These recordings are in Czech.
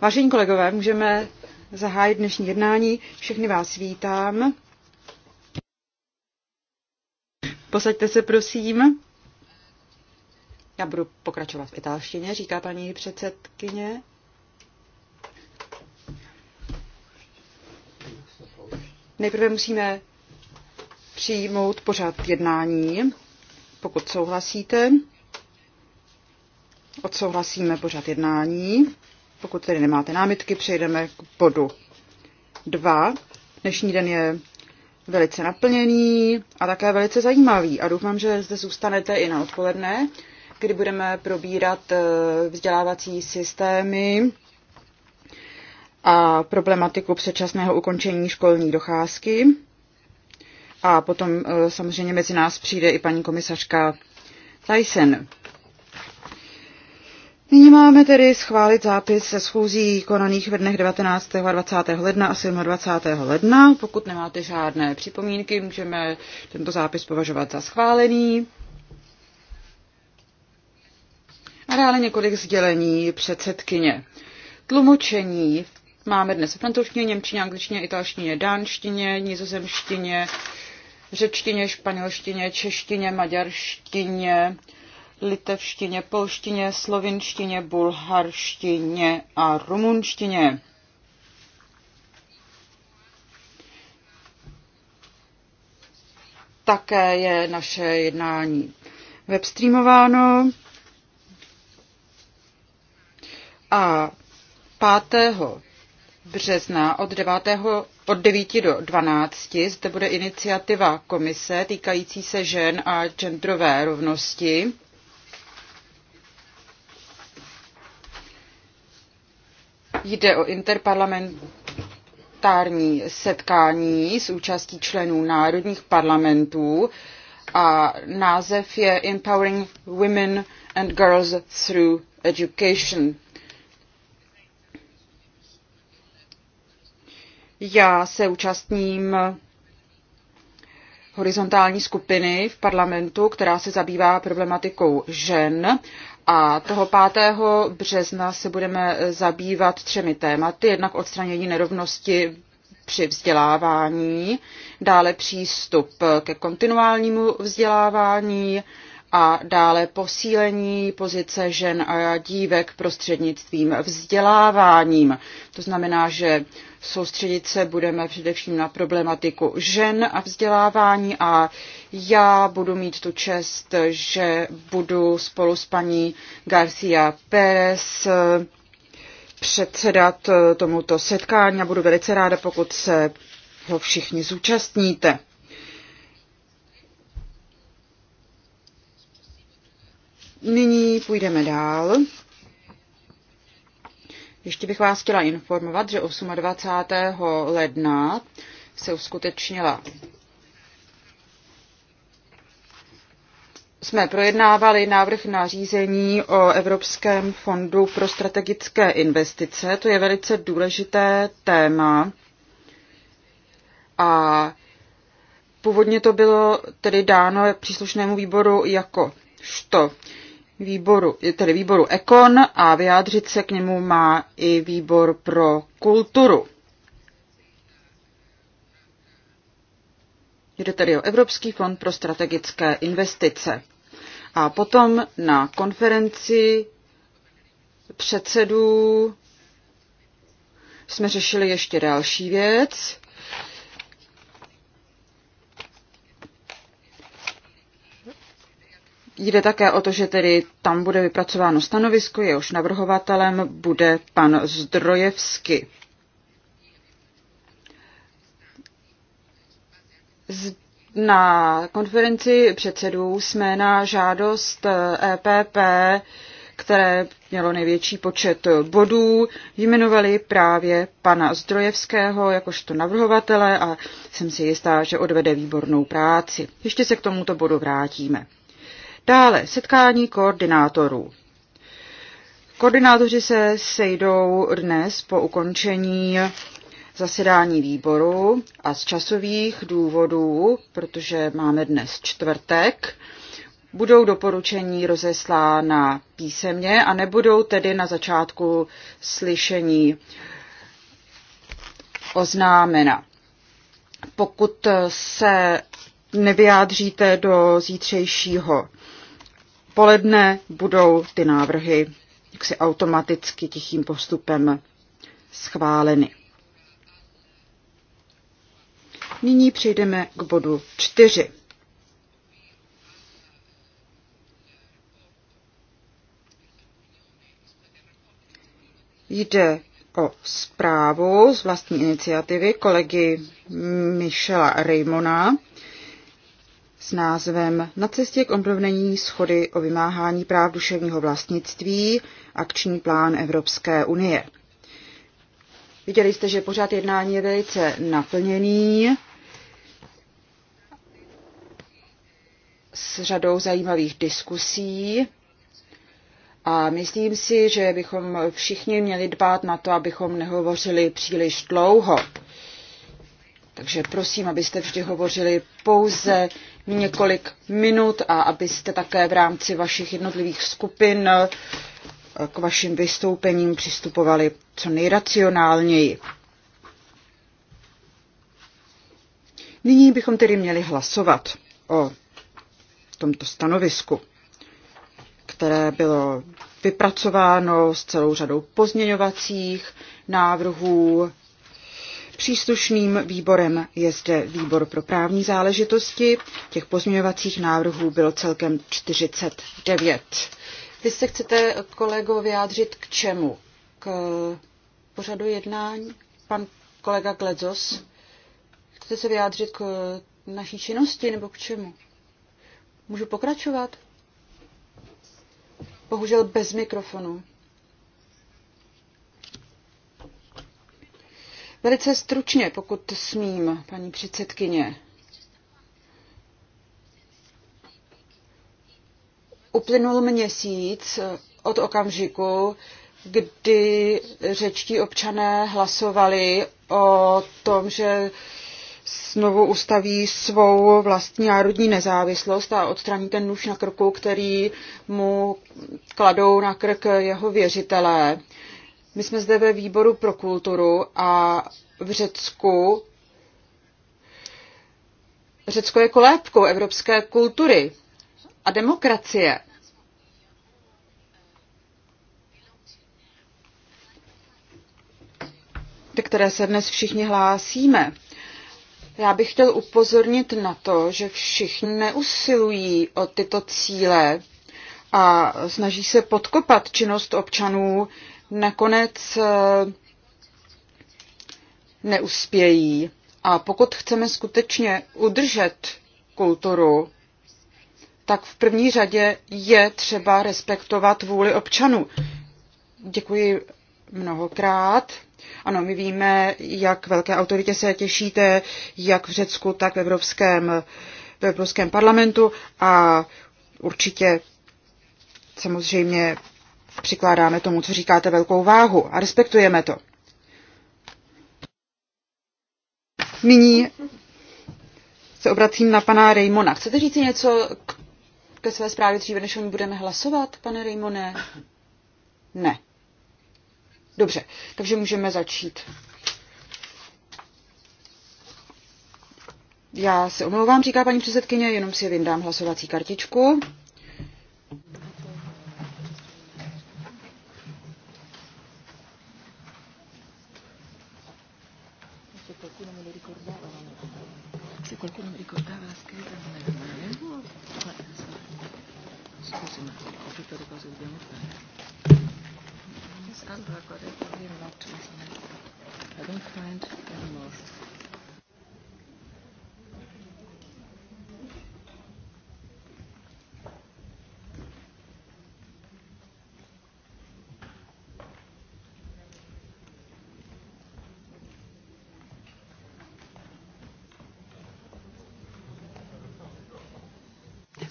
Vážení kolegové, můžeme zahájit dnešní jednání. Všechny vás vítám. Posaďte se, prosím. Já budu pokračovat v italštině, říká paní předsedkyně. Nejprve musíme přijmout pořád jednání, pokud souhlasíte odsouhlasíme pořad jednání. Pokud tedy nemáte námitky, přejdeme k bodu 2. Dnešní den je velice naplněný a také velice zajímavý a doufám, že zde zůstanete i na odpoledne, kdy budeme probírat eh, vzdělávací systémy a problematiku předčasného ukončení školní docházky. A potom eh, samozřejmě mezi nás přijde i paní komisařka Tyson. Nyní máme tedy schválit zápis se schůzí konaných ve dnech 19. a 20. ledna a 27. ledna. Pokud nemáte žádné připomínky, můžeme tento zápis považovat za schválený. A dále několik sdělení předsedkyně. Tlumočení máme dnes v francouzštině, němčině, angličtině, italštině, dánštině, nizozemštině, řečtině, španělštině, češtině, maďarštině, litevštině, polštině, slovinštině, bulharštině a rumunštině. Také je naše jednání webstreamováno. A 5. března od 9. od 9 do 12 zde bude iniciativa komise týkající se žen a genderové rovnosti. Jde o interparlamentární setkání s účastí členů národních parlamentů a název je Empowering Women and Girls Through Education. Já se účastním horizontální skupiny v parlamentu, která se zabývá problematikou žen a toho 5. března se budeme zabývat třemi tématy. Jednak odstranění nerovnosti při vzdělávání, dále přístup ke kontinuálnímu vzdělávání a dále posílení pozice žen a dívek prostřednictvím vzděláváním. To znamená, že soustředit se budeme především na problematiku žen a vzdělávání a já budu mít tu čest, že budu spolu s paní Garcia Pérez předsedat tomuto setkání a budu velice ráda, pokud se ho všichni zúčastníte. Nyní půjdeme dál. Ještě bych vás chtěla informovat, že 28. ledna se uskutečnila. Jsme projednávali návrh nařízení o Evropském fondu pro strategické investice. To je velice důležité téma. A původně to bylo tedy dáno příslušnému výboru jako što výboru, tedy výboru Ekon a vyjádřit se k němu má i výbor pro kulturu. Jde tedy o Evropský fond pro strategické investice. A potom na konferenci předsedů jsme řešili ještě další věc, Jde také o to, že tedy tam bude vypracováno stanovisko, jehož navrhovatelem bude pan Zdrojevsky. Na konferenci předsedů jsme na žádost EPP, které mělo největší počet bodů, jmenovali právě pana Zdrojevského jakožto navrhovatele a jsem si jistá, že odvede výbornou práci. Ještě se k tomuto bodu vrátíme. Dále setkání koordinátorů. Koordinátoři se sejdou dnes po ukončení zasedání výboru a z časových důvodů, protože máme dnes čtvrtek, budou doporučení rozeslána písemně a nebudou tedy na začátku slyšení oznámena. Pokud se nevyjádříte do zítřejšího poledne budou ty návrhy jaksi automaticky tichým postupem schváleny. Nyní přejdeme k bodu 4. Jde o zprávu z vlastní iniciativy kolegy Michela Raymona s názvem Na cestě k obrovnení schody o vymáhání práv duševního vlastnictví akční plán Evropské unie. Viděli jste, že pořád jednání je velice naplněný s řadou zajímavých diskusí. A myslím si, že bychom všichni měli dbát na to, abychom nehovořili příliš dlouho. Takže prosím, abyste vždy hovořili pouze několik minut a abyste také v rámci vašich jednotlivých skupin k vašim vystoupením přistupovali co nejracionálněji. Nyní bychom tedy měli hlasovat o tomto stanovisku, které bylo vypracováno s celou řadou pozměňovacích návrhů Příslušným výborem je zde výbor pro právní záležitosti. Těch pozměňovacích návrhů bylo celkem 49. Vy se chcete, kolego, vyjádřit k čemu? K pořadu jednání? Pan kolega Gledzos? Chcete se vyjádřit k naší činnosti nebo k čemu? Můžu pokračovat? Bohužel bez mikrofonu. Velice stručně, pokud smím, paní předsedkyně. Uplynul měsíc od okamžiku, kdy řečtí občané hlasovali o tom, že znovu ustaví svou vlastní národní nezávislost a odstraní ten nůž na krku, který mu kladou na krk jeho věřitelé. My jsme zde ve výboru pro kulturu a v Řecku Řecko je kolébkou evropské kultury a demokracie. ke které se dnes všichni hlásíme. Já bych chtěl upozornit na to, že všichni neusilují o tyto cíle a snaží se podkopat činnost občanů nakonec eh, neuspějí. A pokud chceme skutečně udržet kulturu, tak v první řadě je třeba respektovat vůli občanů. Děkuji mnohokrát. Ano, my víme, jak velké autoritě se těšíte, jak v Řecku, tak v Evropském, v Evropském parlamentu a určitě samozřejmě Přikládáme tomu, co říkáte, velkou váhu a respektujeme to. Nyní se obracím na pana Raymona. Chcete říct něco k, ke své zprávě dříve, než o ní budeme hlasovat, pane Raymone? Ne. Dobře, takže můžeme začít. Já se omlouvám, říká paní předsedkyně, jenom si vyndám hlasovací kartičku. Se qualcuno mi ricordava la scheda non era male. Guarda, eh, no, no, no, scusi, ma ho tutte le cose che dobbiamo fare. Allora, guarda, io non ho I don't mind anymore.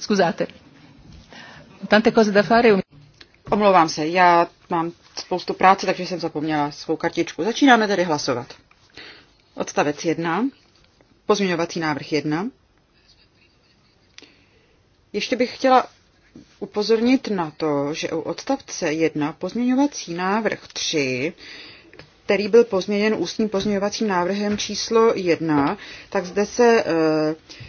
Scusate. Tante cose da fare. Omlouvám se, já mám spoustu práce, takže jsem zapomněla svou kartičku. Začínáme tedy hlasovat. Odstavec 1, pozměňovací návrh 1. Ještě bych chtěla upozornit na to, že u odstavce 1 pozměňovací návrh 3, který byl pozměněn ústním pozměňovacím návrhem číslo 1, tak zde se Uh,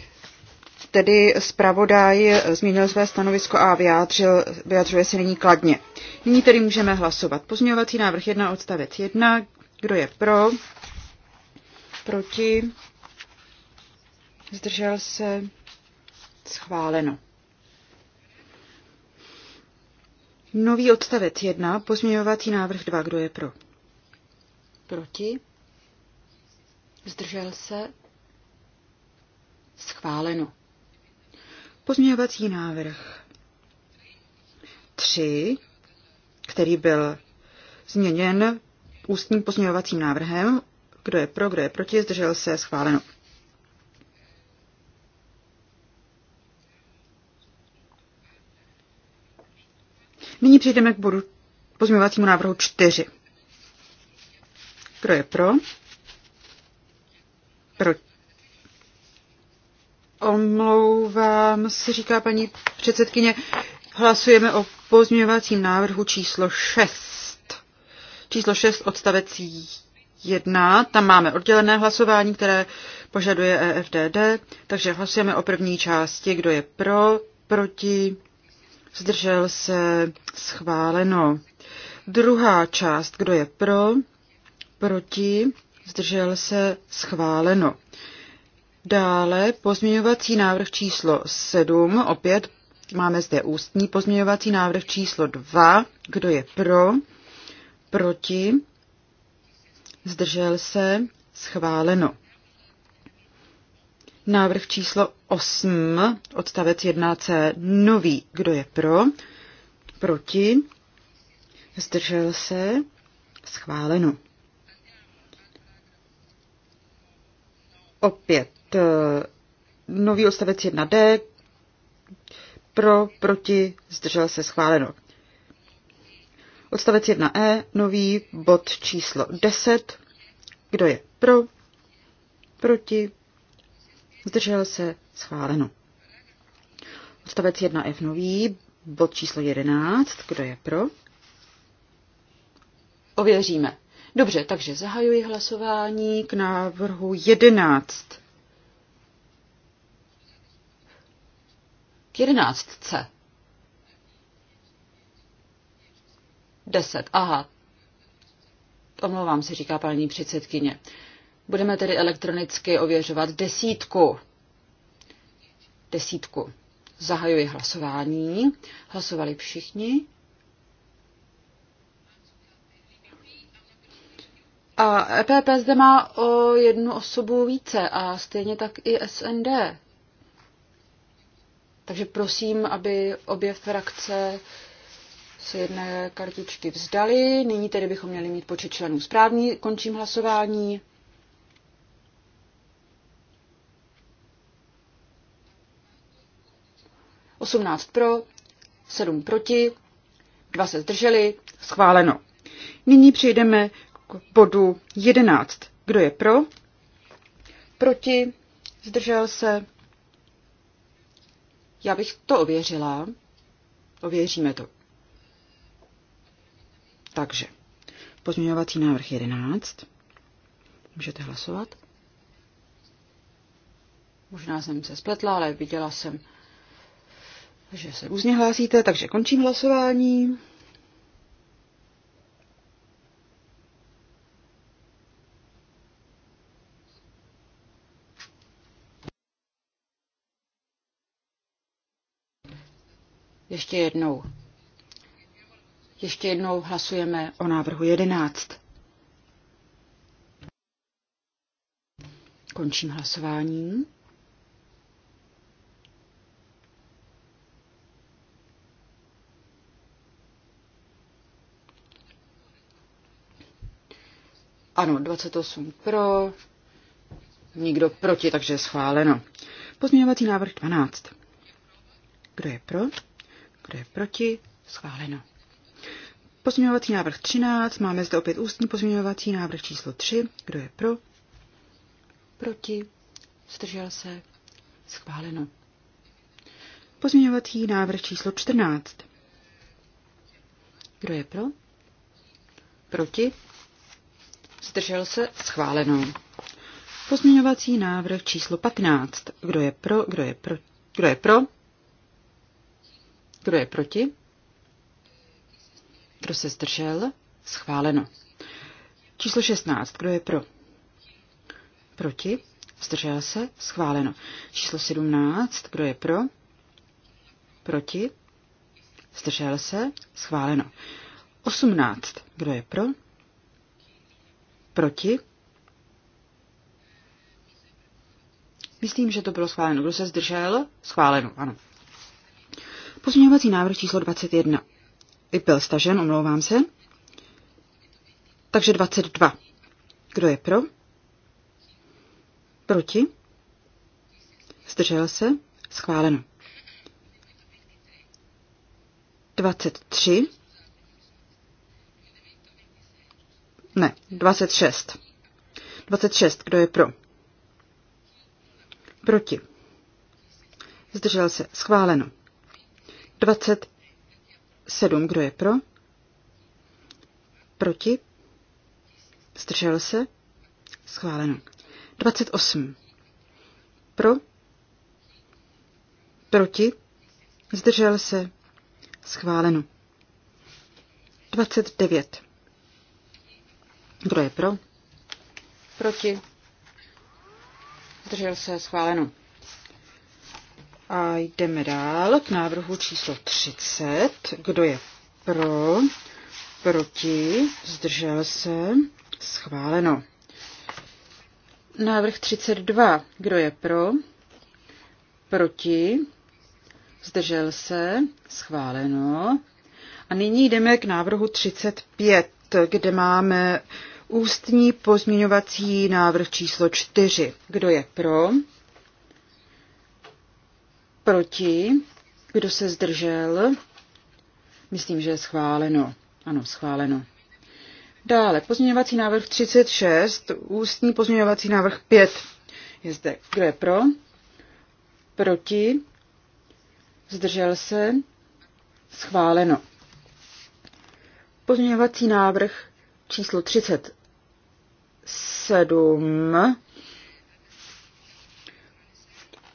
Tedy zpravodaj zmínil své stanovisko a vyjádřil, vyjádřuje se nyní kladně. Nyní tedy můžeme hlasovat. Pozměňovací návrh 1 odstavec 1. Kdo je pro? Proti? Zdržel se? Schváleno. Nový odstavec 1, pozměňovací návrh 2, kdo je pro? Proti? Zdržel se? Schváleno. Pozměňovací návrh 3, který byl změněn ústním pozměňovacím návrhem. Kdo je pro, kdo je proti, zdržel se, schváleno. Nyní přejdeme k bodu pozměňovacímu návrhu 4. Kdo je pro? Proti? omlouvám se, říká paní předsedkyně. Hlasujeme o pozměňovacím návrhu číslo 6. Číslo 6 odstavec 1. Tam máme oddělené hlasování, které požaduje EFDD. Takže hlasujeme o první části. Kdo je pro, proti, zdržel se, schváleno. Druhá část. Kdo je pro, proti, zdržel se, schváleno. Dále pozměňovací návrh číslo 7, opět máme zde ústní pozměňovací návrh číslo 2, kdo je pro, proti, zdržel se, schváleno. Návrh číslo 8, odstavec 1c, nový, kdo je pro, proti, zdržel se, schváleno. Opět Eh, nový odstavec 1D pro, proti, zdržel se schváleno. Odstavec 1E, nový bod číslo 10. Kdo je pro, proti, zdržel se schváleno. Odstavec 1F nový, bod číslo 11. Kdo je pro? Ověříme. Dobře, takže zahajuji hlasování k návrhu 11. jedenáctce. Deset, aha. Omlouvám se, říká paní předsedkyně. Budeme tedy elektronicky ověřovat desítku. Desítku. Zahajuji hlasování. Hlasovali všichni. A EPP zde má o jednu osobu více a stejně tak i SND. Takže prosím, aby obě frakce se jedné kartičky vzdali. Nyní tedy bychom měli mít počet členů správný. Končím hlasování. Osmnáct pro, sedm proti, dva se zdrželi, schváleno. Nyní přejdeme k bodu 11. Kdo je pro? Proti? Zdržel se? Já bych to ověřila. Ověříme to. Takže, pozměňovací návrh 11. Můžete hlasovat. Možná jsem se spletla, ale viděla jsem, že se různě hlásíte, takže končím hlasování. Ještě jednou. Ještě jednou hlasujeme o návrhu 11. Končím hlasování. Ano, 28 pro, nikdo proti, takže je schváleno. Pozměňovací návrh 12. Kdo je pro? Kdo je proti? Schváleno. Pozměňovací návrh 13. Máme zde opět ústní pozměňovací návrh číslo 3. Kdo je pro? Proti? Zdržel se? Schváleno. Pozměňovací návrh číslo 14. Kdo je pro? Proti? Zdržel se? Schváleno. Pozměňovací návrh číslo 15. Kdo je pro? Kdo je pro? Kdo je pro? Kdo je proti? Kdo se zdržel? Schváleno. Číslo 16. Kdo je pro? Proti? Zdržel se? Schváleno. Číslo 17. Kdo je pro? Proti? Zdržel se? Schváleno. 18. Kdo je pro? Proti? Myslím, že to bylo schváleno. Kdo se zdržel? Schváleno, ano. Pozměňovací návrh číslo 21. Byl stažen, omlouvám se. Takže 22. Kdo je pro? Proti? Zdržel se? Schváleno. 23. Ne, 26. 26. Kdo je pro? Proti. Zdržel se. Schváleno. 27. Kdo je pro? Proti? Zdržel se? Schváleno. 28. Pro? Proti? Zdržel se? Schváleno. 29. Kdo je pro? Proti? Zdržel se? Schváleno. A jdeme dál k návrhu číslo 30. Kdo je pro? Proti? Zdržel se? Schváleno. Návrh 32. Kdo je pro? Proti? Zdržel se? Schváleno. A nyní jdeme k návrhu 35, kde máme ústní pozměňovací návrh číslo 4. Kdo je pro? Proti? Kdo se zdržel? Myslím, že je schváleno. Ano, schváleno. Dále pozměňovací návrh 36, ústní pozměňovací návrh 5. Je zde. Kdo je pro? Proti? Zdržel se? Schváleno. Pozměňovací návrh číslo 37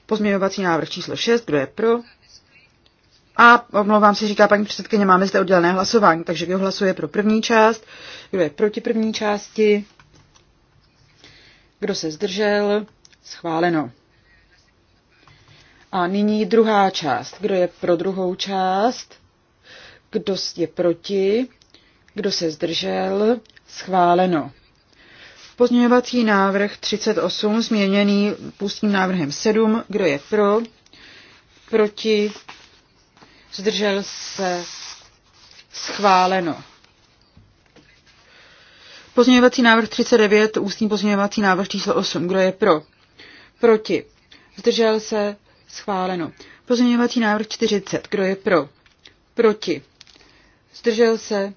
Pozměňovací návrh číslo 6, kdo je pro? A omlouvám se, říká paní předsedkyně, máme zde oddělené hlasování, takže kdo hlasuje pro první část, kdo je proti první části, kdo se zdržel, schváleno. A nyní druhá část. Kdo je pro druhou část? Kdo je proti? Kdo se zdržel? Schváleno. Pozměňovací návrh 38 změněný půstním návrhem 7. Kdo je pro? Proti? Zdržel se? Schváleno. Pozměňovací návrh 39, ústní pozměňovací návrh číslo 8. Kdo je pro? Proti. Zdržel se? Schváleno. Pozměňovací návrh 40. Kdo je pro? Proti. Zdržel se?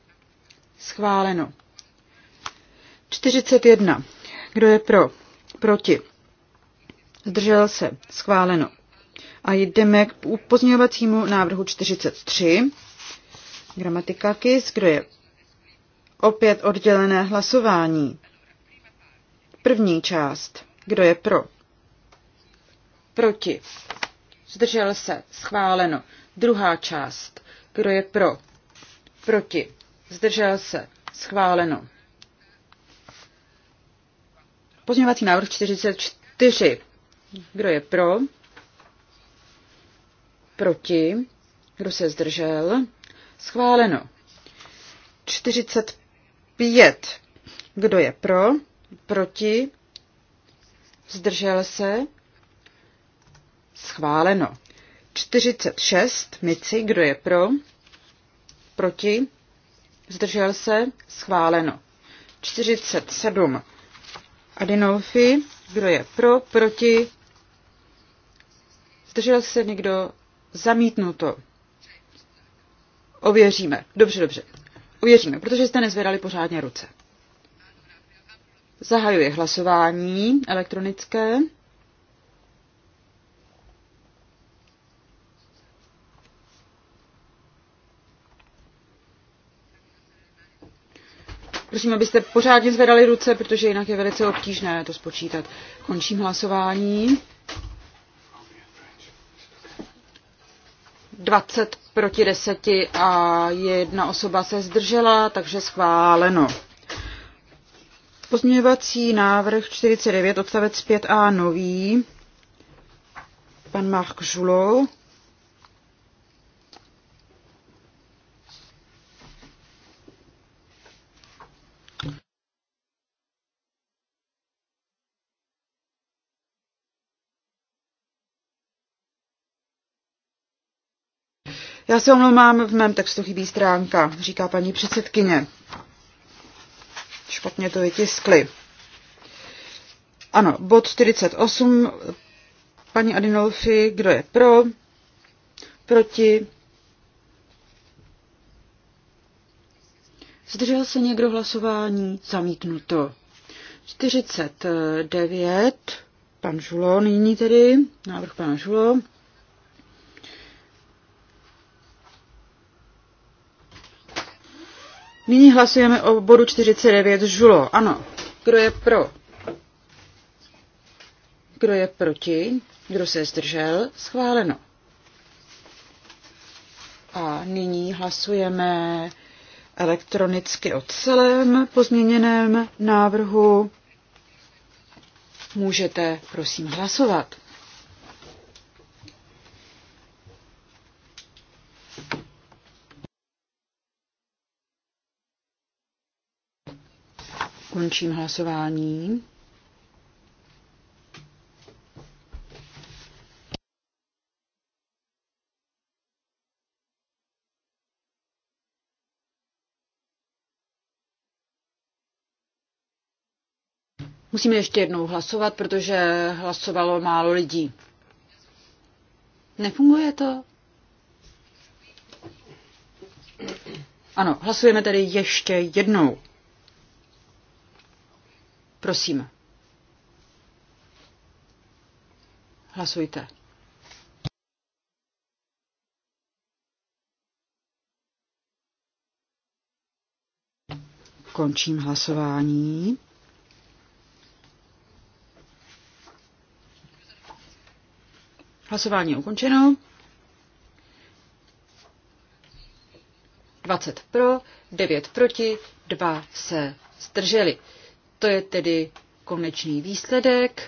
Schváleno. 41. Kdo je pro? Proti? Zdržel se. Schváleno. A jdeme k pozměňovacímu návrhu 43. Gramatika KIS. Kdo je? Opět oddělené hlasování. První část. Kdo je pro? Proti. Zdržel se. Schváleno. Druhá část. Kdo je pro? Proti. Zdržel se. Schváleno. Pozměňovací návrh 44. Kdo je pro? Proti? Kdo se zdržel? Schváleno. 45. Kdo je pro? Proti? Zdržel se? Schváleno. 46. Mici, kdo je pro? Proti? Zdržel se? Schváleno. 47. Adinolfi. Kdo je pro, proti? Zdržel se někdo? Zamítnuto. Ověříme. Dobře, dobře. Ověříme, protože jste nezvedali pořádně ruce. Zahajuje hlasování elektronické. Prosím, abyste pořádně zvedali ruce, protože jinak je velice obtížné to spočítat. Končím hlasování. 20 proti 10 a jedna osoba se zdržela, takže schváleno. Pozměňovací návrh 49 odstavec 5a nový. Pan Marc Žulou. Já se omlouvám, v mém textu chybí stránka, říká paní předsedkyně. Špatně to vytiskli. Ano, bod 48, paní Adinolfi, kdo je pro, proti, Zdržel se někdo hlasování? Zamítnuto. 49. Pan Žulo, nyní tedy, návrh pana Žulo. Nyní hlasujeme o bodu 49 žulo. Ano. Kdo je pro? Kdo je proti? Kdo se zdržel? Schváleno. A nyní hlasujeme elektronicky o celém pozměněném návrhu. Můžete prosím hlasovat. Končím hlasování. Musíme ještě jednou hlasovat, protože hlasovalo málo lidí. Nefunguje to? Ano, hlasujeme tedy ještě jednou. Prosím. Hlasujte. Končím hlasování. Hlasování je ukončeno. 20 pro, 9 proti, 2 se zdrželi. To je tedy konečný výsledek.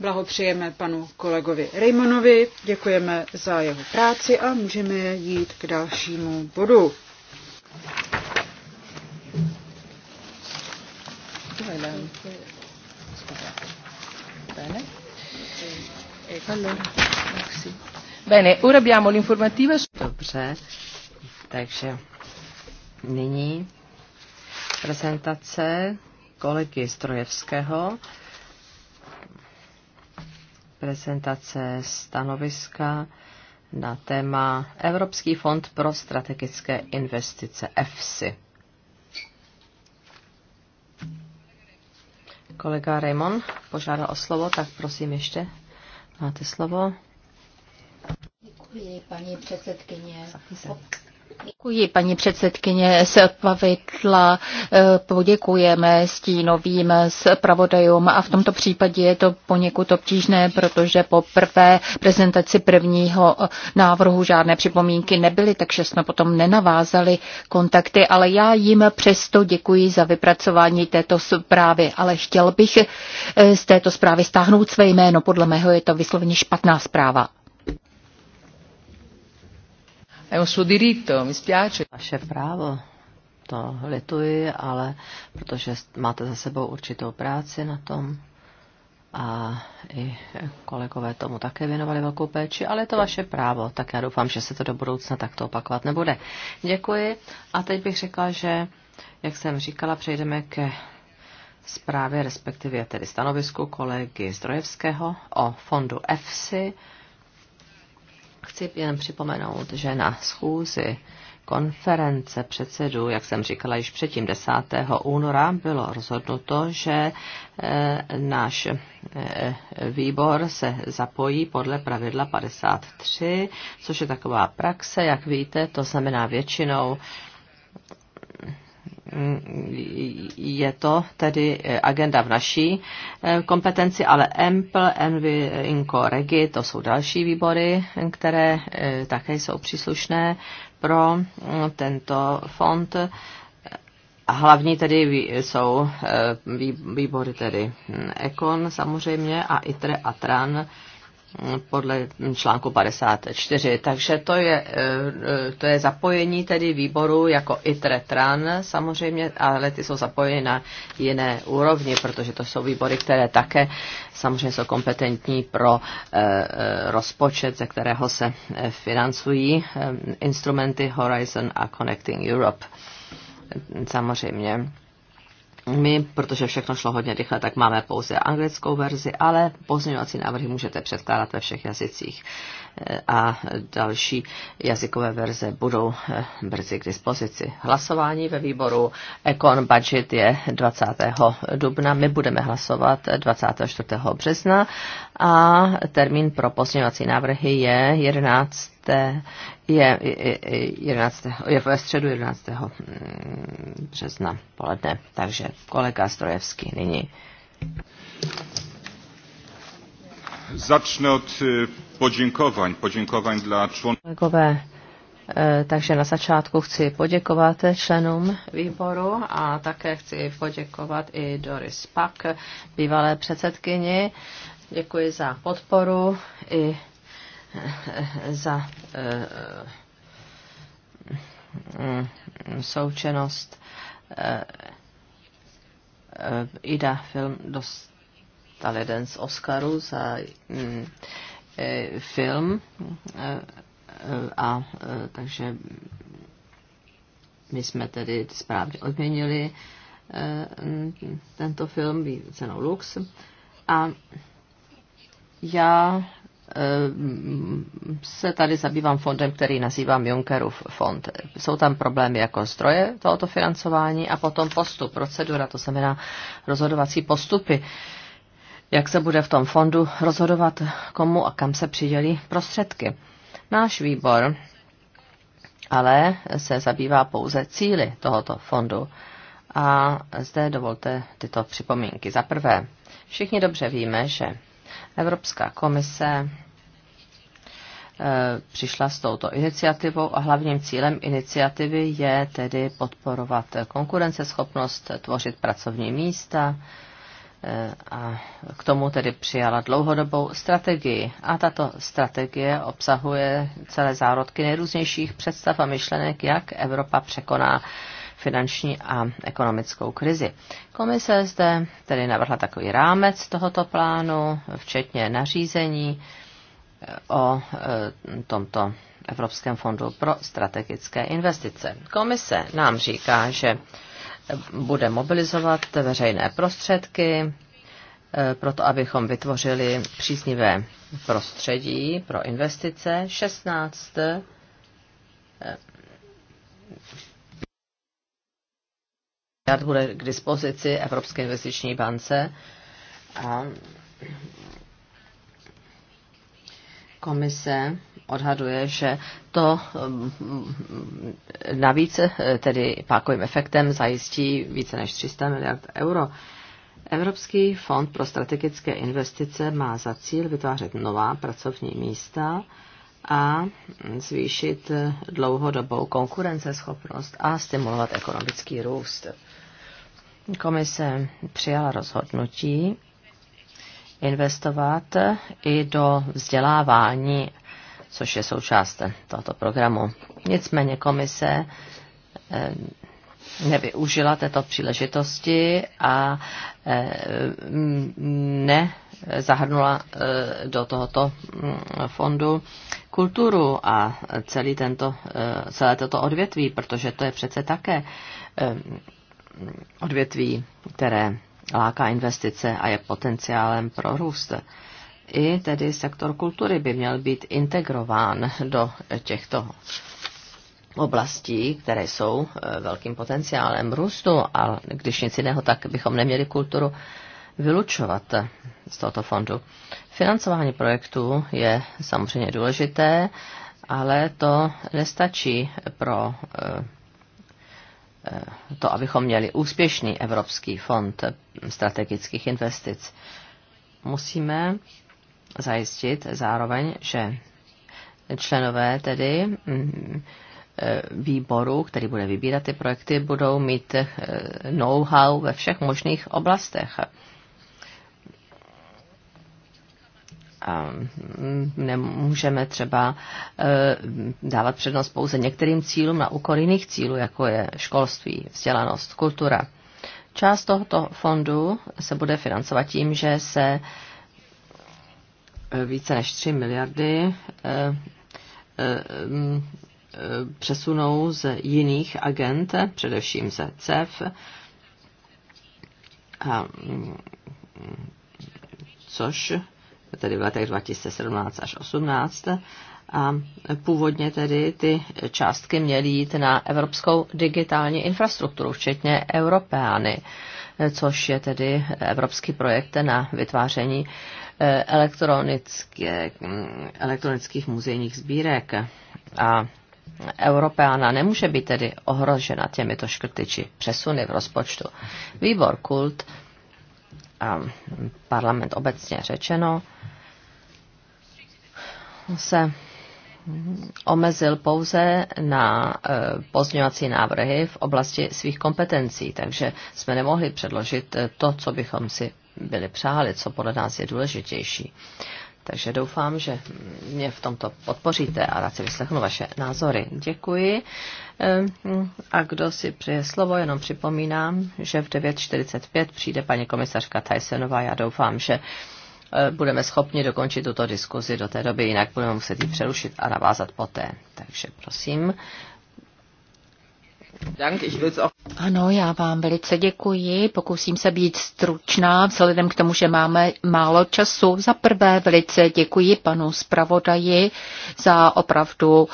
Blahopřejeme panu kolegovi Raymonovi, děkujeme za jeho práci a můžeme jít k dalšímu bodu. Bene, ora abbiamo l'informativa. Dobře, takže nyní prezentace kolegy Strojevského. Prezentace stanoviska na téma Evropský fond pro strategické investice EFSI. Kolega Raymond požádal o slovo, tak prosím ještě máte slovo. Děkuji, paní předsedkyně. Děkuji, paní předsedkyně Pavidla. Eh, poděkujeme stínovým zpravodajům a v tomto případě je to poněkud obtížné, protože po prvé prezentaci prvního eh, návrhu žádné připomínky nebyly, takže jsme potom nenavázali kontakty, ale já jim přesto děkuji za vypracování této zprávy, ale chtěl bych eh, z této zprávy stáhnout své jméno, podle mého je to vysloveně špatná zpráva. È un suo diritto, mi spiace. Vaše právo, to lituji, ale protože máte za sebou určitou práci na tom a i kolegové tomu také věnovali velkou péči, ale je to vaše právo, tak já doufám, že se to do budoucna takto opakovat nebude. Děkuji a teď bych řekla, že, jak jsem říkala, přejdeme ke zprávě, respektive tedy stanovisku kolegy Zdrojevského o fondu EFSI, chci jen připomenout, že na schůzi konference předsedů, jak jsem říkala již předtím 10. února, bylo rozhodnuto, že eh, náš eh, výbor se zapojí podle pravidla 53, což je taková praxe, jak víte, to znamená většinou je to tedy eh, agenda v naší eh, kompetenci, ale EMPL, ENVI, INCO, REGI, to jsou další výbory, které eh, také jsou příslušné pro tento fond. A hlavní tedy jsou výbory tedy hm, Econ samozřejmě a ITRE a TRAN, podle článku 54. Takže to je, eh, to je zapojení tedy výboru jako itretran samozřejmě, ale ty jsou zapojeny na jiné úrovni, protože to jsou výbory, které také samozřejmě jsou kompetentní pro eh, eh, rozpočet, ze kterého se financují instrumenty Horizon a Connecting Europe. Samozřejmě my, protože všechno šlo hodně rychle, tak máme pouze anglickou verzi, ale pozměňovací návrhy můžete předkládat ve všech jazycích a další jazykové verze budou eh, brzy k dispozici. Hlasování ve výboru Econ Budget je 20. dubna. My budeme hlasovat 24. března a termín pro pozměňovací návrhy je 11. Je, 11. je ve středu 11. Mm, března poledne. Takže kolega Strojevský nyní. Začnu od poděkování. Poděkování dla členů. Kolegové, e, takže na začátku chci poděkovat členům výboru a také chci poděkovat i Doris Pak, bývalé předsedkyni. Děkuji za podporu i e, za e, mm, součenost. Ida film dost dostal jeden z Oscarů za mm, e, film e, e, a takže my jsme tedy správně odměnili tento film cenou Lux a já se tady zabývám fondem, který nazývám Junckerův fond. Jsou tam problémy jako zdroje tohoto financování a potom postup, procedura, to znamená rozhodovací postupy jak se bude v tom fondu rozhodovat, komu a kam se přidělí prostředky. Náš výbor ale se zabývá pouze cíly tohoto fondu. A zde dovolte tyto připomínky. Za prvé, všichni dobře víme, že Evropská komise eh, přišla s touto iniciativou a hlavním cílem iniciativy je tedy podporovat konkurenceschopnost, tvořit pracovní místa, Eh, a k tomu tedy přijala dlouhodobou strategii. A tato strategie obsahuje celé zárodky nejrůznějších představ a myšlenek, jak Evropa překoná finanční a ekonomickou krizi. Komise zde tedy navrhla takový rámec tohoto plánu, včetně nařízení eh, o eh, tomto Evropském fondu pro strategické investice. Komise nám říká, že bude mobilizovat veřejné prostředky, e, proto abychom vytvořili příznivé prostředí pro investice. 16 e, miliard bude k dispozici Evropské investiční bance a komise odhaduje, že to mm, navíc tedy pákovým efektem zajistí více než 300 miliard euro. Evropský fond pro strategické investice má za cíl vytvářet nová pracovní místa a zvýšit dlouhodobou konkurenceschopnost a stimulovat ekonomický růst. Komise přijala rozhodnutí investovat i do vzdělávání což je součást tohoto programu. Nicméně komise eh, nevyužila této příležitosti a eh, ne zahrnula eh, do tohoto mm, fondu kulturu a celý tento, celé toto odvětví, protože to je přece také odvětví, které láká investice a je potenciálem pro růst i tedy sektor kultury by měl být integrován do těchto oblastí, které jsou e, velkým potenciálem růstu, ale když nic jiného, tak bychom neměli kulturu vylučovat z tohoto fondu. Financování projektů je samozřejmě důležité, ale to nestačí pro e, e, to, abychom měli úspěšný Evropský fond strategických investic. Musíme zajistit zároveň, že členové tedy mm, e, výboru, který bude vybírat ty projekty, budou mít e, know-how ve všech možných oblastech. A mm, nemůžeme třeba e, dávat přednost pouze některým cílům na úkor jiných cílů, jako je školství, vzdělanost, kultura. Část tohoto fondu se bude financovat tím, že se Eh, více než 3 miliardy eh, eh, mm, přesunou z jiných agent, především ze CEF, a, mm, což tedy v letech 2017 až 2018. A původně tedy ty částky měly jít na evropskou digitální infrastrukturu, včetně Europeány. E, což je tedy evropský projekt na vytváření eh, elektronické, mm, elektronických muzejních sbírek. A Europeana nemůže být tedy ohrožena těmito škrty či přesuny v rozpočtu. Výbor kult a parlament obecně řečeno se omezil pouze na e, pozměňovací návrhy v oblasti svých kompetencí, takže jsme nemohli předložit e, to, co bychom si byli přáli, co podle nás je důležitější. Takže doufám, že mě v tomto podpoříte a rád si vyslechnu vaše názory. Děkuji. E, a kdo si přeje slovo, jenom připomínám, že v 9.45 přijde paní komisařka Tysonová. Já doufám, že Eh, budeme schopni dokončit tuto diskuzi do té doby, jinak budeme muset ji přerušit a navázat poté. Takže prosím, ano, já vám velice děkuji. Pokusím se být stručná, vzhledem k tomu, že máme málo času. Za prvé velice děkuji panu zpravodaji za opravdu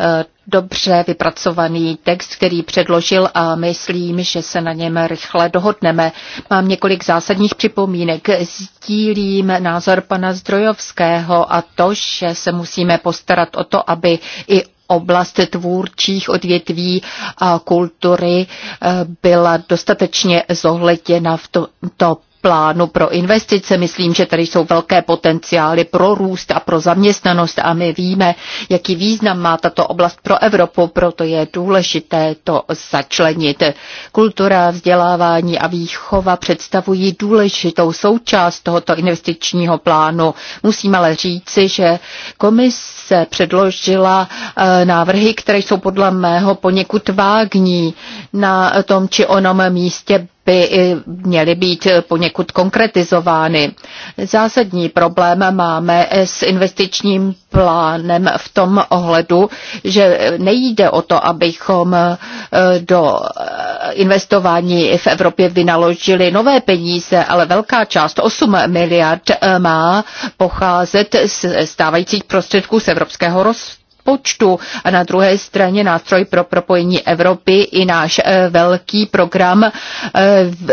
eh, dobře vypracovaný text, který předložil a myslím, že se na něm rychle dohodneme. Mám několik zásadních připomínek. Sdílím názor pana Zdrojovského a to, že se musíme postarat o to, aby i oblast tvůrčích odvětví a kultury eh, byla dostatečně zohleděna v tomto plánu pro investice. Myslím, že tady jsou velké potenciály pro růst a pro zaměstnanost a my víme, jaký význam má tato oblast pro Evropu, proto je důležité to začlenit. Kultura, vzdělávání a výchova představují důležitou součást tohoto investičního plánu. Musím ale říci, že komise předložila eh, návrhy, které jsou podle mého poněkud vágní na tom či onom místě by měly být poněkud konkretizovány. Zásadní problém máme s investičním plánem v tom ohledu, že nejde o to, abychom eh, do eh, investování v Evropě vynaložili nové peníze, ale velká část, 8 miliard, eh, má pocházet z stávajících prostředků z evropského rozpočtu rozpočtu a na druhé straně nástroj pro propojení Evropy i náš eh, velký program eh,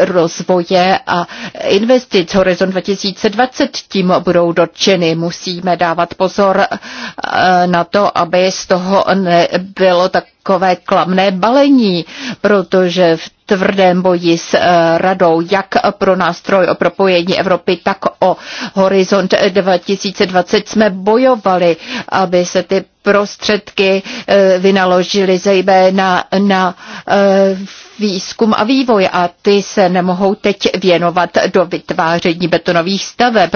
rozvoje a investic Horizon 2020 tím budou dotčeny. Musíme dávat pozor eh, na to, aby z toho nebylo tak takové klamné balení, protože v tvrdém boji s eh, radou, jak pro nástroj o propojení Evropy, tak o Horizont 2020 jsme bojovali, aby se ty prostředky eh, vynaložily zejména na eh, výzkum a vývoj a ty se nemohou teď věnovat do vytváření betonových staveb.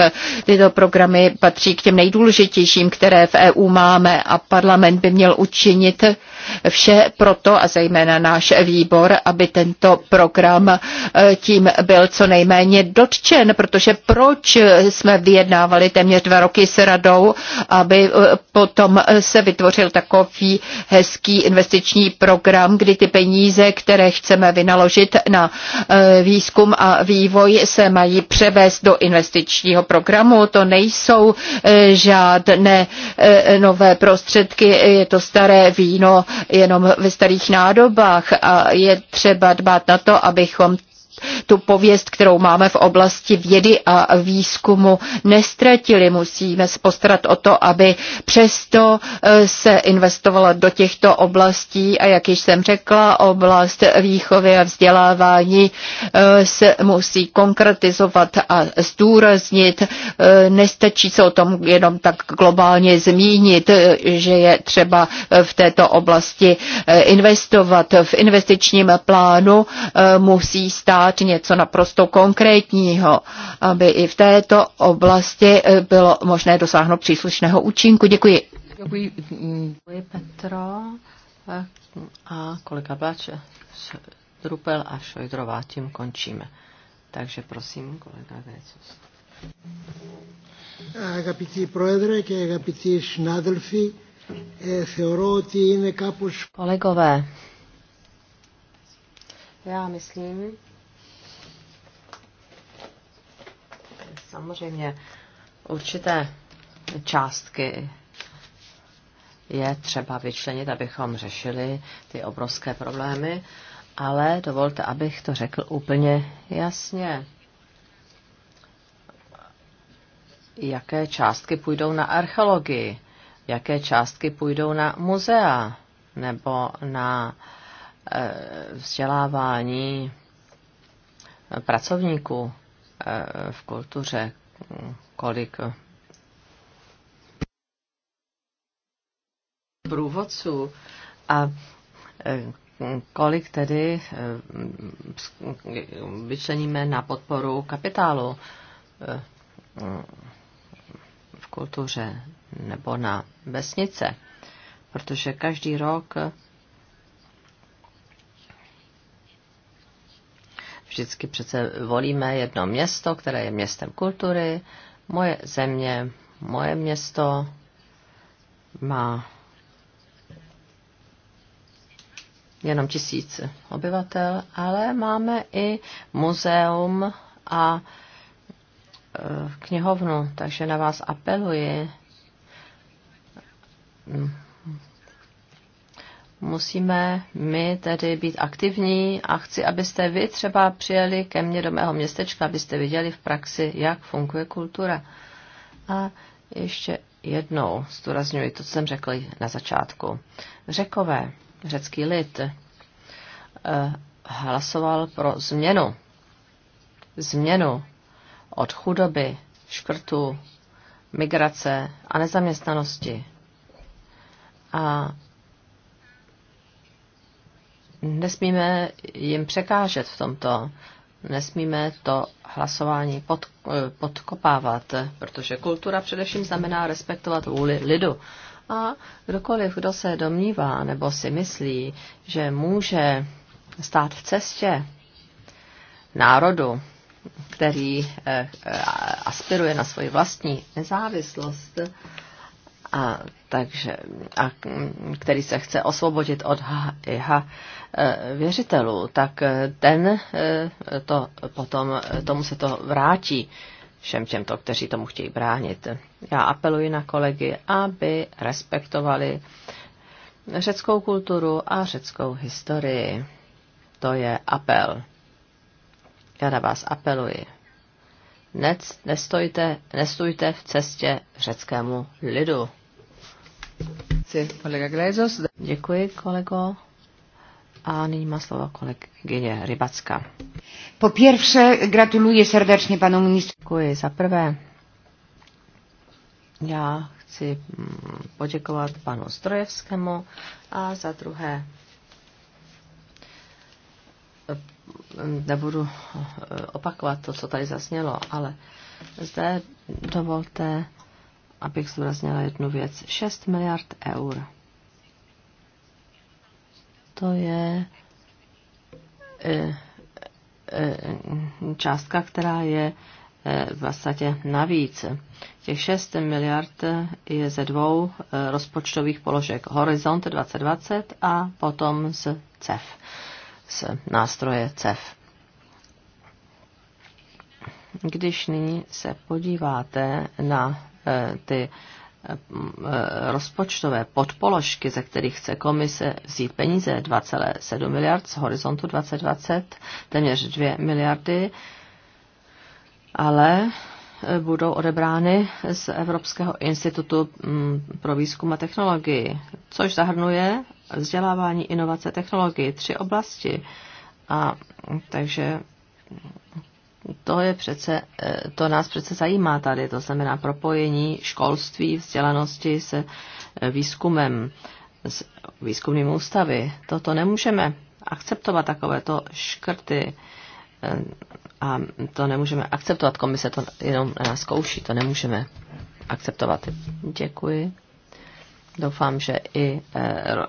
Tyto programy patří k těm nejdůležitějším, které v EU máme a parlament by měl učinit vše proto, a zejména náš výbor, aby tento program e, tím byl co nejméně dotčen, protože proč jsme vyjednávali téměř dva roky s radou, aby e, potom se vytvořil takový hezký investiční program, kdy ty peníze, které chceme vynaložit na e, výzkum a vývoj, se mají převést do investičního programu. To nejsou žádné nové prostředky, je to staré víno jenom ve starých nádobách a je třeba dbát na to, abychom tu pověst, kterou máme v oblasti vědy a výzkumu, nestratili. Musíme se postarat o to, aby přesto eh, se investovalo do těchto oblastí a jak již jsem řekla, oblast výchovy a vzdělávání eh, se musí konkretizovat a zdůraznit. Eh, nestačí se o tom jenom tak globálně zmínit, že je třeba v této oblasti investovat. V investičním plánu musí stát dělat něco naprosto konkrétního, aby i v této oblasti eh, bylo možné dosáhnout příslušného účinku. Děkuji. Děkuji, Děkuji mm, Petro a kolega Blač, Drupel a Šojdrová, tím končíme. Takže prosím, kolega Vécos. Αγαπητοί πρόεδρε και αγαπητοί συνάδελφοι, ε, θεωρώ ότι είναι κάπως... Kolegové, já myslím, Samozřejmě určité částky je třeba vyčlenit, abychom řešili ty obrovské problémy, ale dovolte, abych to řekl úplně jasně. Jaké částky půjdou na archeologii, jaké částky půjdou na muzea nebo na e, vzdělávání pracovníků Eh, v kultuře, hm, kolik průvodců a hm, kolik tedy hm, vyčleníme na podporu kapitálu eh, v kultuře nebo na vesnice. Protože každý rok vždycky přece volíme jedno město, které je městem kultury. Moje země, moje město má jenom tisíc obyvatel, ale máme i muzeum a e, knihovnu, takže na vás apeluji musíme my tedy být aktivní a chci, abyste vy třeba přijeli ke mně do mého městečka, abyste viděli v praxi, jak funguje kultura. A ještě jednou zdůraznuju to, co jsem řekl na začátku. Řekové, řecký lid, eh, hlasoval pro změnu. Změnu od chudoby, škrtu, migrace a nezaměstnanosti. A nesmíme jim překážet v tomto, nesmíme to hlasování pod, podkopávat, protože kultura především znamená respektovat vůli lidu. A kdokoliv, kdo se domnívá nebo si myslí, že může stát v cestě národu, který eh, eh, aspiruje na svoji vlastní nezávislost, a, takže, a který se chce osvobodit od HIH eh, věřitelů, tak eh, ten eh, to potom, tomu se to vrátí všem těmto, kteří tomu chtějí bránit. Já apeluji na kolegy, aby respektovali řeckou kulturu a řeckou historii. To je apel. Já na vás apeluji. Nec, nestojte, v cestě řeckému lidu. Děkuji, kolego. A nyní má slovo kolegyně Rybacka. Po pierwsze gratuluję serdecznie panu ministrovi. Děkuji za prvé. Já chci mm, poděkovat panu Strojevskému a za druhé nebudu eh, opakovat to, co tady zasnělo, ale zde dovolte abych zdůraznila jednu věc, 6 miliard eur. To je eh, eh, částka, která je eh, v zásadě navíc. Těch 6 miliard je ze dvou rozpočtových položek. Horizont 2020 a potom z CEF, z nástroje CEF. Když nyní se podíváte na Eh, ty eh, eh, rozpočtové podpoložky, ze kterých chce komise vzít peníze 2,7 miliard z horizontu 2020, téměř 2 miliardy, ale budou odebrány z Evropského institutu mm, pro výzkum a technologii, což zahrnuje vzdělávání, inovace, technologii, tři oblasti. A takže to je přece, eh, to nás přece zajímá tady, to znamená propojení školství, vzdělanosti se eh, výzkumem, s výzkumným ústavy. Toto nemůžeme akceptovat, takovéto škrty eh, a to nemůžeme akceptovat. Komise to jenom na nás zkouší, to nemůžeme akceptovat. Děkuji. Doufám, že i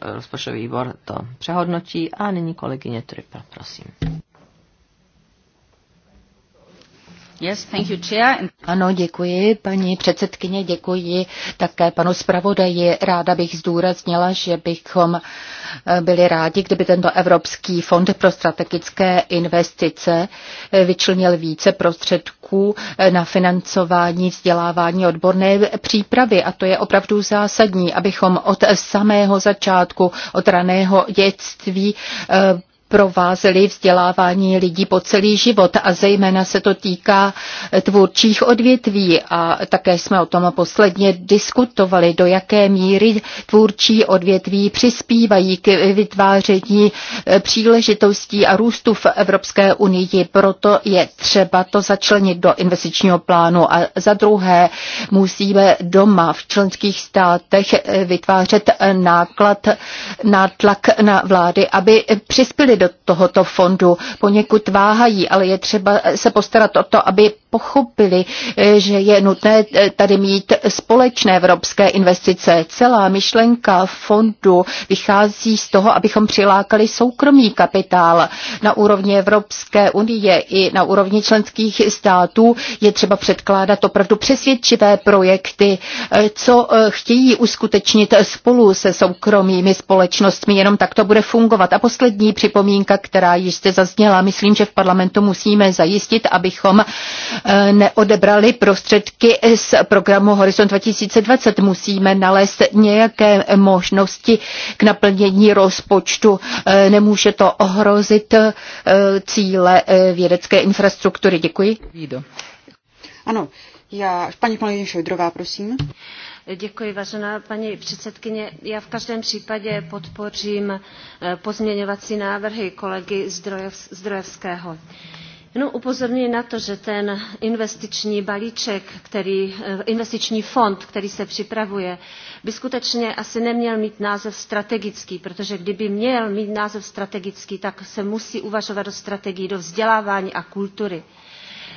rozpočtový výbor to přehodnotí. A nyní kolegyně Triple, prosím. Ano, děkuji, paní předsedkyně, děkuji také panu zpravodaji. Ráda bych zdůraznila, že bychom eh, byli rádi, kdyby tento Evropský fond pro strategické investice eh, vyčlenil více prostředků eh, na financování vzdělávání odborné přípravy. A to je opravdu zásadní, abychom od samého začátku, od raného dětství provázely vzdělávání lidí po celý život a zejména se to týká tvůrčích odvětví a také jsme o tom posledně diskutovali, do jaké míry tvůrčí odvětví přispívají k vytváření eh, příležitostí a růstu v Evropské unii. Proto je třeba to začlenit do investičního plánu a za druhé musíme doma v členských státech eh, vytvářet eh, náklad, nátlak na vlády, aby přispěli do tohoto fondu poněkud váhají, ale je třeba se postarat o to, aby pochopili, eh, že je nutné eh, tady mít společné evropské investice. Celá myšlenka fondu vychází z toho, abychom přilákali soukromý kapitál. Na úrovni Evropské unie i na úrovni členských států je třeba předkládat opravdu přesvědčivé projekty, eh, co chtějí uskutečnit spolu se soukromými společnostmi. Jenom tak to bude fungovat. A poslední připomínka připomínka, která již jste zazněla. Myslím, že v parlamentu musíme zajistit, abychom eh, neodebrali prostředky z programu Horizont 2020. Musíme nalézt nějaké možnosti k naplnění rozpočtu. Eh, nemůže to ohrozit eh, cíle vědecké infrastruktury. Děkuji. Ano, já, paní kolegyně Šojdrová, prosím paní předsedkyně. Já v každém případě podpořím eh, pozměňovací návrhy kolegy zdrojewského. Zdrojevského. Jenom upozorňuji na to, že ten investiční balíček, který, eh, investiční fond, který se připravuje, by skutečně asi neměl mít název strategický, protože kdyby měl mít název strategický, tak se musí uvažovat o strategii do vzdělávání a kultury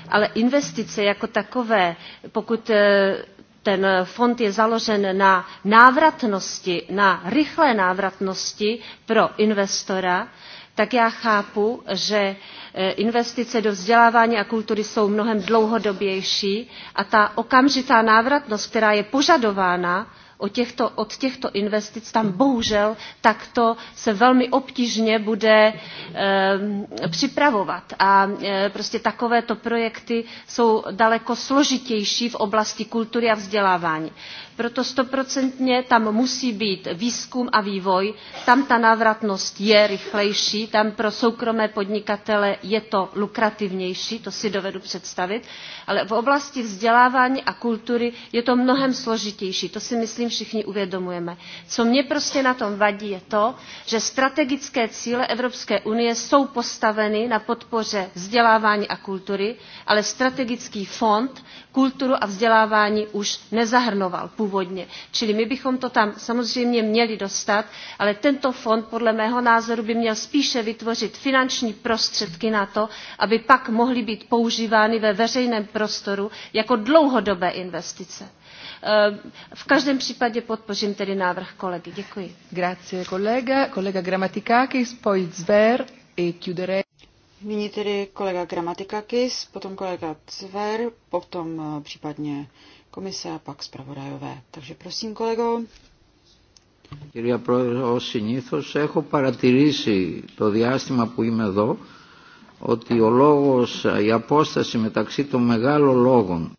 ale investice jako takové pokud eh, ten fond je založen na návratnosti, na rychlé návratnosti pro investora, tak já chápu, že e, investice do vzdělávání a kultury jsou mnohem dlouhodobější a ta okamžitá návratnost, která je požadována, o těchto, od těchto investic tam bohužel takto se velmi obtížně bude e, připravovat. A e, prostě takovéto projekty jsou daleko složitější v oblasti kultury a vzdělávání. Proto stoprocentně tam musí být výzkum a vývoj, tam ta návratnost je rychlejší, tam pro soukromé podnikatele je to lukrativnější, to si dovedu představit, ale v oblasti vzdělávání a kultury je to mnohem složitější, to si myslím všichni uvědomujeme. Co mě prostě na tom vadí je to, že strategické cíle Evropské unie jsou postaveny na podpoře vzdělávání a kultury, ale strategický fond kulturu a vzdělávání už nezahrnoval původně. Čili my bychom to tam samozřejmě měli dostat, ale tento fond podle mého názoru by měl spíše vytvořit finanční prostředky na to, aby pak mohly být používány ve veřejném prostoru jako dlouhodobé investice. Eh, v každém případě podpořím tedy návrh kolegy. Děkuji. Grazie kolega, kolega Gramatikakis, poi Zver e chiuderei. Nyní tedy kolega Gramatikakis, potom kolega Zver, potom eh, případně komise a pak zpravodajové. Takže prosím, kolego. Κυρία Πρόεδρε, ως συνήθως έχω παρατηρήσει το διάστημα που είμαι εδώ ότι ο λόγος, η απόσταση μεταξύ των μεγάλων λόγων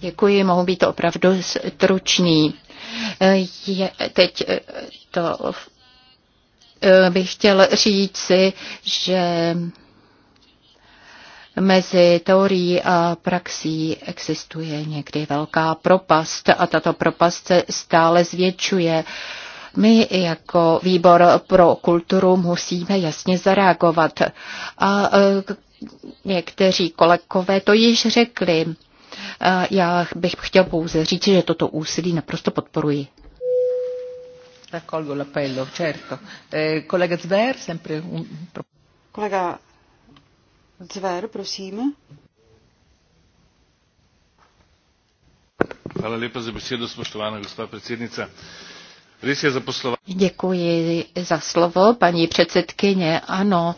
Děkuji, mohu být opravdu stručný. Je, teď to bych chtěl říci, že mezi teorií a praxí existuje někdy velká propast a tato propast se stále zvětšuje. My jako výbor pro kulturu musíme jasně zareagovat. A e, někteří kolegové to již řekli. E, já bych chtěl pouze říct, že toto úsilí naprosto podporuji. Raccolgo l'appello, e, Zver, sempre un... Kolega Zver, prosím. Hvala lepa za besedo, spoštovana gospa predsednica. Děkuji za slovo, paní předsedkyně. Ano,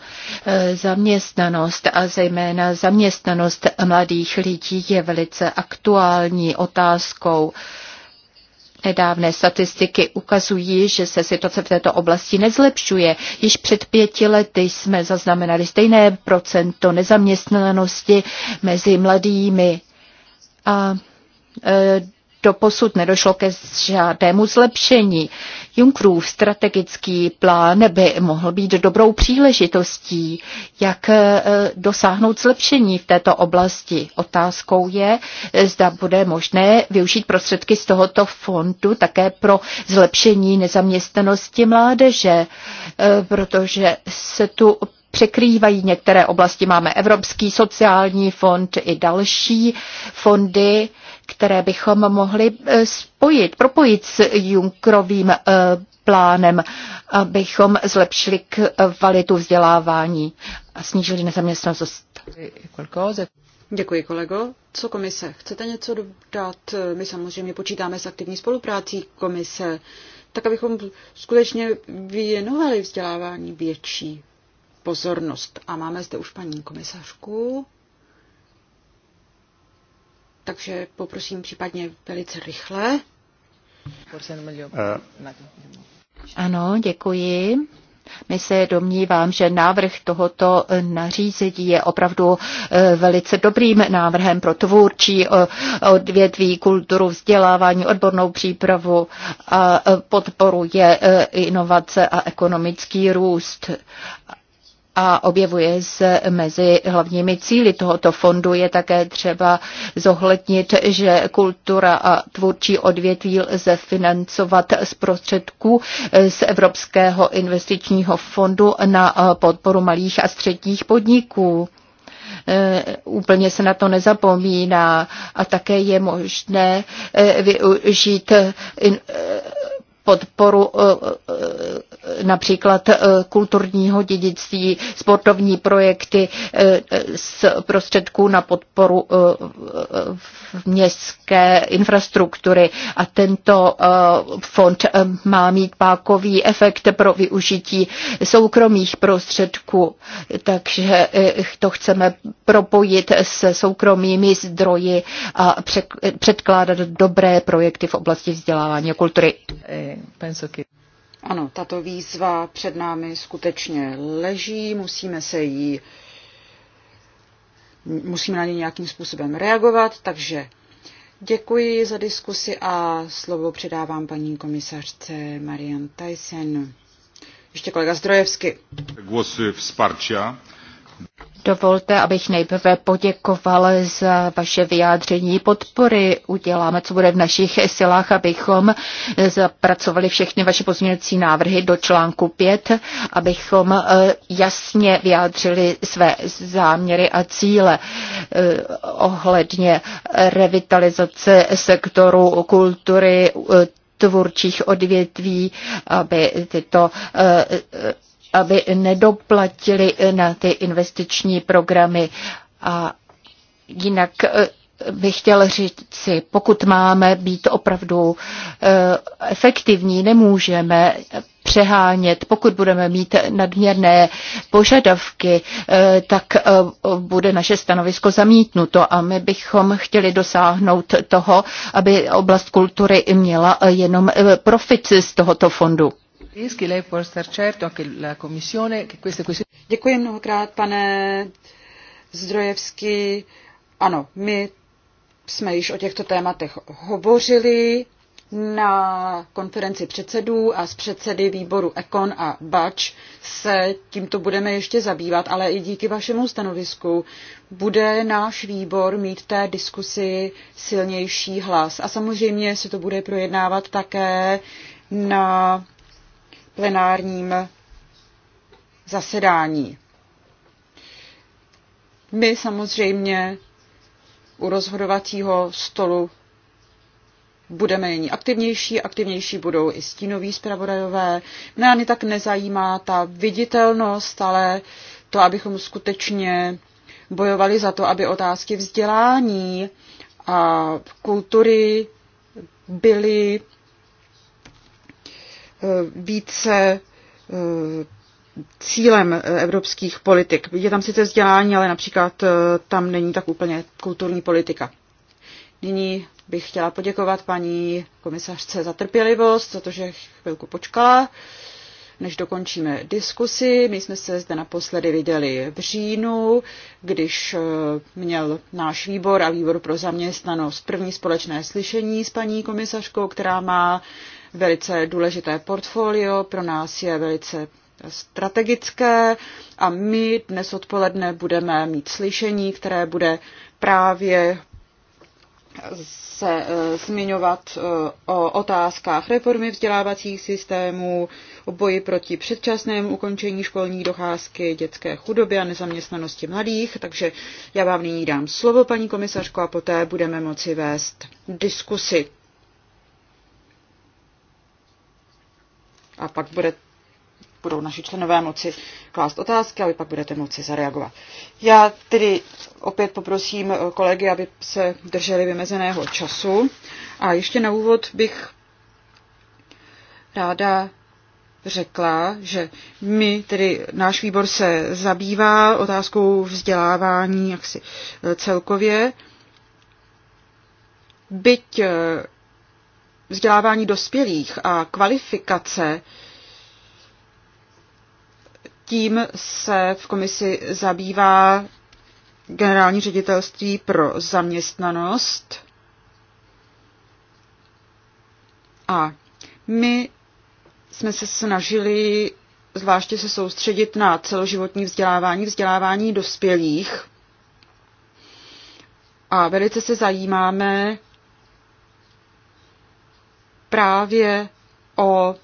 e, zaměstnanost a zejména zaměstnanost mladých lidí je velice aktuální otázkou. Nedávné statistiky ukazují, že se situace v této oblasti nezlepšuje. Již před pěti lety jsme zaznamenali stejné procento nezaměstnanosti mezi mladými a e, doposud nedošlo ke žádnému zlepšení. Junckerův strategický plán by mohl být dobrou příležitostí, jak eh, dosáhnout zlepšení v této oblasti. Otázkou je, eh, zda bude možné využít prostředky z tohoto fondu také pro zlepšení nezaměstnanosti mládeže, eh, protože se tu překrývají některé oblasti. Máme Evropský sociální fond i další fondy které bychom mohli eh, spojit, propojit s Junkrovým eh, plánem, abychom zlepšili kvalitu vzdělávání a snížili nezaměstnanost. Děkuji, kolego. Co komise? Chcete něco dodat? My samozřejmě počítáme s aktivní spoluprácí komise, tak abychom skutečně věnovali vzdělávání větší pozornost. A máme zde už paní komisařku takže poprosím případně velice rychle. Eh. Ano, děkuji. My se domnívám, že návrh tohoto nařízení je opravdu eh, velice dobrým návrhem pro tvůrčí eh, odvětví, kulturu, vzdělávání, odbornou přípravu a podporuje inovace a ekonomický růst a objevuje se mezi hlavními cíly tohoto fondu. Je také třeba zohlednit, že kultura a tvůrčí odvětví lze financovat z prostředků z Evropského investičního fondu na eh, podporu malých a středních podniků eh, úplně se na to nezapomíná a také je možné eh, využít podporu eh, eh, například eh, kulturního dědictví, sportovní projekty z prostředků na podporu městské infrastruktury. A tento fond má mít pákový efekt pro využití soukromých prostředků, takže to chceme propojit se soukromými zdroji a předkládat dobré projekty v oblasti vzdělávání a kultury. Ano, tato výzva před námi skutečně leží, musíme se jí, musíme na ně nějakým způsobem reagovat, takže děkuji za diskusi a slovo předávám paní komisařce Marian Tyson. Ještě kolega Zdrojevsky. Głosy wsparcia Dovolte, abych nejprve poděkoval za vaše vyjádření podpory. Uděláme, co bude v našich silách, abychom zapracovali všechny vaše pozměňovací návrhy do článku 5, abychom eh, jasně vyjádřili své záměry a cíle eh, ohledně revitalizace sektoru kultury, eh, tvůrčích odvětví, aby tyto aby nedoplatili eh, na ty investiční programy. A jinak eh, bych chtěl říct si, pokud máme být opravdu eh, efektivní, nemůžeme přehánět. Pokud budeme mít nadměrné požadavky, tak bude naše stanovisko zamítnuto a my bychom chtěli dosáhnout toho, aby oblast kultury měla jenom profit z tohoto fondu. Děkuji mnohokrát, pane Zdrojevský. Ano, my jsme již o těchto tématech hovořili na konferenci předsedů a s předsedy výboru Ekon a Bač se tímto budeme ještě zabývat, ale i díky vašemu stanovisku bude náš výbor mít té diskusi silnější hlas. A samozřejmě se to bude projednávat také na plenárním zasedání. My samozřejmě u rozhodovacího stolu budeme nyní aktivnější, aktivnější budou i stínoví zpravodajové. Mě ani tak nezajímá ta viditelnost, ale to, abychom skutečně bojovali za to, aby otázky vzdělání a kultury byly Eh, více eh, cílem eh, evropských politik. Je tam sice vzdělání, ale například tam není tak úplně kulturní politika. Nyní bych chtěla poděkovat paní komisařce za trpělivost, za to, že chvilku počkala, než dokončíme diskusi. My jsme se zde naposledy viděli v říjnu, když měl náš výbor a výbor pro zaměstnanost první společné slyšení s paní komisařkou, která má velice důležité portfolio, pro nás je velice strategické a my dnes odpoledne budeme mít slyšení, které bude právě se eh, zmiňovat eh, o otázkách reformy vzdělávacích systémů, o boji proti předčasnému ukončení školní docházky, dětské chudobě a nezaměstnanosti mladých. Takže já vám nyní dám slovo, paní komisařko, a poté budeme moci vést diskusi. a pak bude, budou naši členové moci klást otázky a vy pak budete moci zareagovat. Já tedy opět poprosím kolegy, aby se drželi vymezeného času. A ještě na úvod bych ráda řekla, že my, tedy náš výbor se zabývá otázkou vzdělávání jaksi celkově. Byť vzdělávání dospělých a kvalifikace, tím se v komisi zabývá generální ředitelství pro zaměstnanost. A my jsme se snažili zvláště se soustředit na celoživotní vzdělávání, vzdělávání dospělých. A velice se zajímáme právě o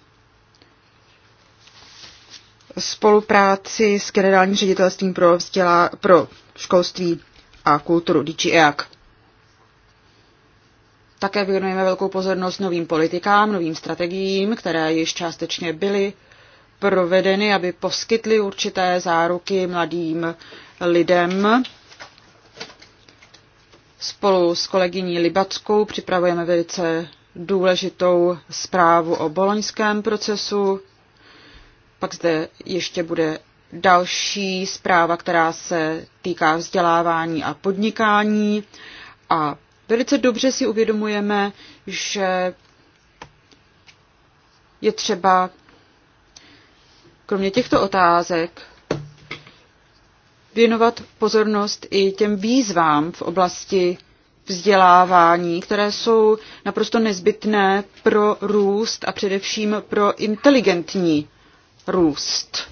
spolupráci s generálním ředitelstvím pro, vzdělá, pro školství a kulturu DG EAC. Také věnujeme velkou pozornost novým politikám, novým strategiím, které již částečně byly provedeny, aby poskytly určité záruky mladým lidem. Spolu s kolegyní Libackou připravujeme velice důležitou zprávu o boloňském procesu. Pak zde ještě bude další zpráva, která se týká vzdělávání a podnikání. A velice dobře si uvědomujeme, že je třeba kromě těchto otázek věnovat pozornost i těm výzvám v oblasti vzdělávání, které jsou naprosto nezbytné pro růst a především pro inteligentní růst.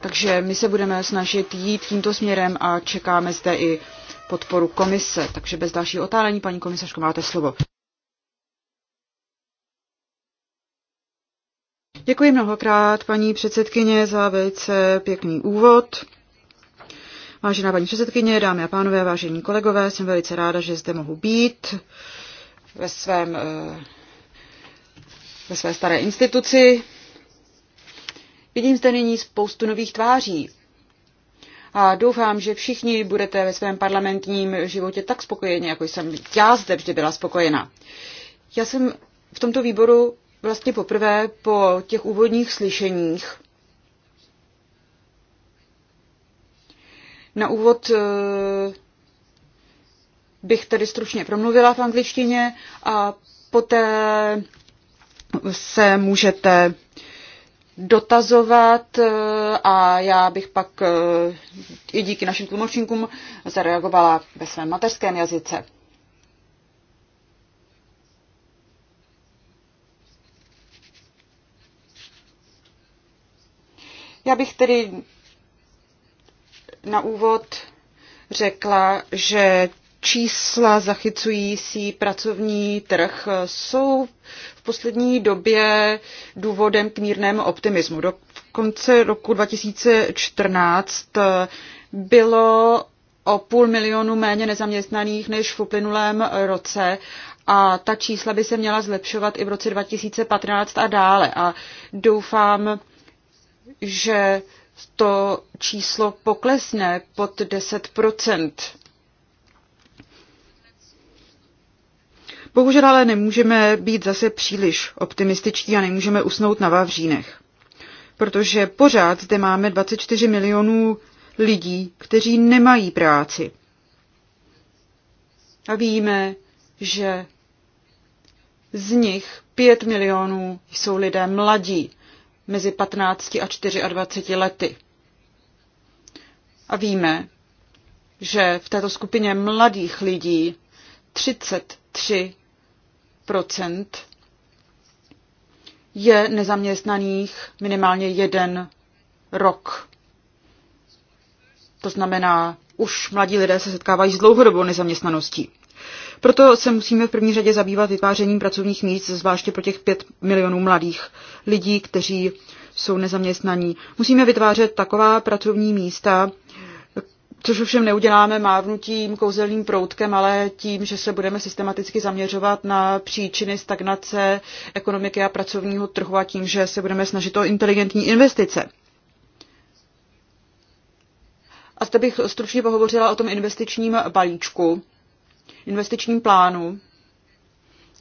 Takže my se budeme snažit jít tímto směrem a čekáme zde i podporu komise. Takže bez dalšího otálení, paní komisařko, máte slovo. Děkuji mnohokrát, paní předsedkyně, za velice pěkný úvod. Vážená paní předsedkyně, dámy a pánové, vážení kolegové, jsem velice ráda, že zde mohu být ve, svém, eh, ve své staré instituci. Vidím zde nyní spoustu nových tváří a doufám, že všichni budete ve svém parlamentním životě tak spokojeni, jako jsem já zde vždy byla spokojena. Já jsem v tomto výboru vlastně poprvé po těch úvodních slyšeních Na úvod eh, bych tady stručně promluvila v angličtině a poté se můžete dotazovat eh, a já bych pak eh, i díky našim tlumočníkům zareagovala ve svém mateřském jazyce. Já bych tedy na úvod řekla, že čísla zachycující pracovní trh jsou v poslední době důvodem k mírnému optimismu. Do konce roku 2014 bylo o půl milionu méně nezaměstnaných než v uplynulém roce a ta čísla by se měla zlepšovat i v roce 2015 a dále. A doufám, že to číslo poklesne pod 10 Bohužel ale nemůžeme být zase příliš optimističtí a nemůžeme usnout na Vavřínech, protože pořád zde máme 24 milionů lidí, kteří nemají práci. A víme, že z nich 5 milionů jsou lidé mladí mezi 15 a 24 lety. A víme, že v této skupině mladých lidí 33 je nezaměstnaných minimálně jeden rok. To znamená, už mladí lidé se setkávají s dlouhodobou nezaměstnaností. Proto se musíme v první řadě zabývat vytvářením pracovních míst, zvláště pro těch 5 milionů mladých lidí, kteří jsou nezaměstnaní. Musíme vytvářet taková pracovní místa, což ovšem neuděláme mávnutím kouzelným proutkem, ale tím, že se budeme systematicky zaměřovat na příčiny stagnace ekonomiky a pracovního trhu a tím, že se budeme snažit o inteligentní investice. A zde bych stručně pohovořila o tom investičním balíčku, investičním plánu,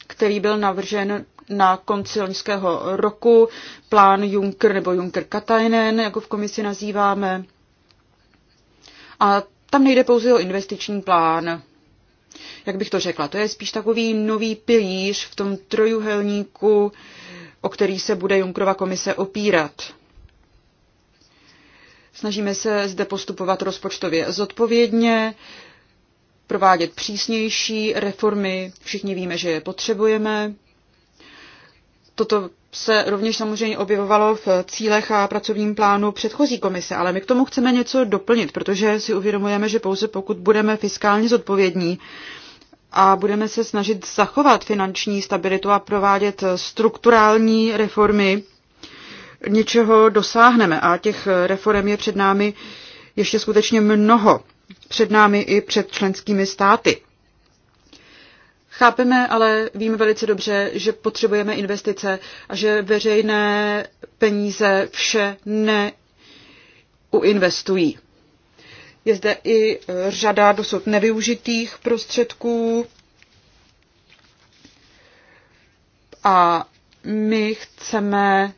který byl navržen na konci loňského roku, plán Juncker nebo Juncker Katainen, jako v komisi nazýváme. A tam nejde pouze o investiční plán. Jak bych to řekla, to je spíš takový nový pilíř v tom trojuhelníku, o který se bude Junkrova komise opírat. Snažíme se zde postupovat rozpočtově zodpovědně, provádět přísnější reformy, všichni víme, že je potřebujeme. Toto se rovněž samozřejmě objevovalo v cílech a pracovním plánu předchozí komise, ale my k tomu chceme něco doplnit, protože si uvědomujeme, že pouze pokud budeme fiskálně zodpovědní a budeme se snažit zachovat finanční stabilitu a provádět strukturální reformy, něčeho dosáhneme a těch reform je před námi ještě skutečně mnoho před námi i před členskými státy. Chápeme, ale víme velice dobře, že potřebujeme investice a že veřejné peníze vše neuinvestují. Je zde i řada dosud nevyužitých prostředků a my chceme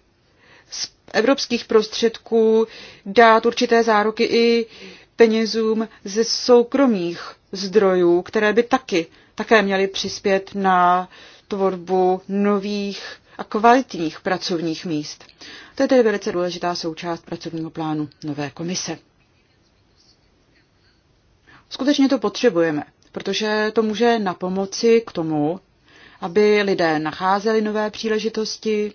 z evropských prostředků dát určité záruky i penězům ze soukromých zdrojů, které by taky také měly přispět na tvorbu nových a kvalitních pracovních míst. To je tedy velice důležitá součást pracovního plánu nové komise. Skutečně to potřebujeme, protože to může na pomoci k tomu, aby lidé nacházeli nové příležitosti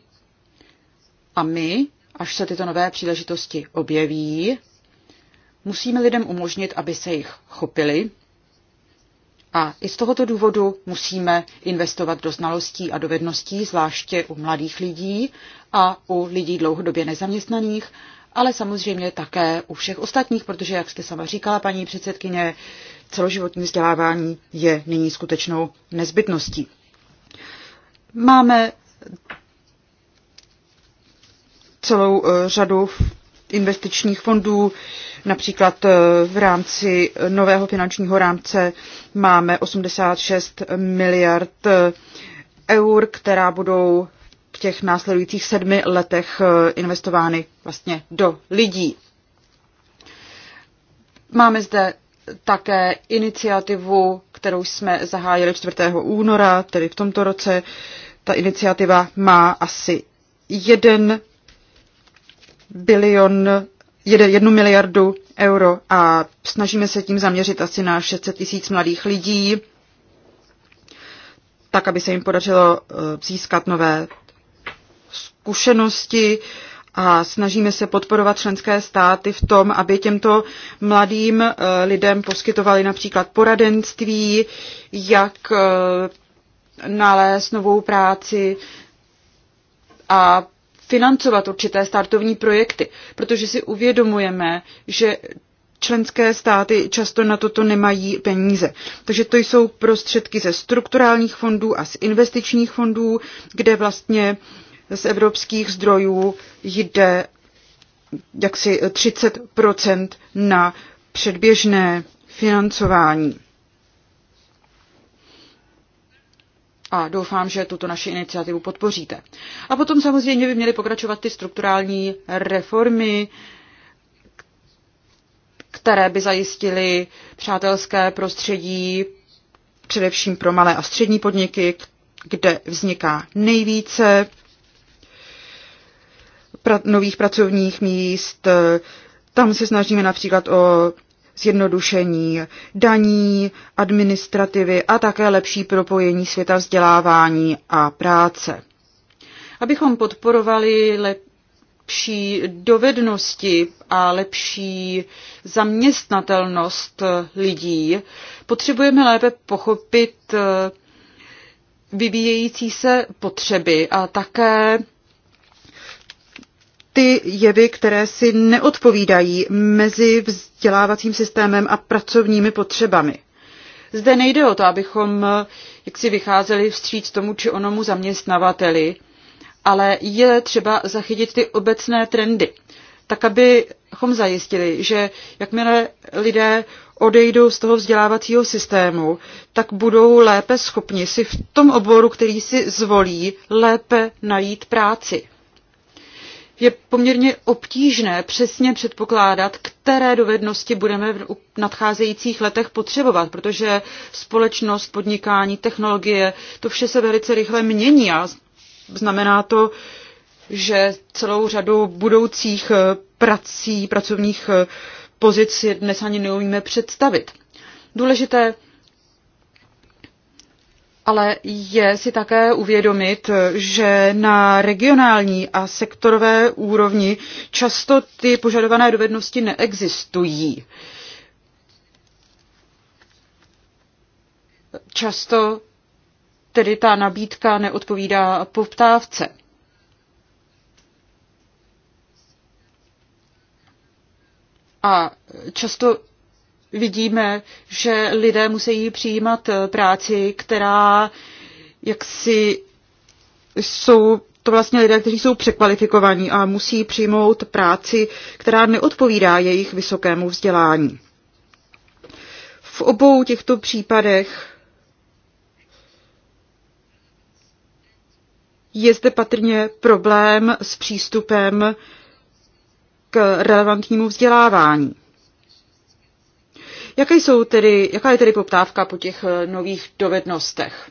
a my, až se tyto nové příležitosti objeví, Musíme lidem umožnit, aby se jich chopili a i z tohoto důvodu musíme investovat do znalostí a dovedností, zvláště u mladých lidí a u lidí dlouhodobě nezaměstnaných, ale samozřejmě také u všech ostatních, protože, jak jste sama říkala, paní předsedkyně, celoživotní vzdělávání je nyní skutečnou nezbytností. Máme celou eh, řadu investičních fondů. Například eh, v rámci nového finančního rámce máme 86 miliard eh, eur, která budou v těch následujících sedmi letech eh, investovány vlastně do lidí. Máme zde také iniciativu, kterou jsme zahájili 4. února, tedy v tomto roce. Ta iniciativa má asi jeden bilion, jednu miliardu euro a snažíme se tím zaměřit asi na 600 tisíc mladých lidí, tak, aby se jim podařilo eh, získat nové zkušenosti a snažíme se podporovat členské státy v tom, aby těmto mladým eh, lidem poskytovali například poradenství, jak eh, nalézt novou práci a financovat určité startovní projekty, protože si uvědomujeme, že členské státy často na toto nemají peníze. Takže to jsou prostředky ze strukturálních fondů a z investičních fondů, kde vlastně z evropských zdrojů jde jaksi 30 na předběžné financování. a doufám, že tuto naši iniciativu podpoříte. A potom samozřejmě by měly pokračovat ty strukturální reformy, které by zajistily přátelské prostředí především pro malé a střední podniky, kde vzniká nejvíce pra- nových pracovních míst. Tam se snažíme například o zjednodušení daní, administrativy a také lepší propojení světa vzdělávání a práce. Abychom podporovali lepší dovednosti a lepší zaměstnatelnost lidí, potřebujeme lépe pochopit eh, vyvíjející se potřeby a také ty jevy, které si neodpovídají mezi vzdělávacím systémem a pracovními potřebami. Zde nejde o to, abychom jak si vycházeli vstříc tomu či onomu zaměstnavateli, ale je třeba zachytit ty obecné trendy, tak abychom zajistili, že jakmile lidé odejdou z toho vzdělávacího systému, tak budou lépe schopni si v tom oboru, který si zvolí, lépe najít práci je poměrně obtížné přesně předpokládat, které dovednosti budeme v nadcházejících letech potřebovat, protože společnost, podnikání, technologie, to vše se velice rychle mění a znamená to, že celou řadu budoucích eh, prací, pracovních eh, pozic dnes ani neumíme představit. Důležité ale je si také uvědomit, že na regionální a sektorové úrovni často ty požadované dovednosti neexistují. Často tedy ta nabídka neodpovídá poptávce. A často vidíme, že lidé musí přijímat eh, práci, která jaksi jsou to vlastně lidé, kteří jsou překvalifikovaní a musí přijmout práci, která neodpovídá jejich vysokému vzdělání. V obou těchto případech je zde patrně problém s přístupem k relevantnímu vzdělávání. Jaké jsou tedy, jaká je tedy poptávka po těch eh, nových dovednostech?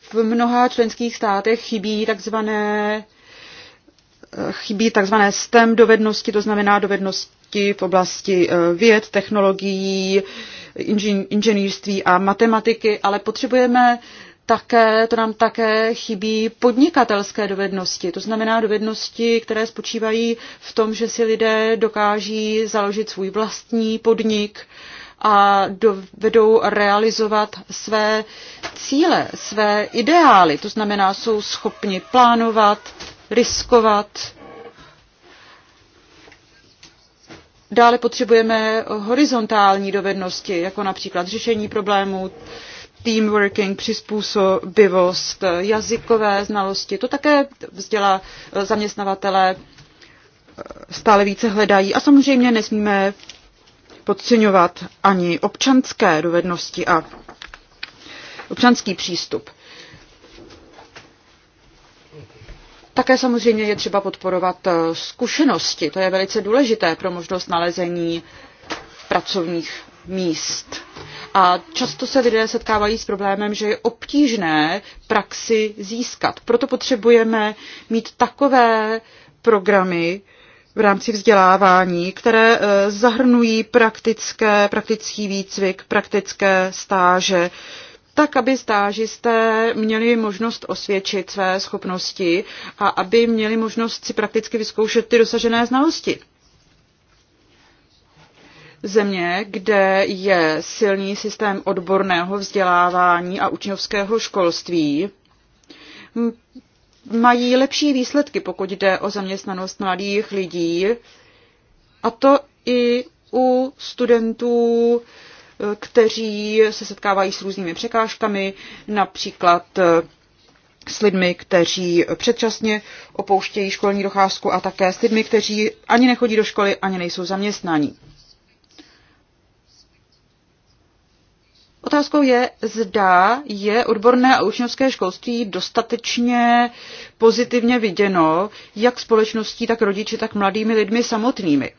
V mnoha členských státech chybí takzvané eh, chybí takzvané STEM dovednosti, to znamená dovednosti v oblasti eh, věd, technologií, inženýrství a matematiky, ale potřebujeme také, to nám také chybí podnikatelské dovednosti. To znamená dovednosti, které spočívají v tom, že si lidé dokáží založit svůj vlastní podnik a dovedou realizovat své cíle, své ideály. To znamená, jsou schopni plánovat, riskovat. Dále potřebujeme horizontální dovednosti, jako například řešení problémů, teamworking, přizpůsobivost, jazykové znalosti. To také vzdělá eh, zaměstnavatele eh, stále více hledají. A samozřejmě nesmíme podceňovat ani občanské dovednosti a občanský přístup. Také samozřejmě je třeba podporovat eh, zkušenosti. To je velice důležité pro možnost nalezení pracovních míst. A často se lidé setkávají s problémem, že je obtížné praxi získat. Proto potřebujeme mít takové programy, v rámci vzdělávání, které eh, zahrnují praktické, praktický výcvik, praktické stáže, tak, aby stážisté měli možnost osvědčit své schopnosti a aby měli možnost si prakticky vyzkoušet ty dosažené znalosti země, kde je silný systém odborného vzdělávání a učňovského školství, mají lepší výsledky, pokud jde o zaměstnanost mladých lidí, a to i u studentů, kteří se setkávají s různými překážkami, například e, s lidmi, kteří předčasně opouštějí školní docházku a také s lidmi, kteří ani nechodí do školy, ani nejsou zaměstnaní. Otázkou je, zda je odborné a učňovské školství dostatečně pozitivně viděno jak společností, tak rodiči, tak mladými lidmi samotnými.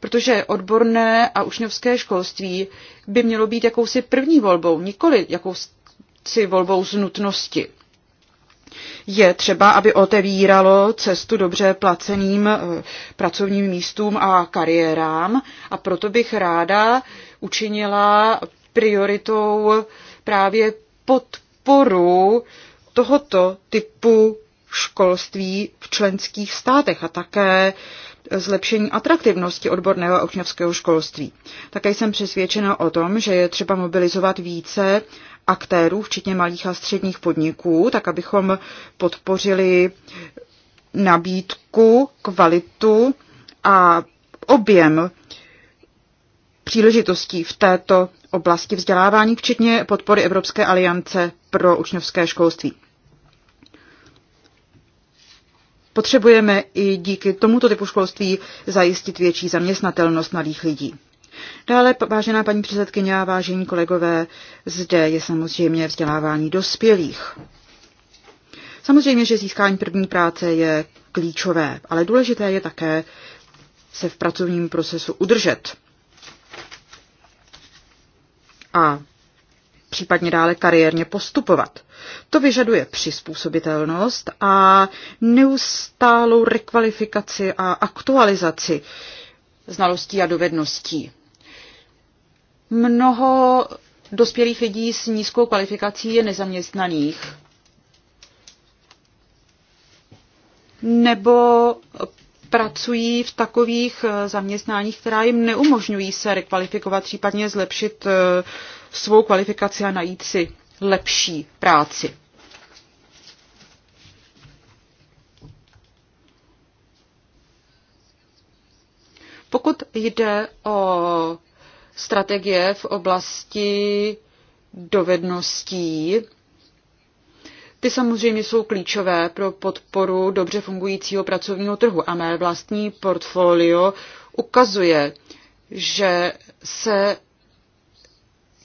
Protože odborné a učňovské školství by mělo být jakousi první volbou, nikoli jakousi volbou z nutnosti. Je třeba, aby otevíralo cestu dobře placeným eh, pracovním místům a kariérám a proto bych ráda učinila prioritou právě podporu tohoto typu školství v členských státech a také zlepšení atraktivnosti odborného a učňovského školství. Také jsem přesvědčena o tom, že je třeba mobilizovat více aktérů, včetně malých a středních podniků, tak abychom podpořili nabídku, kvalitu a objem příležitostí v této oblasti vzdělávání, včetně podpory Evropské aliance pro učňovské školství. Potřebujeme i díky tomuto typu školství zajistit větší zaměstnatelnost mladých lidí. Dále, vážená paní předsedkyně a vážení kolegové, zde je samozřejmě vzdělávání dospělých. Samozřejmě, že získání první práce je klíčové, ale důležité je také se v pracovním procesu udržet a případně dále kariérně postupovat. To vyžaduje přizpůsobitelnost a neustálou rekvalifikaci a aktualizaci znalostí a dovedností. Mnoho dospělých lidí s nízkou kvalifikací je nezaměstnaných nebo pracují v takových eh, zaměstnáních, která jim neumožňují se rekvalifikovat, případně zlepšit eh, svou kvalifikaci a najít si lepší práci. Pokud jde o strategie v oblasti dovedností, ty samozřejmě jsou klíčové pro podporu dobře fungujícího pracovního trhu a mé vlastní portfolio ukazuje, že se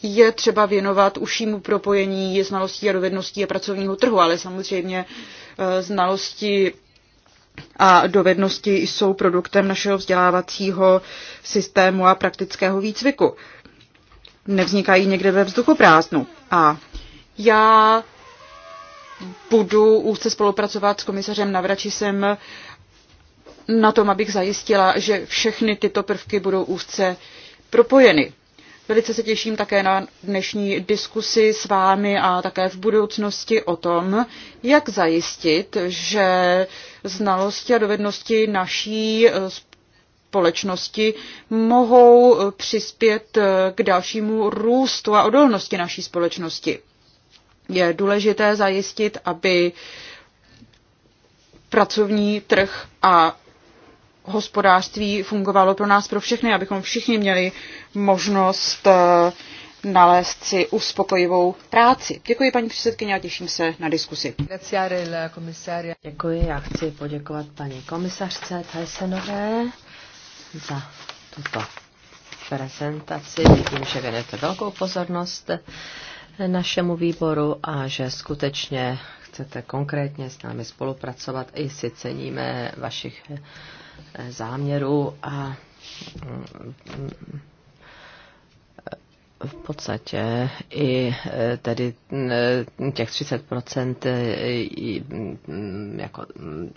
je třeba věnovat užšímu propojení znalostí a dovedností a pracovního trhu, ale samozřejmě eh, znalosti a dovednosti jsou produktem našeho vzdělávacího systému a praktického výcviku. Nevznikají někde ve vzduchu prázdnu. A já budu úzce spolupracovat s komisařem Navračisem na tom, abych zajistila, že všechny tyto prvky budou úzce propojeny. Velice se těším také na dnešní diskusi s vámi a také v budoucnosti o tom, jak zajistit, že znalosti a dovednosti naší eh, společnosti mohou eh, přispět eh, k dalšímu růstu a odolnosti naší společnosti je důležité zajistit, aby pracovní trh a hospodářství fungovalo pro nás, pro všechny, abychom všichni měli možnost eh, nalézt si uspokojivou práci. Děkuji paní předsedkyně a těším se na diskusi. Děkuji, já chci poděkovat paní komisařce Tysonové za tuto prezentaci. Vidím, že věnujete velkou pozornost našemu výboru a že skutečně chcete konkrétně s námi spolupracovat. I si ceníme vašich eh, záměrů a mm, eh, v podstatě i eh, tedy těch 30% mm, jako mm,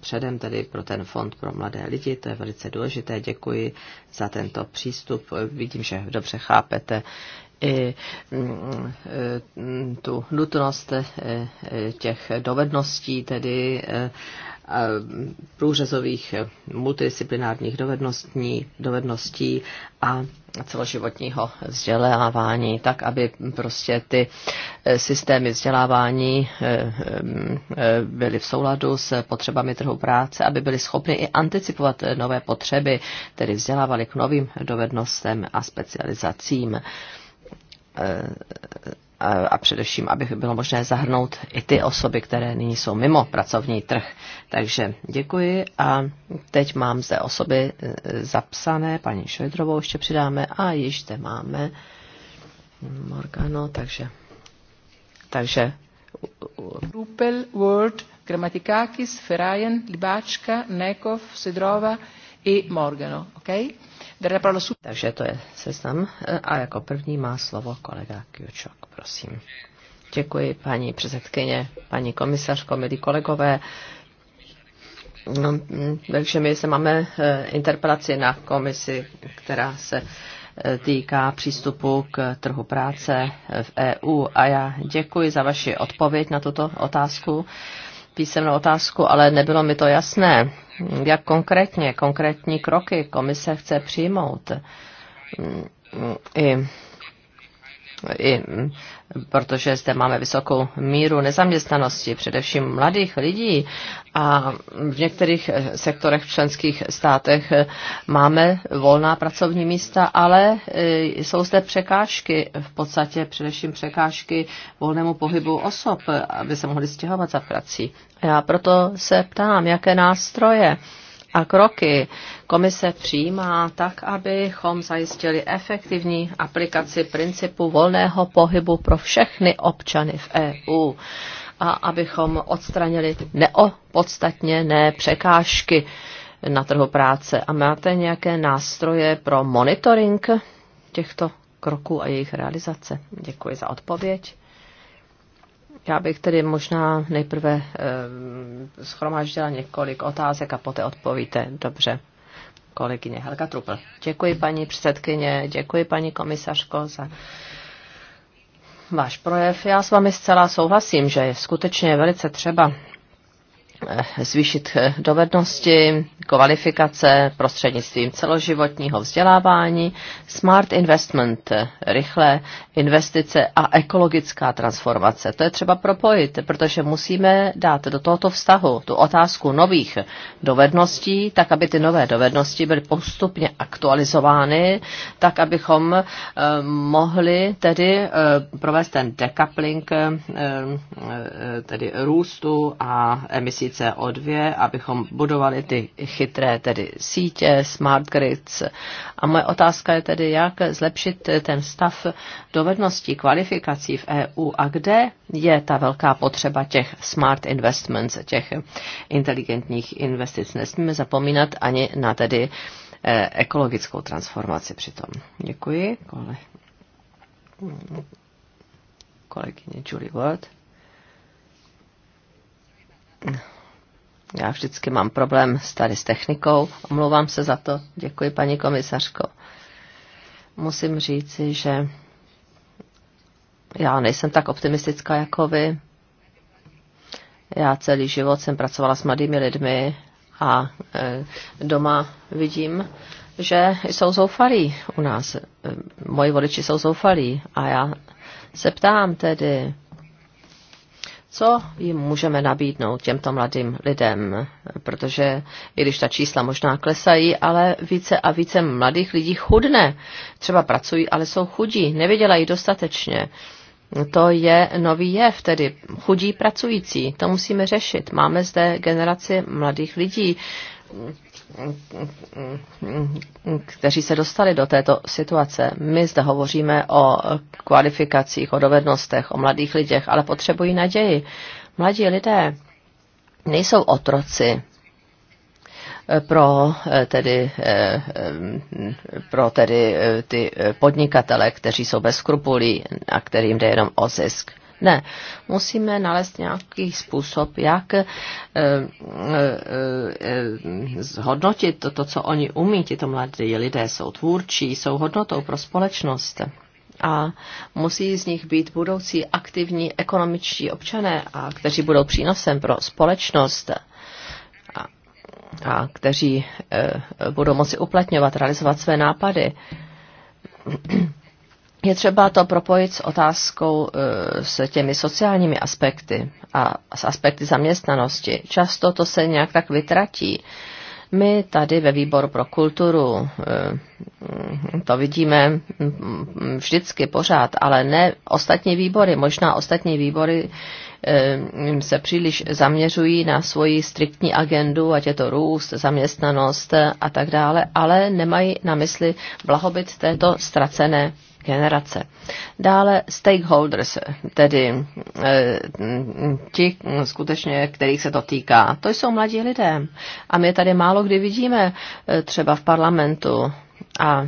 předem tedy pro ten fond pro mladé lidi, to je velice důležité. Děkuji za tento přístup. Vidím, že dobře chápete, i mm, mm, tu nutnost e, e, těch dovedností, tedy e, průřezových multidisciplinárních dovedností, dovedností a celoživotního vzdělávání, tak aby prostě ty systémy vzdělávání byly v souladu s potřebami trhu práce, aby byly schopny i anticipovat nové potřeby, tedy vzdělávali k novým dovednostem a specializacím a především, aby bylo možné zahrnout i ty osoby, které nyní jsou mimo pracovní trh. Takže děkuji a teď mám zde osoby e, zapsané, paní Švedrovou ještě přidáme a již zde máme Morgano, takže takže Rupel, Word, Gramatikakis, Ferajen, Libáčka, Nekov, Sidrova, i Morgano. Okay? Takže to je seznam. A jako první má slovo kolega Kjučok, prosím. Děkuji, paní předsedkyně, paní komisařko, milí kolegové. No, takže my se máme eh, interpelaci na komisi, která se eh, týká přístupu k trhu práce eh, v EU. A já děkuji za vaši odpověď na tuto otázku písemnou otázku, ale nebylo mi to jasné, jak konkrétně, konkrétní kroky komise chce přijmout. Mm, mm, I i protože zde máme vysokou míru nezaměstnanosti, především mladých lidí a v některých eh, sektorech v členských státech eh, máme volná pracovní místa, ale eh, jsou zde překážky, v podstatě především překážky volnému pohybu osob, aby se mohli stěhovat za prací. Já proto se ptám, jaké nástroje a kroky komise přijímá tak, abychom zajistili efektivní aplikaci principu volného pohybu pro všechny občany v EU a abychom odstranili neopodstatněné překážky na trhu práce. A máte nějaké nástroje pro monitoring těchto kroků a jejich realizace? Děkuji za odpověď. Já bych tedy možná nejprve eh, schromáždila několik otázek a poté odpovíte. Dobře. Kolegyně Helga Trupl. Děkuji paní předsedkyně, děkuji paní komisařko za váš projev. Já s vámi zcela souhlasím, že je skutečně velice třeba Eh, zvýšit eh, dovednosti, kvalifikace prostřednictvím celoživotního vzdělávání, smart investment, eh, rychlé investice a ekologická transformace. To je třeba propojit, protože musíme dát do tohoto vztahu tu otázku nových dovedností, tak aby ty nové dovednosti byly postupně aktualizovány, tak abychom mohli tedy provést ten decoupling tedy růstu a emisí CO2, abychom budovali ty chytré tedy sítě, smart grids. A moje otázka je tedy, jak zlepšit ten stav dovedností, kvalifikací v EU a kde je ta velká potřeba těch smart investments, těch inteligentních investic. Nesmíme zapomínat ani na tedy eh, ekologickou transformaci přitom. Děkuji. Kole. Kolegyně Julie Ward. Já vždycky mám problém s tady s technikou. Omlouvám se za to. Děkuji, paní komisařko. Musím říci, že já nejsem tak optimistická jako vy. Já celý život jsem pracovala s mladými lidmi a e, doma vidím, že jsou zoufalí u nás. E, moji voliči jsou zoufalí a já se ptám tedy, co jim můžeme nabídnout těmto mladým lidem, protože i když ta čísla možná klesají, ale více a více mladých lidí chudne. Třeba pracují, ale jsou chudí, nevydělají dostatečně. To je nový jev, tedy chudí pracující. To musíme řešit. Máme zde generaci mladých lidí, kteří se dostali do této situace. My zde hovoříme o kvalifikacích, o dovednostech, o mladých lidech, ale potřebují naději. Mladí lidé nejsou otroci pro eh, tedy, eh, pro tedy eh, ty podnikatele, kteří jsou bez skrupulí a kterým jde jenom o zisk. Ne, musíme nalézt nějaký způsob, jak eh, eh, eh, zhodnotit to, to co oni umí. tyto mladí lidé jsou tvůrčí, jsou hodnotou pro společnost a musí z nich být budoucí aktivní ekonomičtí občané, a kteří budou přínosem pro společnost a, a kteří e, budou moci uplatňovat, realizovat své nápady je třeba to propojit s otázkou e, s těmi sociálními aspekty a s aspekty zaměstnanosti. Často to se nějak tak vytratí. My tady ve výboru pro kulturu e, mm, to vidíme mm, mm, vždycky pořád, ale ne ostatní výbory. Možná ostatní výbory e, se příliš zaměřují na svoji striktní agendu, ať je to růst, zaměstnanost a tak dále, ale nemají na mysli blahobyt této ztracené generace. Dále stakeholders, tedy eh, ti skutečně, kterých se to týká. To jsou mladí lidé a my tady málo kdy vidíme eh, třeba v parlamentu a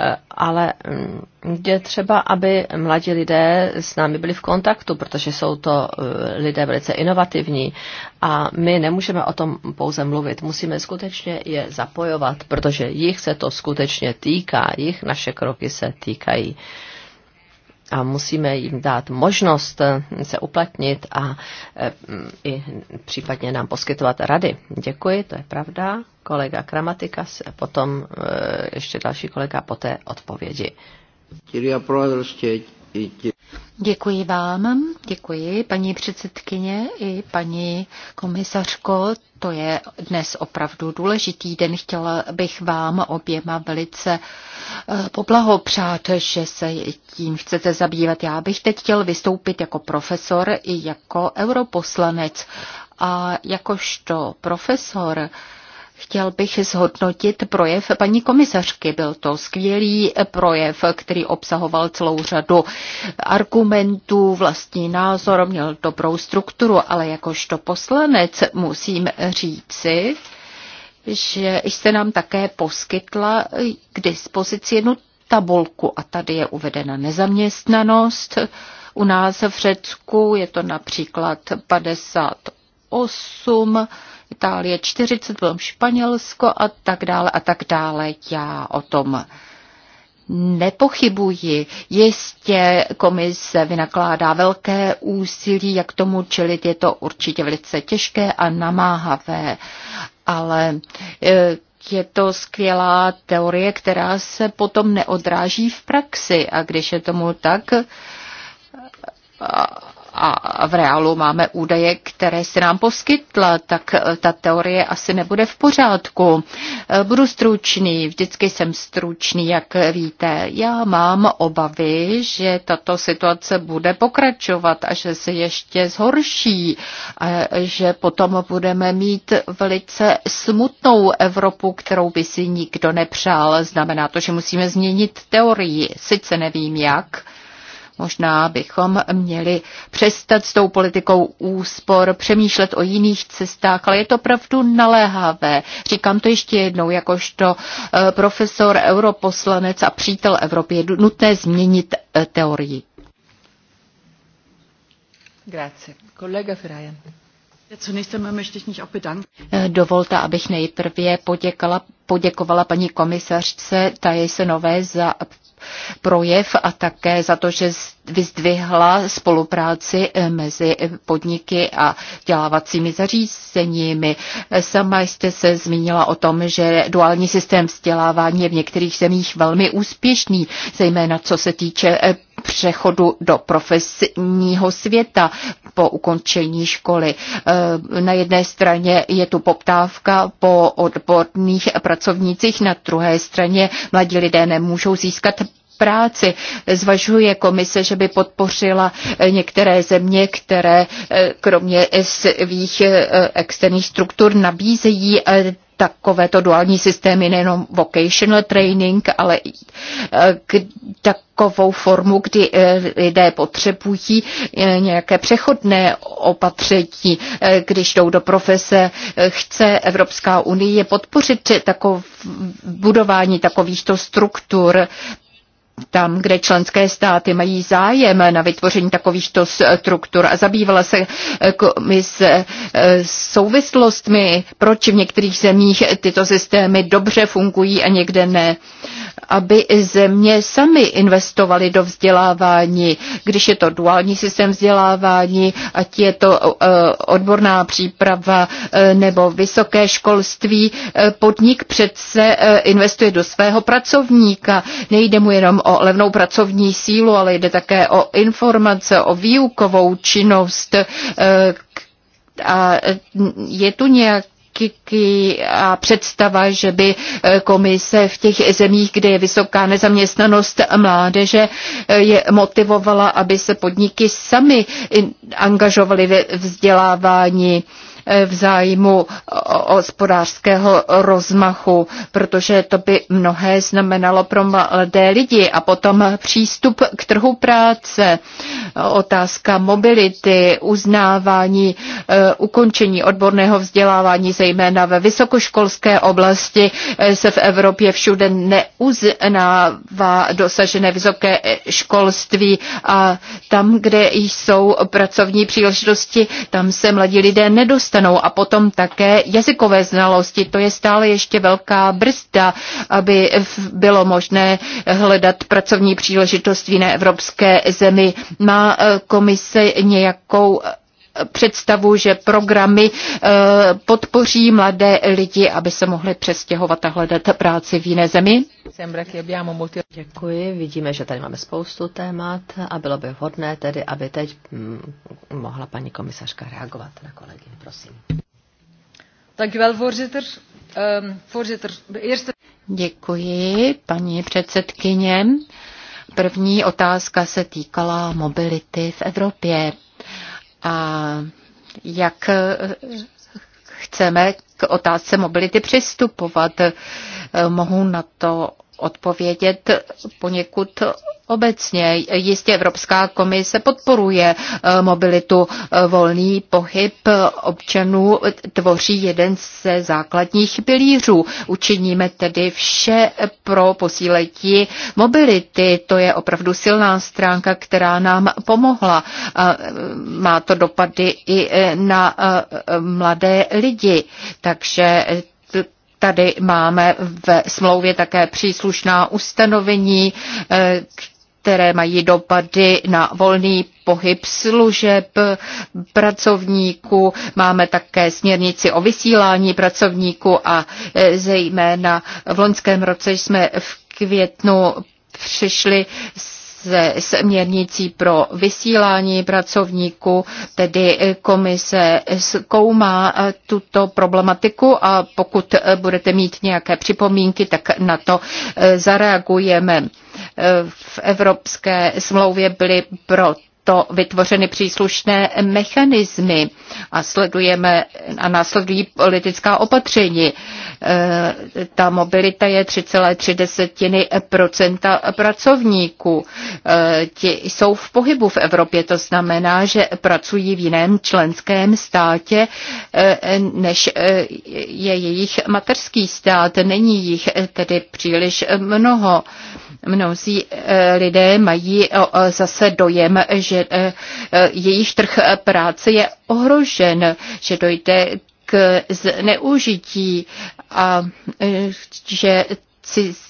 Eh, ale mm, je třeba, aby mladí lidé s námi byli v kontaktu, protože jsou to eh, lidé velice inovativní a my nemůžeme o tom pouze mluvit. Musíme skutečně je zapojovat, protože jich se to skutečně týká, jich naše kroky se týkají a musíme jim dát možnost eh, se uplatnit a eh, i případně nám poskytovat rady. Děkuji, to je pravda. Kolega Kramatika, eh, potom ještě další kolega, poté odpovědi. Kyria Proadroště, Děkuji vám, děkuji paní předsedkyně i paní komisařko. To je dnes opravdu důležitý den. Chtěla bych vám oběma velice eh, poblahopřát, že se tím chcete zabývat. Já bych teď chtěl vystoupit jako profesor i jako europoslanec. A jakožto profesor Chtěl bych zhodnotit projev paní komisařky. Byl to skvělý projev, který obsahoval celou řadu argumentů, vlastní názor, měl dobrou strukturu, ale jakožto poslanec musím říci, že jste nám také poskytla k dispozici jednu tabulku a tady je uvedena nezaměstnanost. U nás v Řecku je to například 58 Itálie 40, potom Španělsko a tak dále a tak dále. Já o tom nepochybuji. Jistě komise vynakládá velké úsilí, jak tomu čelit. Je to určitě velice těžké a namáhavé, ale e, je to skvělá teorie, která se potom neodráží v praxi. A když je tomu tak, a v reálu máme údaje, které se nám poskytla, tak eh, ta teorie asi nebude v pořádku. Eh, budu stručný, vždycky jsem stručný, jak víte. Já mám obavy, že tato situace bude pokračovat a že se ještě zhorší a že potom budeme mít velice smutnou Evropu, kterou by si nikdo nepřál. Znamená to, že musíme změnit teorii. Sice nevím jak, Možná bychom měli přestat s tou politikou úspor, přemýšlet o jiných cestách, ale je to pravdu naléhavé. Říkám to ještě jednou, jakožto eh, profesor, europoslanec a přítel Evropy je nutné změnit eh, teorii. Grazie. Kolega Ferajan. Eh, dovolte, abych nejprve poděkala, poděkovala paní komisařce Tajesenové za projev a také za to, že vyzdvihla spolupráci eh, mezi podniky a dělávacími zařízeními. Eh, sama jste se zmínila o tom, že duální systém vzdělávání je v některých zemích velmi úspěšný, zejména co se týče eh, přechodu do profesního světa po ukončení školy. Eh, na jedné straně je tu poptávka po odborných pracovnících, na druhé straně mladí lidé nemůžou získat práci. Zvažuje komise, že by podpořila některé země, které eh, kromě svých eh, externích struktur nabízejí takovéto duální systémy, nejenom vocational training, ale e, k takovou formu, kdy e, lidé potřebují e, nějaké přechodné opatření, když jdou do profese. Chce Evropská unie podpořit takov, budování takovýchto struktur, tam, kde členské státy mají zájem na vytvoření takovýchto struktur a zabývala se komise eh, souvislostmi, proč v některých zemích tyto systémy dobře fungují a někde ne aby země sami investovaly do vzdělávání, když je to duální systém vzdělávání, ať je to eh, odborná příprava eh, nebo vysoké školství, podnik přece investuje do svého pracovníka. Nejde mu jenom o levnou pracovní sílu, ale jde také o informace, o výukovou činnost. E, a je tu nějak a představa, že by e, komise v těch zemích, kde je vysoká nezaměstnanost mládeže, e, je motivovala, aby se podniky sami angažovaly ve vzdělávání v zájmu hospodářského rozmachu, protože to by mnohé znamenalo pro mladé lidi a potom přístup k trhu práce, otázka mobility, uznávání, eh, ukončení odborného vzdělávání, zejména ve vysokoškolské oblasti eh, se v Evropě všude neuznává dosažené vysoké eh, školství a tam, kde jsou pracovní příležitosti, tam se mladí lidé nedostávají dostanou. A potom také jazykové znalosti. To je stále ještě velká brzda, aby bylo možné hledat pracovní příležitost v jiné evropské zemi. Má eh, komise nějakou představu, že programy eh, podpoří mladé lidi, aby se mohli přestěhovat a hledat práci v jiné zemi? Děkuji, vidíme, že tady máme spoustu témat a bylo by vhodné tedy, aby teď mm, mohla paní komisařka reagovat na kolegy. Prosím. Um, Děkuji, paní předsedkyně. První otázka se týkala mobility v Evropě. A jak eh, chceme k otázce mobility přistupovat, eh, mohu na to odpovědět poněkud Obecně jistě Evropská komise podporuje eh, mobilitu. Eh, volný pohyb občanů tvoří jeden ze základních pilířů. Učiníme tedy vše pro posílení mobility. To je opravdu silná stránka, která nám pomohla. Eh, má to dopady i na mladé lidi. Takže Tady máme ve smlouvě také příslušná ustanovení, které mají dopady na volný pohyb služeb pracovníků. Máme také směrnici o vysílání pracovníků a e, zejména v loňském roce jsme v květnu přišli se směrnicí pro vysílání pracovníků, tedy komise zkoumá tuto problematiku a pokud budete mít nějaké připomínky, tak na to e, zareagujeme v Evropské smlouvě byly pro to vytvořeny příslušné mechanismy a sledujeme a následují politická opatření. E, ta mobilita je 3,3 pracovníků. E, ti jsou v pohybu v Evropě, to znamená, že pracují v jiném členském státě, e, než je jejich mateřský stát. Není jich tedy příliš mnoho. Mnozí lidé mají zase dojem, že že eh, eh, jejich trh eh, práce je ohrožen, že dojde k zneužití a že cizí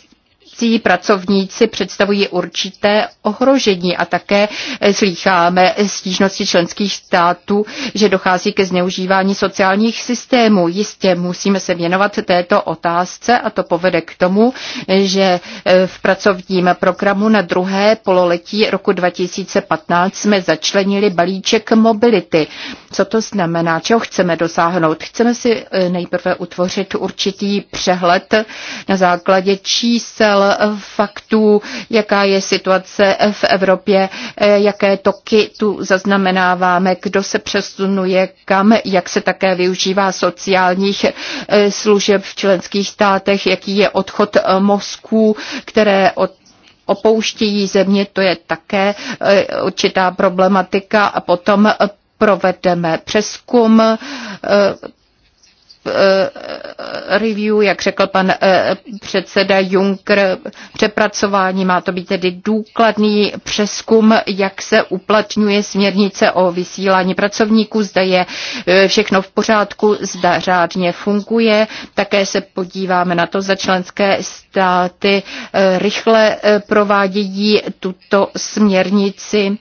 zdravotnictví pracovníci představují určité ohrožení a také slýcháme stížnosti členských států, že dochází ke zneužívání sociálních systémů. Jistě musíme se věnovat této otázce a to povede k tomu, že v pracovním programu na druhé pololetí roku 2015 jsme začlenili balíček mobility. Co to znamená? Čeho chceme dosáhnout? Chceme si eh, nejprve utvořit určitý přehled na základě čísel faktů, jaká je situace v Evropě, eh, jaké toky tu zaznamenáváme, kdo se přesunuje kam, jak se také využívá sociálních eh, služeb v členských státech, jaký je odchod eh, mozků, které od opouštějí země, to je také určitá problematika a potom provedeme přeskum Eh, review, jak řekl pan eh, předseda Juncker, přepracování má to být tedy důkladný přeskum, jak se uplatňuje směrnice o vysílání pracovníků, zda je eh, všechno v pořádku, zda řádně funguje. Také se podíváme na to, za členské státy rychle provádějí tuto směrnici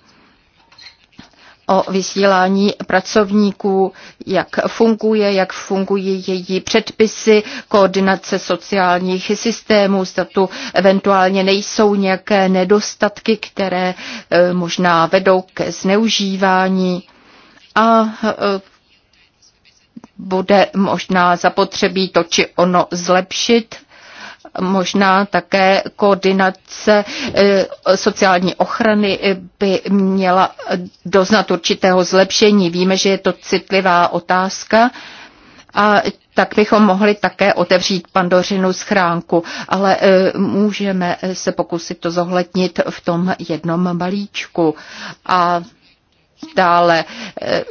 o vysílání pracovníků, jak funguje, jak fungují její předpisy, koordinace sociálních systémů, zda tu eventuálně nejsou nějaké nedostatky, které e, možná vedou ke zneužívání. A e, bude možná zapotřebí to či ono zlepšit možná také koordinace e, sociální ochrany by měla doznat určitého zlepšení. Víme, že je to citlivá otázka a tak bychom mohli také otevřít pandořinu schránku, ale e, můžeme se pokusit to zohlednit v tom jednom balíčku. A dále e,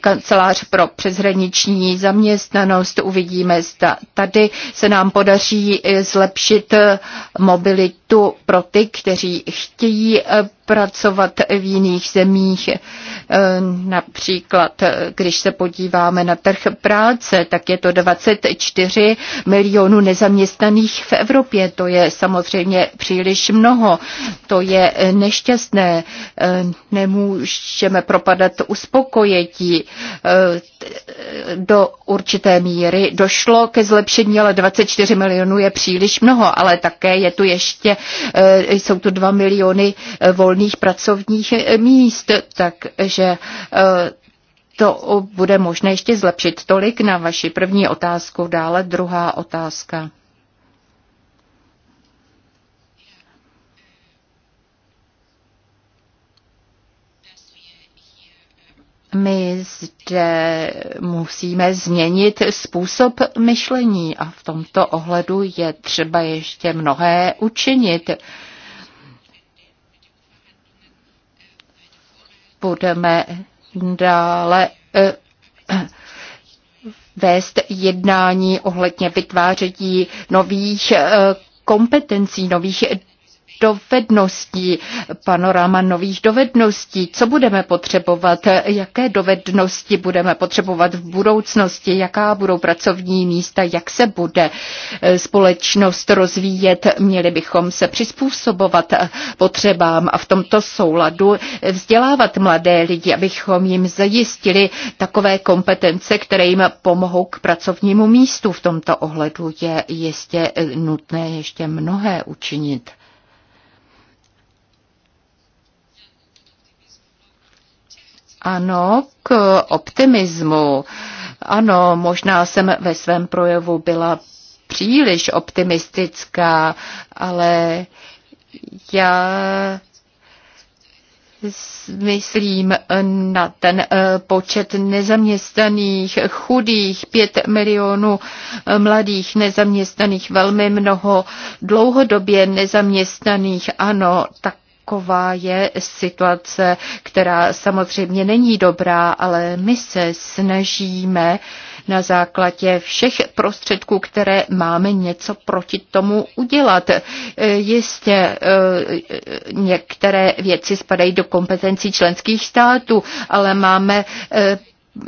kancelář pro přeshraniční zaměstnanost. Uvidíme, zda tady se nám podaří zlepšit mobilitu pro ty, kteří chtějí eh, pracovat v jiných zemích. E, například, když se podíváme na trh práce, tak je to 24 milionů nezaměstnaných v Evropě. To je samozřejmě příliš mnoho. To je nešťastné. E, nemůžeme propadat uspokojetí. E, do určité míry došlo ke zlepšení, ale 24 milionů je příliš mnoho, ale také je tu ještě, jsou tu 2 miliony volných volných pracovních eh, míst, takže eh, to bude možné ještě zlepšit. Tolik na vaši první otázku, dále druhá otázka. My zde musíme změnit způsob myšlení a v tomto ohledu je třeba ještě mnohé učinit. budeme dále eh, eh, vést jednání ohledně vytváření nových eh, kompetencí, nových dovedností, panorama nových dovedností, co budeme potřebovat, jaké dovednosti budeme potřebovat v budoucnosti, jaká budou pracovní místa, jak se bude eh, společnost rozvíjet, měli bychom se přizpůsobovat eh, potřebám a v tomto souladu vzdělávat mladé lidi, abychom jim zajistili takové kompetence, které jim pomohou k pracovnímu místu. V tomto ohledu je jistě eh, nutné ještě mnohé učinit. Ano, k optimismu. Ano, možná jsem ve svém projevu byla příliš optimistická, ale já myslím na ten eh, počet nezaměstnaných, chudých, pět milionů eh, mladých nezaměstnaných, velmi mnoho dlouhodobě nezaměstnaných, ano, tak taková je situace, která samozřejmě není dobrá, ale my se snažíme na základě všech prostředků, které máme něco proti tomu udělat. E, jistě e, některé věci spadají do kompetencí členských států, ale máme e,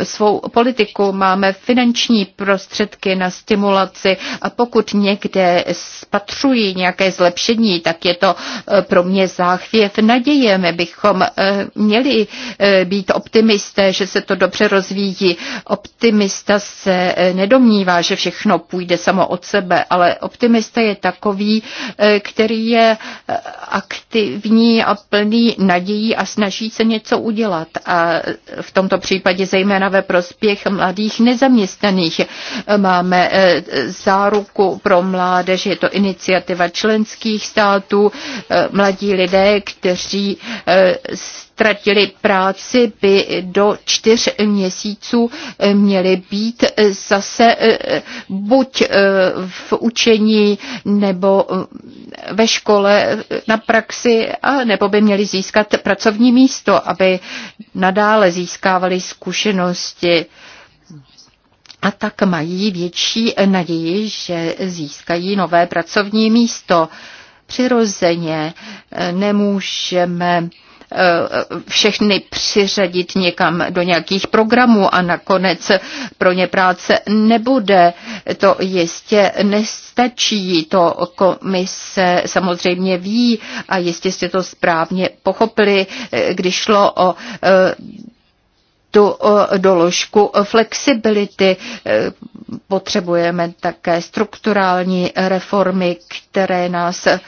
svou politiku, máme finanční prostředky na stimulaci a pokud někde spatřují nějaké zlepšení, tak je to eh, pro mě záchvěv naděje. My bychom eh, měli eh, být optimisté, že se to dobře rozvíjí. Optimista se nedomnívá, že všechno půjde samo od sebe, ale optimista je takový, který je aktivní a plný nadějí a snaží se něco udělat. A v tomto případě zejména zejména ve prospěch mladých nezaměstnaných. Máme eh, záruku pro mládež, je to iniciativa členských států, eh, mladí lidé, kteří eh, ztratili práci, by do čtyř měsíců eh, měli být eh, zase eh, buď v učení nebo ve škole na praxi, a nebo by měli získat pracovní místo, aby nadále získávali zkušenosti a tak mají větší naději, že získají nové pracovní místo. Přirozeně nemůžeme všechny přiřadit někam do nějakých programů a nakonec pro ně práce nebude. To jistě nestačí, to komise samozřejmě ví a jistě jste to správně pochopili, když šlo o eh, tu doložku flexibility. E, potřebujeme také strukturální reformy, které nás e,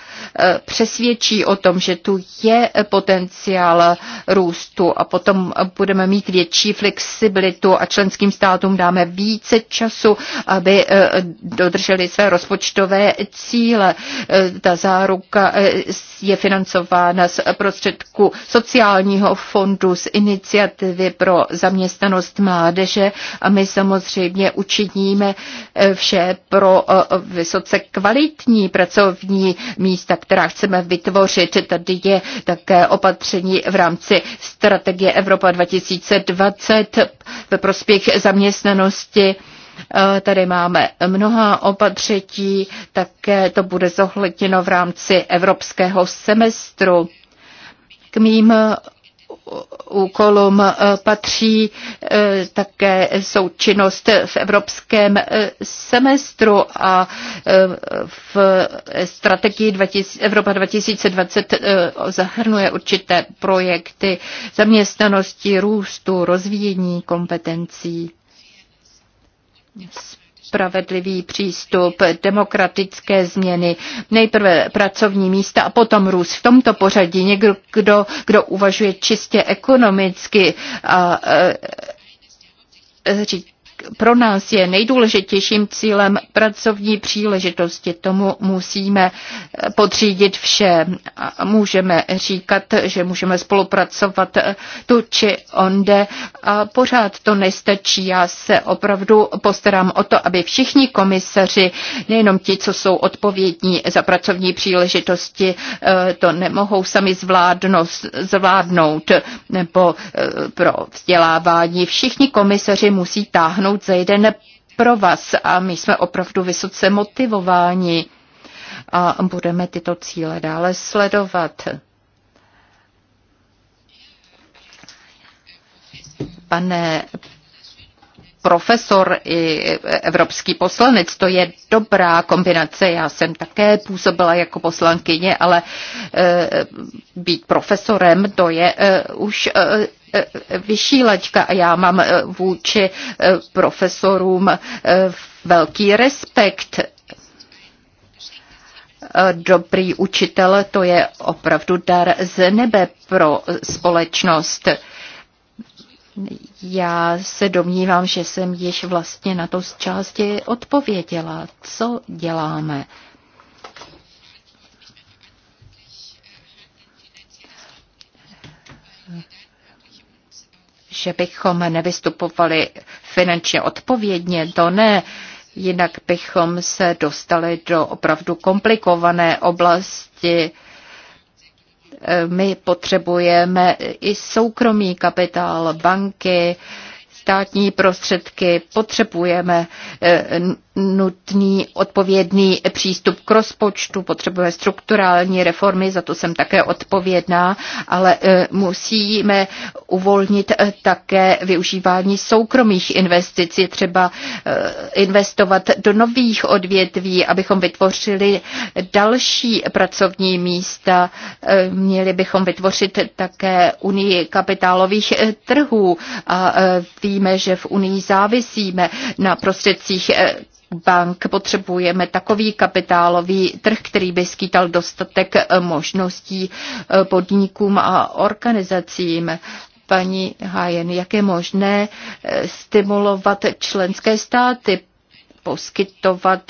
přesvědčí o tom, že tu je potenciál růstu a potom budeme mít větší flexibilitu a členským státům dáme více času, aby e, dodrželi své rozpočtové cíle. Ta záruka je financována z prostředku sociálního fondu, z iniciativy pro zaměstnanost mládeže a my samozřejmě učiníme eh, vše pro eh, vysoce kvalitní pracovní místa, která chceme vytvořit. Tady je také opatření v rámci strategie Evropa 2020 ve prospěch zaměstnanosti. Eh, tady máme mnoha opatření, také to bude zohledněno v rámci evropského semestru. K mým úkolům eh, patří eh, také součinnost v evropském eh, semestru a v strategii 20, Evropa 2020 zahrnuje určité projekty zaměstnanosti, růstu, rozvíjení kompetencí spravedlivý přístup, demokratické změny, nejprve pracovní místa a potom růst. V tomto pořadí někdo, kdo, kdo uvažuje čistě ekonomicky a, a, e, a pro nás je nejdůležitějším cílem pracovní příležitosti. Tomu musíme podřídit vše. Můžeme říkat, že můžeme spolupracovat tu či onde a pořád to nestačí. Já se opravdu postarám o to, aby všichni komisaři, nejenom ti, co jsou odpovědní za pracovní příležitosti, eh, to nemohou sami zvládnout, zvládnout nebo eh, pro vzdělávání. Všichni komisaři musí táhnout jsou za jeden vás a my jsme opravdu vysoce motivováni a budeme tyto cíle dále sledovat. Pane profesor i evropský poslanec. To je dobrá kombinace. Já jsem také působila jako poslankyně, ale eh, být profesorem, to je eh, už eh, vyšší laťka a já mám vůči profesorům velký respekt. Dobrý učitel, to je opravdu dar z nebe pro společnost. Já se domnívám, že jsem již vlastně na to z části odpověděla. Co děláme? Že bychom nevystupovali finančně odpovědně, to ne. Jinak bychom se dostali do opravdu komplikované oblasti my potřebujeme i soukromý kapitál, banky, státní prostředky, potřebujeme eh, nutný odpovědný přístup k rozpočtu, potřebuje strukturální reformy, za to jsem také odpovědná, ale e, musíme uvolnit e, také využívání soukromých investic, je třeba e, investovat do nových odvětví, abychom vytvořili další pracovní místa, měli bychom vytvořit také unii kapitálových trhů a víme, že v unii závisíme na prostředcích bank potřebujeme takový kapitálový trh, který by skýtal dostatek eh, možností eh, podnikům a organizacím. Paní Hajen, jak je možné eh, stimulovat členské státy, poskytovat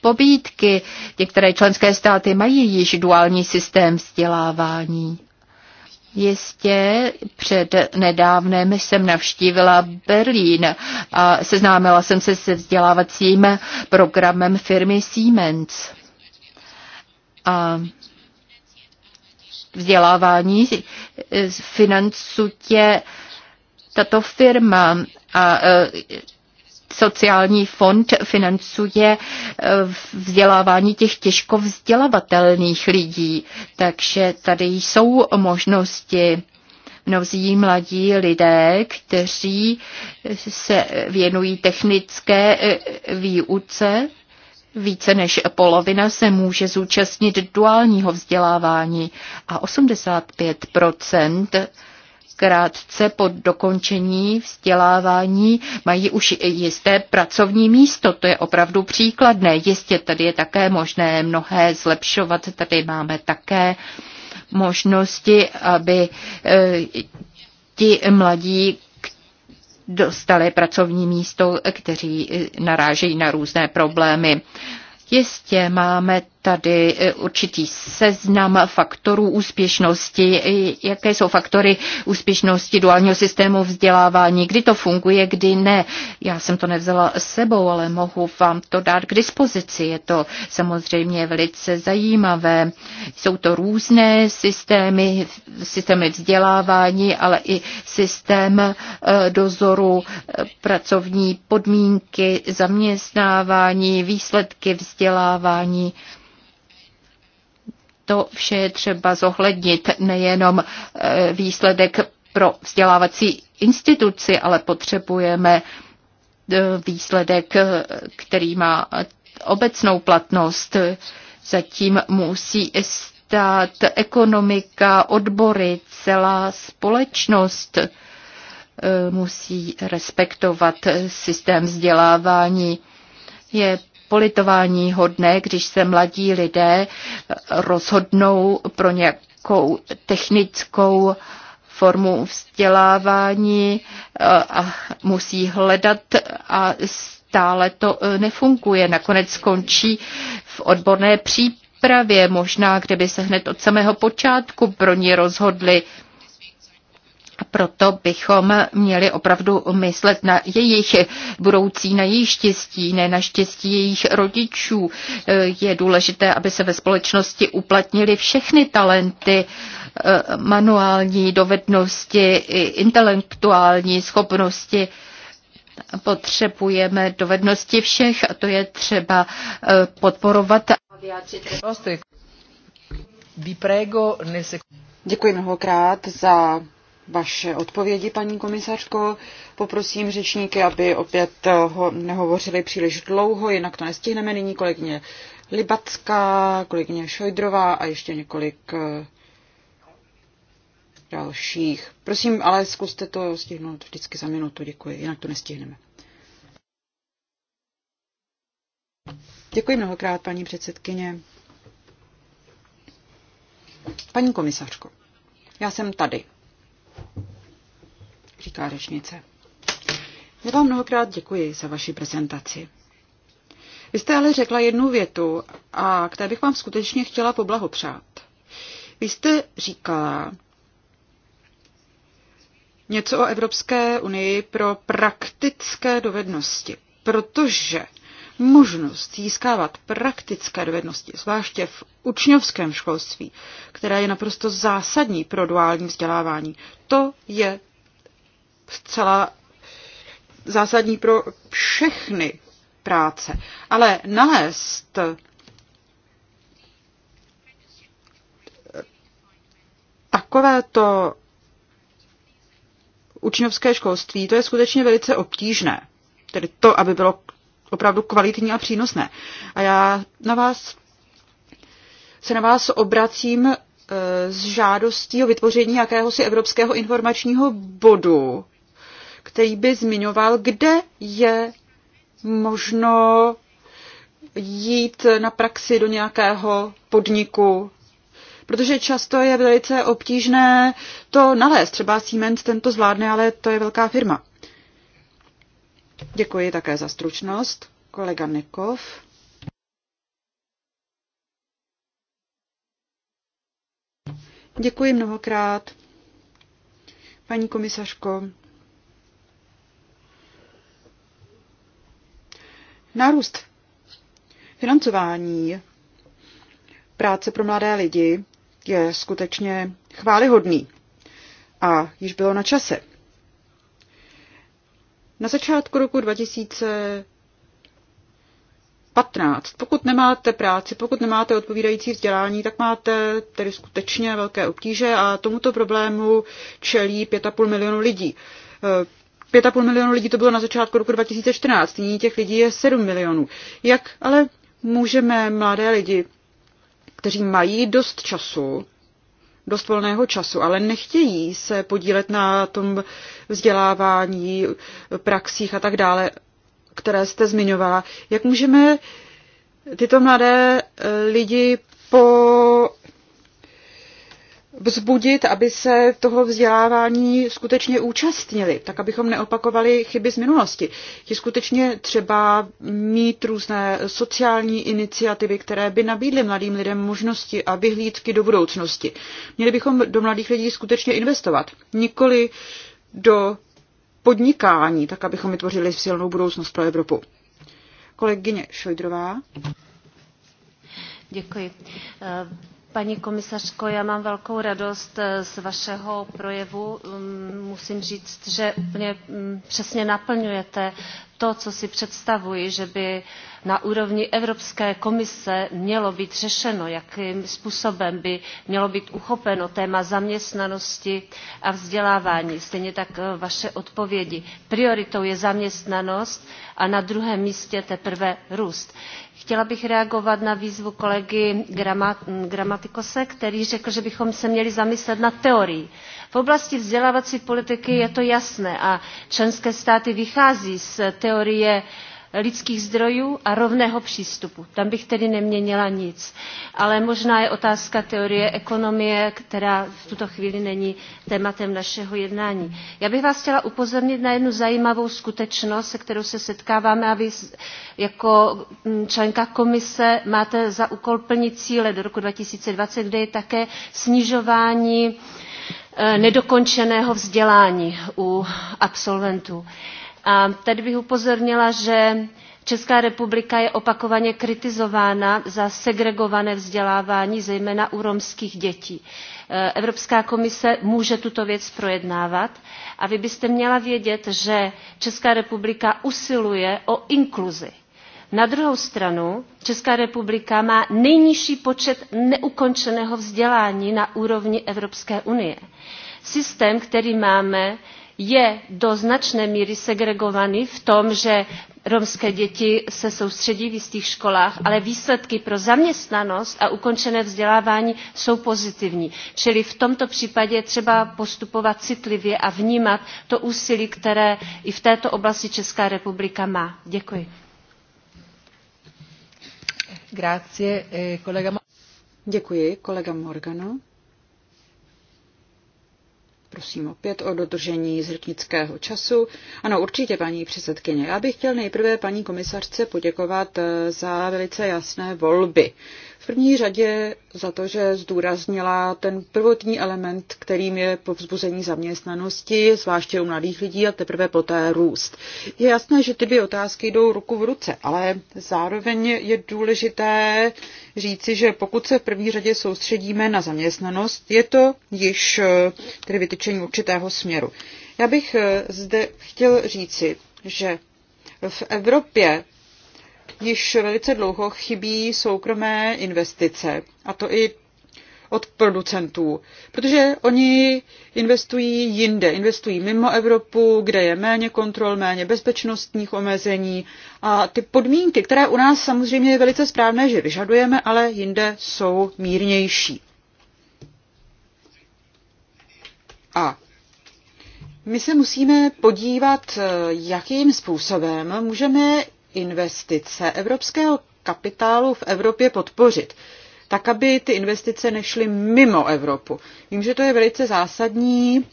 pobídky? Některé členské státy mají již duální systém vzdělávání. Jistě před nedávnem jsem navštívila Berlín a seznámila jsem se se vzdělávacím programem firmy Siemens. A vzdělávání financuje tato firma a e, sociální fond financuje eh, vzdělávání těch těžko vzdělavatelných lidí, takže tady jsou možnosti mnozí mladí lidé, kteří se věnují technické eh, výuce. Více než polovina se může zúčastnit duálního vzdělávání a 85 krátce po dokončení vzdělávání mají už jisté pracovní místo. To je opravdu příkladné. Jistě tady je také možné mnohé zlepšovat. Tady máme také možnosti, aby e, ti mladí dostali pracovní místo, kteří narážejí na různé problémy. Jistě máme tady e, určitý seznam faktorů úspěšnosti, e, jaké jsou faktory úspěšnosti duálního systému vzdělávání, kdy to funguje, kdy ne. Já jsem to nevzala s sebou, ale mohu vám to dát k dispozici. Je to samozřejmě velice zajímavé. Jsou to různé systémy, systémy vzdělávání, ale i systém e, dozoru, pracovní podmínky, zaměstnávání, výsledky vzdělávání. To vše je třeba zohlednit, nejenom e, výsledek pro vzdělávací instituci, ale potřebujeme e, výsledek, e, který má obecnou platnost. Zatím musí stát ekonomika, odbory, celá společnost musí respektovat systém vzdělávání. Je politování hodné, když se mladí lidé rozhodnou pro nějakou technickou formu vzdělávání eh, a musí hledat a stále to eh, nefunguje. Nakonec skončí v odborné přípravě, možná kdyby se hned od samého počátku pro ně rozhodli, proto bychom měli opravdu myslet na jejich budoucí, na jejich štěstí, ne na štěstí jejich rodičů. Je důležité, aby se ve společnosti uplatnili všechny talenty, eh, manuální dovednosti, intelektuální schopnosti. Potřebujeme dovednosti všech a to je třeba eh, podporovat. Děkuji mnohokrát za vaše odpovědi, paní komisařko. Poprosím řečníky, aby opět eh, ho nehovořili příliš dlouho, jinak to nestihneme. Nyní kolegyně Libacká, kolegyně Šojdrová a ještě několik eh, dalších. Prosím, ale zkuste to stihnout vždycky za minutu, děkuji, jinak to nestihneme. Děkuji mnohokrát, paní předsedkyně. Paní komisařko, já jsem tady říká řečnice. Já vám mnohokrát děkuji za vaši prezentaci. Vy jste ale řekla jednu větu a k té bych vám skutečně chtěla poblahopřát. Vy jste říkala něco o Evropské unii pro praktické dovednosti, protože možnost získávat praktické dovednosti, zvláště v učňovském školství, které je naprosto zásadní pro duální vzdělávání. To je zcela zásadní pro všechny práce. Ale nalézt takovéto učňovské školství, to je skutečně velice obtížné. Tedy to, aby bylo opravdu kvalitní a přínosné. A já na vás se na vás obracím eh, s žádostí o vytvoření jakéhosi evropského informačního bodu, který by zmiňoval, kde je možno jít na praxi do nějakého podniku, protože často je velice obtížné to nalézt. Třeba Siemens tento zvládne, ale to je velká firma. Děkuji také za stručnost. Kolega Nekov. Děkuji mnohokrát. Paní komisařko, nárůst financování práce pro mladé lidi je skutečně chválihodný a již bylo na čase. Na začátku roku 2015, pokud nemáte práci, pokud nemáte odpovídající vzdělání, tak máte tedy skutečně velké obtíže a tomuto problému čelí 5,5 milionu lidí. 5,5 eh, milionu lidí to bylo na začátku roku 2014, nyní těch lidí je 7 milionů. Jak ale můžeme mladé lidi, kteří mají dost času, dost volného času, ale nechtějí se podílet na tom vzdělávání, praxích a tak dále, které jste zmiňovala. Jak můžeme tyto mladé eh, lidi po vzbudit, aby se toho vzdělávání skutečně účastnili, tak abychom neopakovali chyby z minulosti. Je skutečně třeba mít různé sociální iniciativy, které by nabídly mladým lidem možnosti a vyhlídky do budoucnosti. Měli bychom do mladých lidí skutečně investovat, nikoli do podnikání, tak abychom vytvořili silnou budoucnost pro Evropu. Kolegyně Šojdrová. Děkuji. Paní komisařko, já mám velkou radost eh, z vašeho projevu. Mm, musím říct, že úplně mm, přesně naplňujete to, co si představuji, že by na úrovni Evropské komise mělo být řešeno, jakým způsobem by mělo být uchopeno téma zaměstnanosti a vzdělávání. Stejně tak eh, vaše odpovědi. Prioritou je zaměstnanost a na druhém místě teprve růst Chtěla bych reagovat na výzvu kolegy Grama, Gramatikose, který řekl, že bychom se měli zamyslet na teorii. V oblasti vzdělávací politiky je to jasné a členské státy vychází z teorie uh, lidských zdrojů a rovného přístupu. Tam bych tedy neměnila nic. Ale možná je otázka teorie ekonomie, která v tuto chvíli není tématem našeho jednání. Já bych vás chtěla upozornit na jednu zajímavou skutečnost, se kterou se setkáváme a vy jako mm, členka komise máte za úkol plnit cíle do roku 2020, kde je také snižování e, nedokončeného vzdělání u absolventů. A tady bych upozornila, že Česká republika je opakovaně kritizována za segregované vzdělávání, zejména u romských dětí. E, Evropská komise může tuto věc projednávat a vy byste měla vědět, že Česká republika usiluje o inkluzi. Na druhou stranu Česká republika má nejnižší počet neukončeného vzdělání na úrovni Evropské unie. Systém, který máme, je do značné míry segregovaný v tom, že romské děti se soustředí v jistých školách, ale výsledky pro zaměstnanost a ukončené vzdělávání jsou pozitivní. Čili v tomto případě je třeba postupovat citlivě a vnímat to úsilí, které i v této oblasti Česká republika má. Děkuji. Grazie, eh, kolega... Děkuji, kolega Morgano. Prosím opět o dodržení zřečnického času. Ano, určitě, paní předsedkyně. Já bych chtěl nejprve paní komisařce poděkovat eh, za velice jasné volby. V první řadě za to, že zdůraznila ten prvotní element, kterým je povzbuzení zaměstnanosti, zvláště u mladých lidí a teprve poté růst. Je jasné, že ty dvě otázky jdou ruku v ruce, ale zároveň je důležité říci, že pokud se v první řadě soustředíme na zaměstnanost, je to již eh, tedy vytyčení určitého směru. Já bych eh, zde chtěl říci, že v Evropě již velice dlouho chybí soukromé investice, a to i od producentů, protože oni investují jinde, investují mimo Evropu, kde je méně kontrol, méně bezpečnostních omezení a ty podmínky, které u nás samozřejmě je velice správné, že vyžadujeme, ale jinde jsou mírnější. A my se musíme podívat, jakým způsobem můžeme investice evropského kapitálu v Evropě podpořit, tak aby ty investice nešly mimo Evropu. Vím, že to je velice zásadní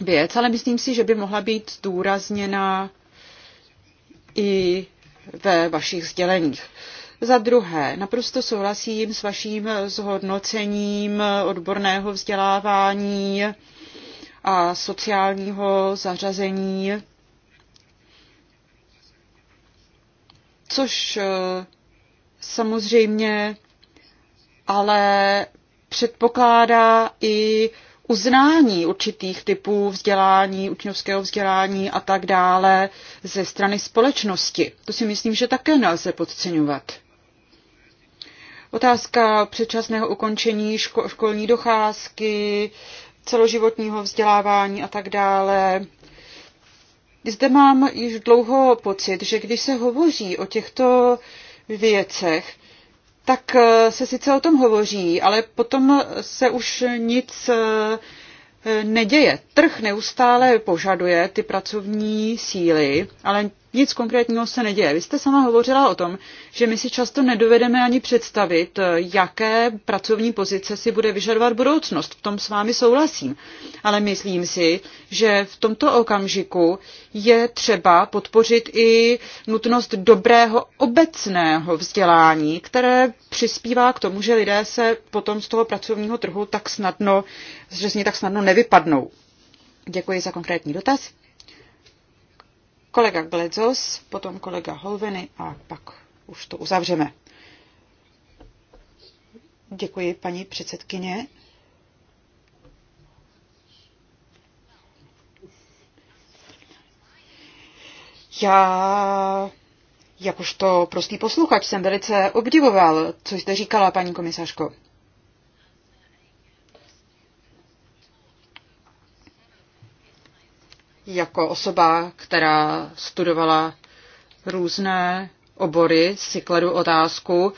věc, ale myslím si, že by mohla být zdůrazněna i ve vašich sděleních. Za druhé, naprosto souhlasím s vaším zhodnocením odborného vzdělávání a sociálního zařazení což eh, samozřejmě ale předpokládá i uznání určitých typů vzdělání, učňovského vzdělání a tak dále ze strany společnosti. To si myslím, že také nelze podceňovat. Otázka předčasného ukončení ško- školní docházky, celoživotního vzdělávání a tak dále. Zde mám již dlouho pocit, že když se hovoří o těchto věcech, tak eh, se sice o tom hovoří, ale potom se už nic eh, neděje. Trh neustále požaduje ty pracovní síly, ale nic konkrétního se neděje. Vy jste sama hovořila o tom, že my si často nedovedeme ani představit, eh, jaké pracovní pozice si bude vyžadovat budoucnost. V tom s vámi souhlasím. Ale myslím si, že v tomto okamžiku je třeba podpořit i nutnost dobrého obecného vzdělání, které přispívá k tomu, že lidé se potom z toho pracovního trhu tak snadno, že z ní tak snadno nevypadnou. Děkuji za konkrétní dotaz kolega Gledzos, potom kolega Holveny a pak už to uzavřeme. Děkuji, paní předsedkyně. Já, jakožto prostý posluchač, jsem velice obdivoval, co jste říkala, paní komisařko. jako osoba, která studovala různé obory, si kladu otázku,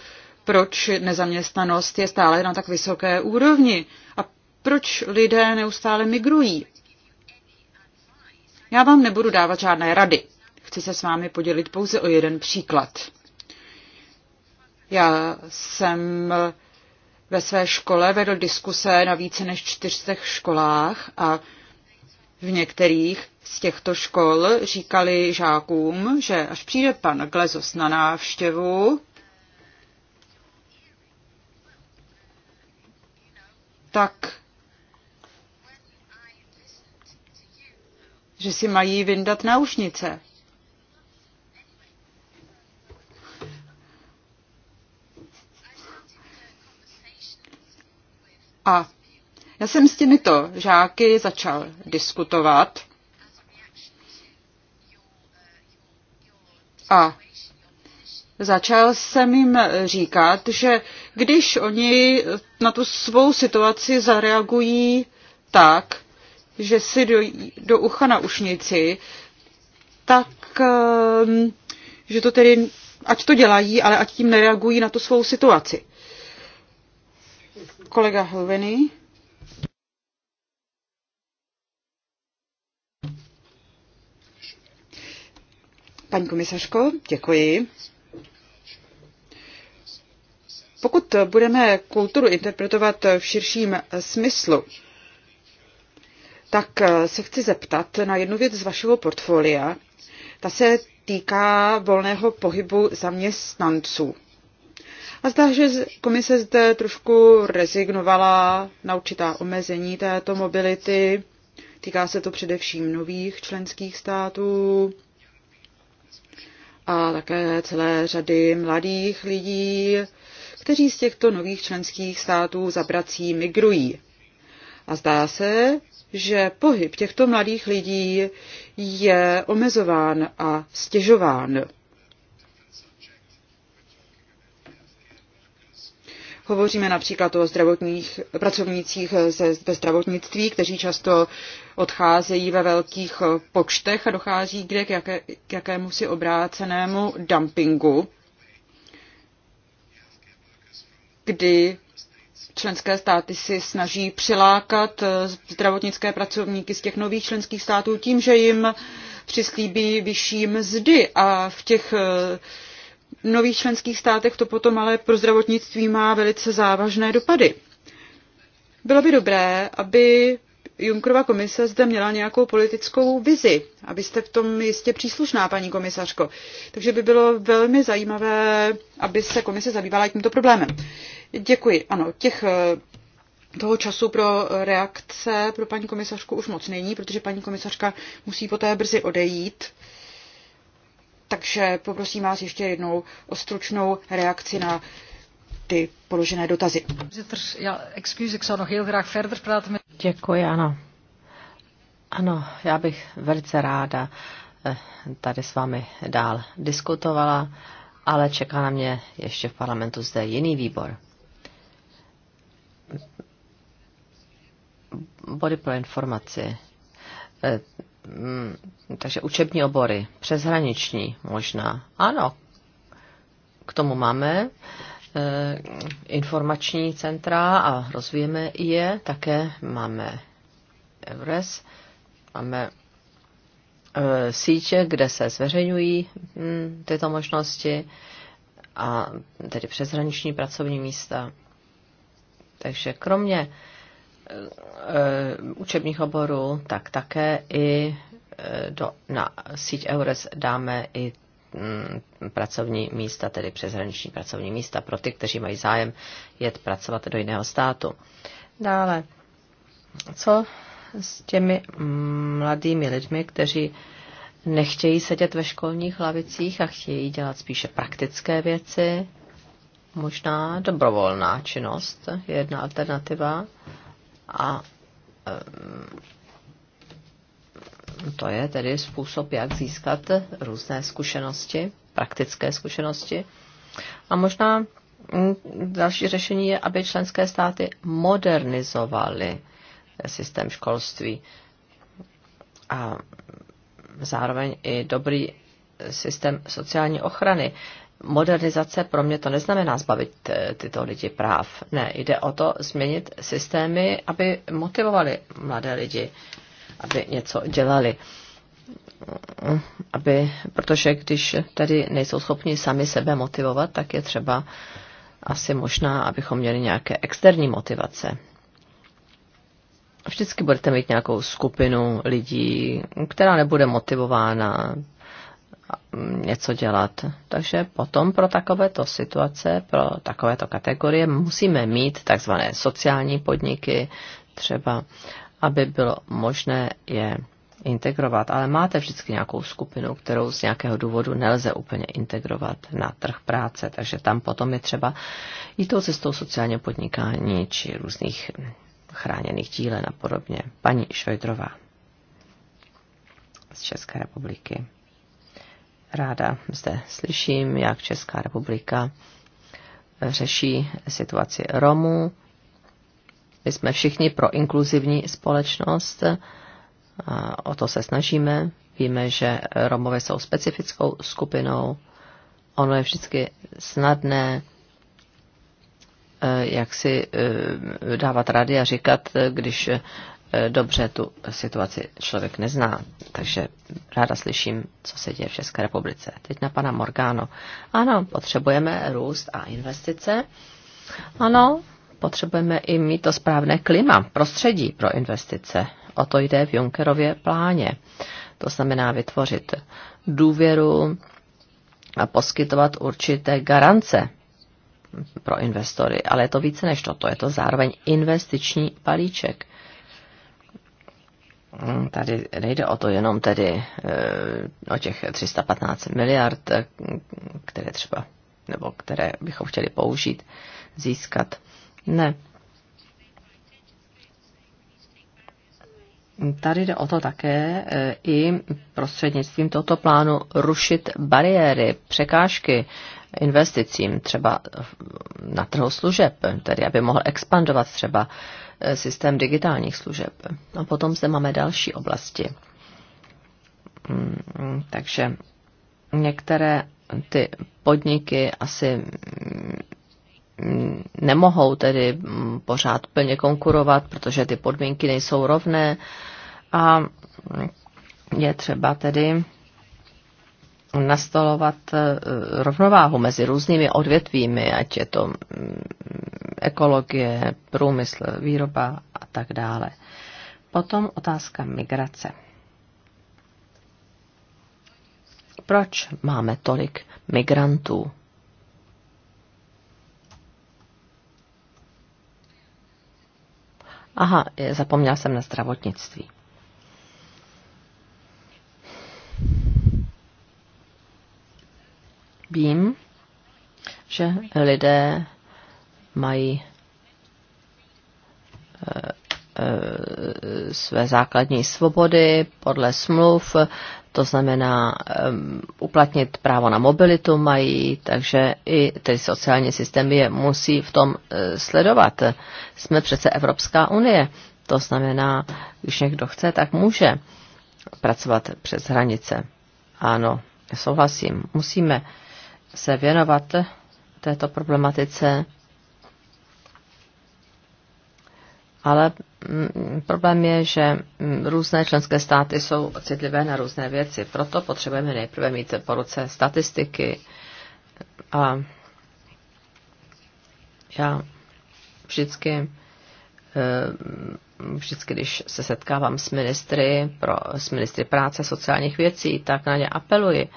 proč nezaměstnanost je stále na tak vysoké úrovni a proč lidé neustále migrují. Já vám nebudu dávat žádné rady. Chci se s vámi podělit pouze o jeden příklad. Já jsem ve své škole vedl diskuse na více než 400 školách a v některých z těchto škol říkali žákům, že až přijde pan Glezos na návštěvu, tak že si mají vyndat náušnice. A já jsem s těmito žáky začal diskutovat a začal jsem jim říkat, že když oni na tu svou situaci zareagují tak, že si do, do ucha na ušnici, tak ehm, že to tedy, ať to dělají, ale ať tím nereagují na tu svou situaci. Kolega Hlveny. Paní komisařko, děkuji. Pokud budeme kulturu interpretovat v širším smyslu, tak se chci zeptat na jednu věc z vašeho portfolia. Ta se týká volného pohybu zaměstnanců. A zdá, že komise zde trošku rezignovala na určitá omezení této mobility. Týká se to především nových členských států a také celé řady mladých lidí, kteří z těchto nových členských států za prací migrují. A zdá se, že pohyb těchto mladých lidí je omezován a stěžován. Hovoříme například o zdravotních pracovnících ze, ve zdravotnictví, kteří často odcházejí ve velkých počtech a dochází kde k, jaké, k jakému si obrácenému dumpingu, kdy členské státy si snaží přilákat zdravotnické pracovníky z těch nových členských států tím, že jim přislíbí vyšší mzdy a v těch nových členských státech to potom ale pro zdravotnictví má velice závažné dopady. Bylo by dobré, aby Junkrova komise zde měla nějakou politickou vizi, abyste v tom jistě příslušná, paní komisařko. Takže by bylo velmi zajímavé, aby se komise zabývala tímto problémem. Děkuji. Ano, těch eh, toho času pro reakce pro paní komisařku už moc není, protože paní komisařka musí poté brzy odejít. Takže poprosím vás ještě jednou o stručnou reakci na ty položené dotazy. Děkuji, ano. Ano, já bych velice ráda eh, tady s vámi dál diskutovala, ale čeká na mě ještě v parlamentu zde jiný výbor. Body pro informaci eh, Mm, takže učební obory, přeshraniční možná. Ano, k tomu máme eh, informační centra a rozvíjeme je. Také máme Evres, máme eh, sítě, kde se zveřejňují mm, tyto možnosti a tedy přeshraniční pracovní místa. Takže kromě Eh, učebních oborů, tak také i eh, do, na síť EURES dáme i mm, pracovní místa, tedy přeshraniční pracovní místa pro ty, kteří mají zájem jet pracovat do jiného státu. Dále, co s těmi mm, mladými lidmi, kteří nechtějí sedět ve školních lavicích a chtějí dělat spíše praktické věci? Možná dobrovolná činnost je jedna alternativa. A to je tedy způsob, jak získat různé zkušenosti, praktické zkušenosti. A možná další řešení je, aby členské státy modernizovaly systém školství a zároveň i dobrý systém sociální ochrany modernizace pro mě to neznamená zbavit eh, tyto lidi práv. Ne, jde o to změnit systémy, aby motivovali mladé lidi, aby něco dělali. Mm, aby, protože když tady nejsou schopni sami sebe motivovat, tak je třeba asi možná, abychom měli nějaké externí motivace. Vždycky budete mít nějakou skupinu lidí, která nebude motivována něco dělat. Takže potom pro takovéto situace, pro takovéto kategorie musíme mít takzvané sociální podniky, třeba aby bylo možné je integrovat, ale máte vždycky nějakou skupinu, kterou z nějakého důvodu nelze úplně integrovat na trh práce, takže tam potom je třeba i tou cestou sociálně podnikání či různých chráněných dílen a podobně. Paní Švejdrová z České republiky ráda zde slyším, jak Česká republika řeší situaci Romů. My jsme všichni pro inkluzivní společnost, a o to se snažíme. Víme, že Romové jsou specifickou skupinou. Ono je vždycky snadné eh, jak si eh, dávat rady a říkat, eh, když Eh, dobře tu situaci člověk nezná, takže ráda slyším, co se děje v České republice. Teď na pana Morgáno. Ano, potřebujeme růst a investice. Ano, potřebujeme i mít to správné klima, prostředí pro investice. O to jde v Junckerově pláně. To znamená vytvořit důvěru a poskytovat určité garance pro investory, ale je to více než toto, je to zároveň investiční palíček. Mm, tady nejde o to jenom tedy e, o těch 315 miliard, e, které třeba, nebo které bychom chtěli použít, získat. Ne. Tady jde o to také e, i prostřednictvím tohoto plánu rušit bariéry, překážky investicím třeba na trhu služeb, tedy aby mohl expandovat třeba Eh, systém digitálních služeb. A potom zde máme další oblasti. Mm, takže některé ty podniky asi mm, nemohou tedy mm, pořád plně konkurovat, protože ty podmínky nejsou rovné a je třeba tedy nastolovat eh, rovnováhu mezi různými odvětvími, ať je to mm, ekologie, průmysl, výroba a tak dále. Potom otázka migrace. Proč máme tolik migrantů? Aha, zapomněl jsem na zdravotnictví. Vím, že lidé mají eh, eh, své základní svobody podle smluv, to znamená eh, uplatnit právo na mobilitu mají, takže i ty sociální systémy je musí v tom sledovat. Jsme přece Evropská unie, to znamená, když někdo chce, tak může pracovat přes hranice. Ano, souhlasím, musíme se věnovat této problematice. Ale mm, problém je, že mm, různé členské státy jsou citlivé na různé věci. Proto potřebujeme nejprve mít po ruce statistiky. A já vždycky, eh, vždycky, když se setkávám s ministry, pro, s ministry práce sociálních věcí, tak na ně apeluji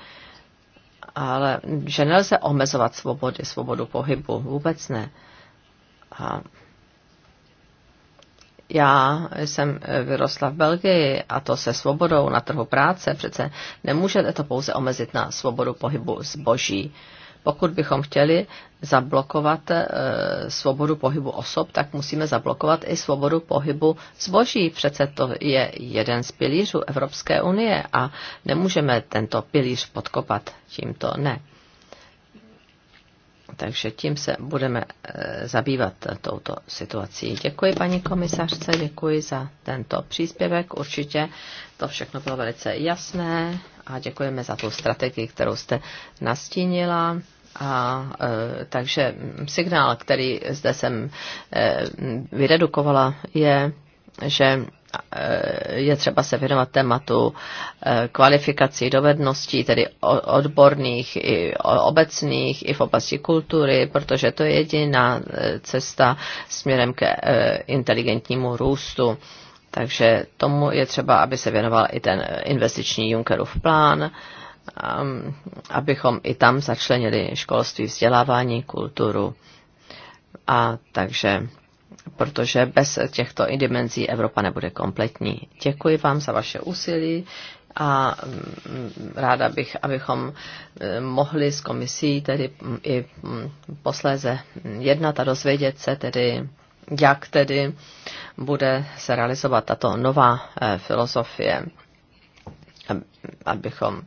ale že nelze omezovat svobody, svobodu pohybu, vůbec ne. A já jsem eh, vyrostla v Belgii a to se svobodou na trhu práce. Přece nemůžete to pouze omezit na svobodu pohybu zboží. Pokud bychom chtěli zablokovat eh, svobodu pohybu osob, tak musíme zablokovat i svobodu pohybu zboží. Přece to je jeden z pilířů Evropské unie a nemůžeme tento pilíř podkopat tímto ne. Takže tím se budeme eh, zabývat touto situací. Děkuji paní komisařce, děkuji za tento příspěvek. Určitě to všechno bylo velice jasné a děkujeme za tu strategii, kterou jste nastínila. A e, takže signál, který zde jsem e, vyredukovala, je, že e, je třeba se věnovat tématu e, kvalifikací, dovedností, tedy odborných i obecných, i v oblasti kultury, protože to je jediná e, cesta směrem ke inteligentnímu růstu. Takže tomu je třeba, aby se věnoval i ten investiční Junckerův plán abychom i tam začlenili školství, vzdělávání, kulturu. A takže, protože bez těchto i dimenzí Evropa nebude kompletní. Děkuji vám za vaše úsilí a mm, ráda bych, abychom e, mohli s komisí tedy mm, i mm, posléze jednat a dozvědět se tedy, jak tedy bude se realizovat tato nová e, filozofie, abychom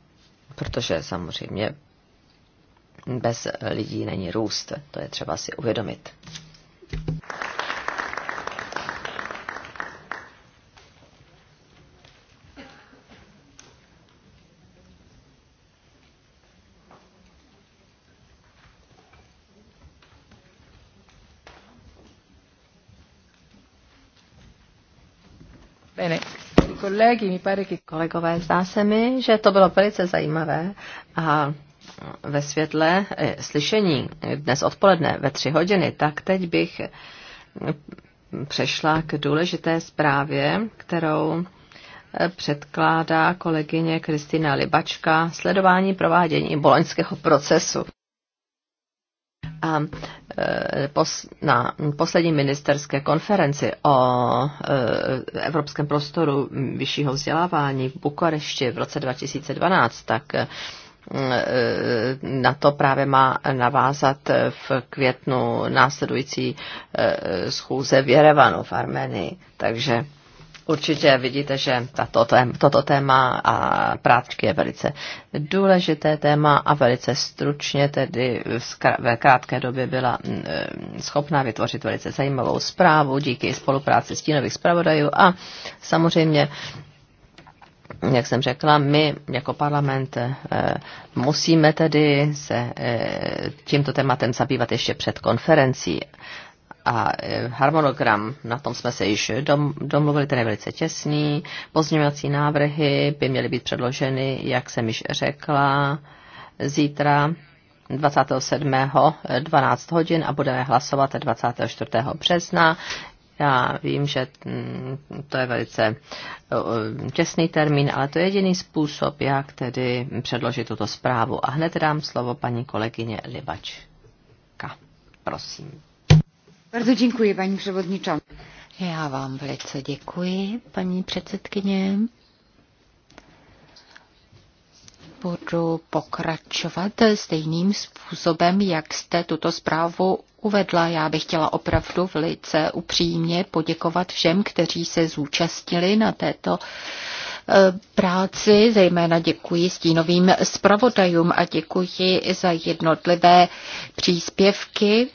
protože samozřejmě bez lidí není růst. To je třeba si uvědomit. Kolegové, zdá se mi, že to bylo velice zajímavé a ve světle eh, slyšení dnes odpoledne ve tři hodiny, tak teď bych eh, přešla k důležité zprávě, kterou eh, předkládá kolegyně Kristina Libačka sledování provádění boloňského procesu. A e, na poslední ministerské konferenci o e, evropském prostoru vyššího vzdělávání v Bukarešti v roce 2012, tak e, na to právě má navázat v květnu následující schůze v Jerevanu v Armenii. Takže Určitě vidíte, že tato téma, toto téma a práčky je velice důležité téma a velice stručně tedy ve krátké době byla mm, eh, schopná vytvořit velice zajímavou zprávu díky spolupráci stínových zpravodajů a samozřejmě jak jsem řekla, my jako parlament eh, musíme tedy se eh, tímto tématem zabývat ještě před konferencí a e, harmonogram, na tom jsme se již domluvili, ten je velice těsný. Pozměňovací návrhy by měly být předloženy, jak jsem již řekla, zítra 27. 12 hodin a budeme hlasovat 24. března. Já vím, že mm, to je velice e, e, těsný termín, ale to je jediný způsob, jak tedy předložit tuto zprávu. A hned dám slovo paní kolegyně Libačka. Prosím. Bardzo dziękuję, pani przewodnicząca. Já vám velice děkuji, pani předsedkyně. Budu pokračovat stejným způsobem, jak jste tuto zprávu uvedla. Já bych chtěla opravdu velice upřímně poděkovat všem, kteří se zúčastnili na této eh, práci, zejména děkuji stínovým zpravodajům a děkuji za jednotlivé příspěvky,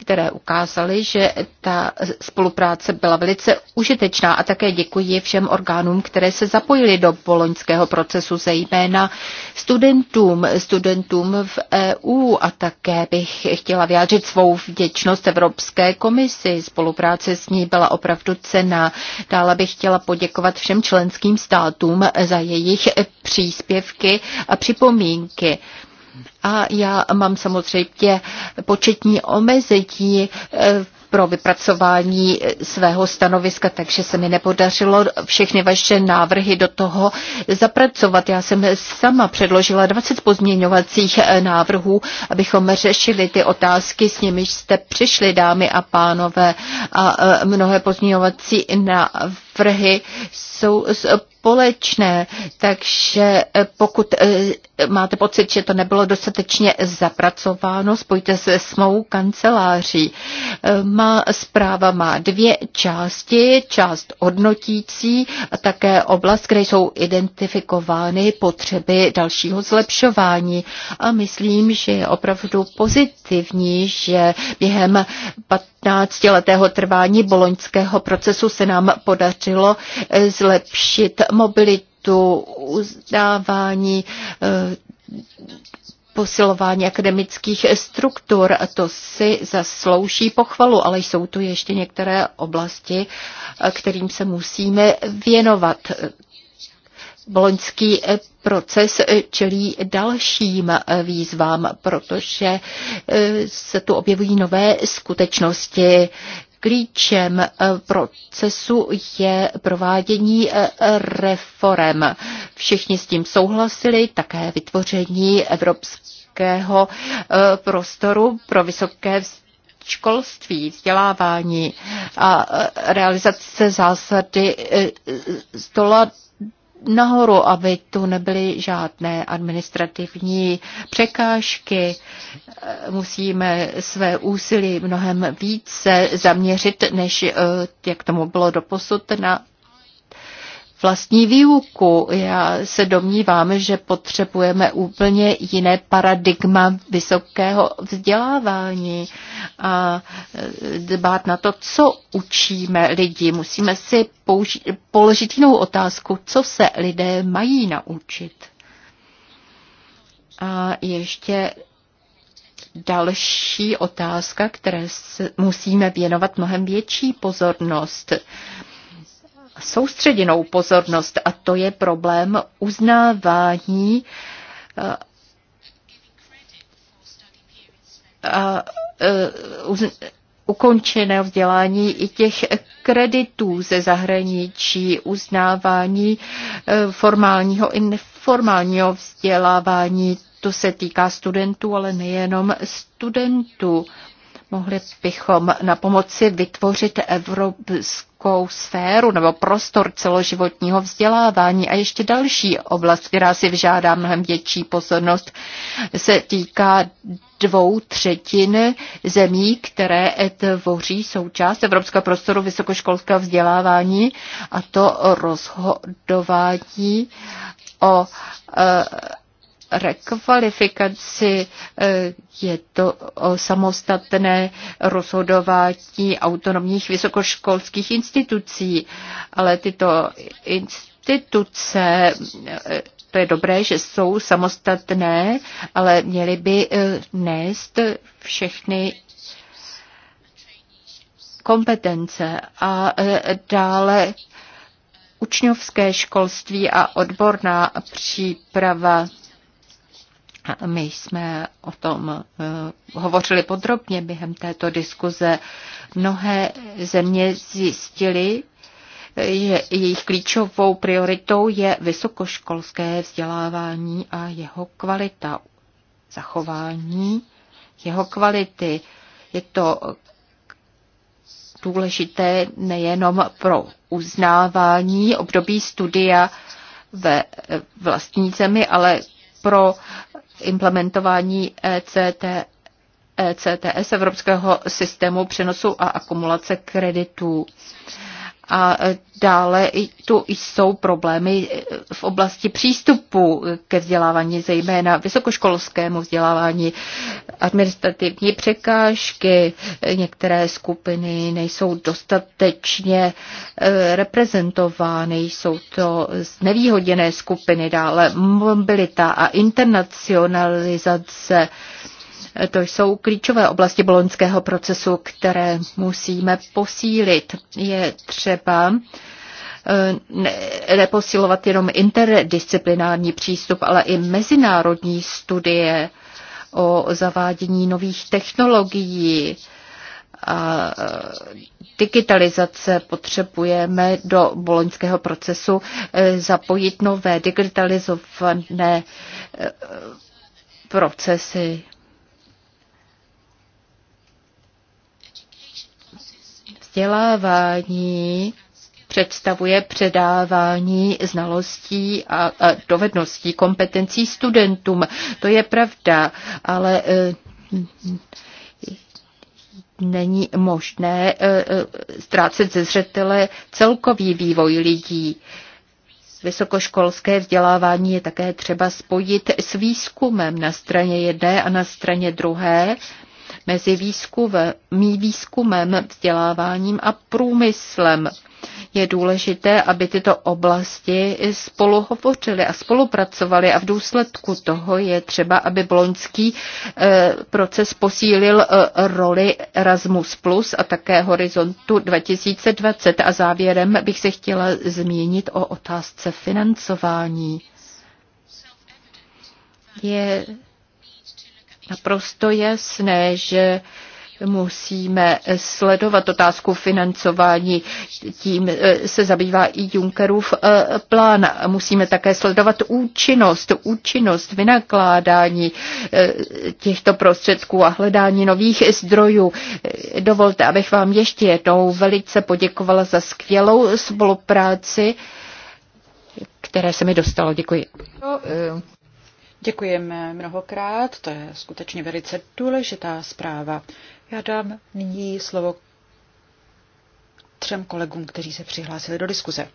které ukázaly, že ta spolupráce byla velice užitečná a také děkuji všem orgánům, které se zapojily do boloňského procesu, zejména studentům, studentům v EU a také bych chtěla vyjádřit svou vděčnost Evropské komisi. Spolupráce s ní byla opravdu cená. Dále bych chtěla poděkovat všem členským státům za jejich příspěvky a připomínky. A já mám samozřejmě početní omezení eh, pro vypracování eh, svého stanoviska, takže se mi nepodařilo všechny vaše návrhy do toho zapracovat. Já jsem sama předložila 20 pozměňovacích eh, návrhů, abychom řešili ty otázky, s nimiž jste přišli, dámy a pánové, a mnohé pozměňovací návrhy návrhy jsou společné, takže eh, pokud eh, máte pocit, že to nebylo dostatečně zapracováno, spojte se s mou kanceláří. Eh, má zpráva má dvě části, část hodnotící a také oblast, kde jsou identifikovány potřeby dalšího zlepšování. A myslím, že je opravdu pozitivní, že během 15 letého trvání boloňského procesu se nám podařilo podařilo eh, zlepšit mobilitu, uznávání, eh, posilování akademických struktur. A to si zaslouží pochvalu, ale jsou tu ještě některé oblasti, eh, kterým se musíme věnovat boloňský eh, proces eh, čelí dalším eh, výzvám, protože se tu objevují nové skutečnosti. Klíčem procesu je provádění reform. Všichni s tím souhlasili, také vytvoření evropského prostoru pro vysoké školství, vzdělávání a realizace zásady stola nahoru, aby tu nebyly žádné administrativní překážky. Musíme své úsilí mnohem více zaměřit, než eh, jak tomu bylo doposud, na vlastní výuku. Já se domnívám, že potřebujeme úplně jiné paradigma vysokého vzdělávání a e, dbát na to, co učíme lidi. Musíme si položit jinou otázku, co se lidé mají naučit. A ještě další otázka, které musíme věnovat mnohem větší pozornost. Uh, soustředěnou pozornost a to je problém uznávání eh, a eh, uz, ukončeného vzdělání i těch kreditů ze zahraničí, uznávání eh, formálního i neformálního vzdělávání. To se týká studentů, ale nejenom studentů. Mohli bychom na pomoci vytvořit evropskou sféru nebo prostor celoživotního vzdělávání a ještě další oblast, která si vyžádá mnohem větší pozornost, se týká dvou třetin zemí, které tvoří součást Evropského prostoru vysokoškolského vzdělávání a to rozhodování o eh, rekvalifikaci. Eh, je to o samostatné rozhodování autonomních vysokoškolských institucí, ale tyto instituce eh, to je dobré, že jsou samostatné, ale měly by eh, nést všechny kompetence a dále učňovské školství a odborná příprava. A my jsme o tom eh, hovořili podrobně během této diskuze. Mnohé země zjistily, že jejich klíčovou prioritou je vysokoškolské vzdělávání a jeho kvalita, zachování jeho kvality. Je to důležité nejenom pro uznávání období studia ve eh, vlastní zemi, ale pro implementování ECT, ECTS Evropského systému přenosu a akumulace kreditů. A dále tu jsou problémy v oblasti přístupu ke vzdělávání, zejména vysokoškolskému vzdělávání, administrativní překážky, některé skupiny nejsou dostatečně eh, reprezentovány, jsou to znevýhodněné skupiny, dále mobilita a internacionalizace to jsou klíčové oblasti boloňského procesu, které musíme posílit. Je třeba eh, neposilovat jenom interdisciplinární přístup, ale i mezinárodní studie o zavádění nových technologií. A eh, digitalizace potřebujeme do boloňského procesu eh, zapojit nové digitalizované procesy. vzdělávání představuje předávání znalostí a, dovedností, kompetencí studentům. To je pravda, ale e, není možné e, e, ztrácet ze zřetele celkový vývoj lidí. Vysokoškolské vzdělávání je také třeba spojit s výzkumem na straně jedné a na straně druhé mezi výzkumem, výzkumem, vzděláváním a průmyslem. Je důležité, aby tyto oblasti spolu hovořily a spolupracovaly a v důsledku toho je třeba, aby Bloňský eh, proces posílil eh, roli Erasmus Plus a také Horizontu 2020. A závěrem bych se chtěla zmínit o otázce financování. Je naprosto jasné, že musíme sledovat otázku financování. Tím eh, se zabývá i Junckerův eh, plán. Musíme také sledovat účinnost, účinnost vynakládání eh, těchto prostředků a hledání nových zdrojů. Dovolte, abych vám ještě jednou velice poděkovala za skvělou spolupráci, které se mi dostalo. Děkuji. No, Děkujeme mnohokrát, to je skutečně velice důležitá zpráva. Já dám nyní slovo třem kolegům, kteří se přihlásili do diskuze.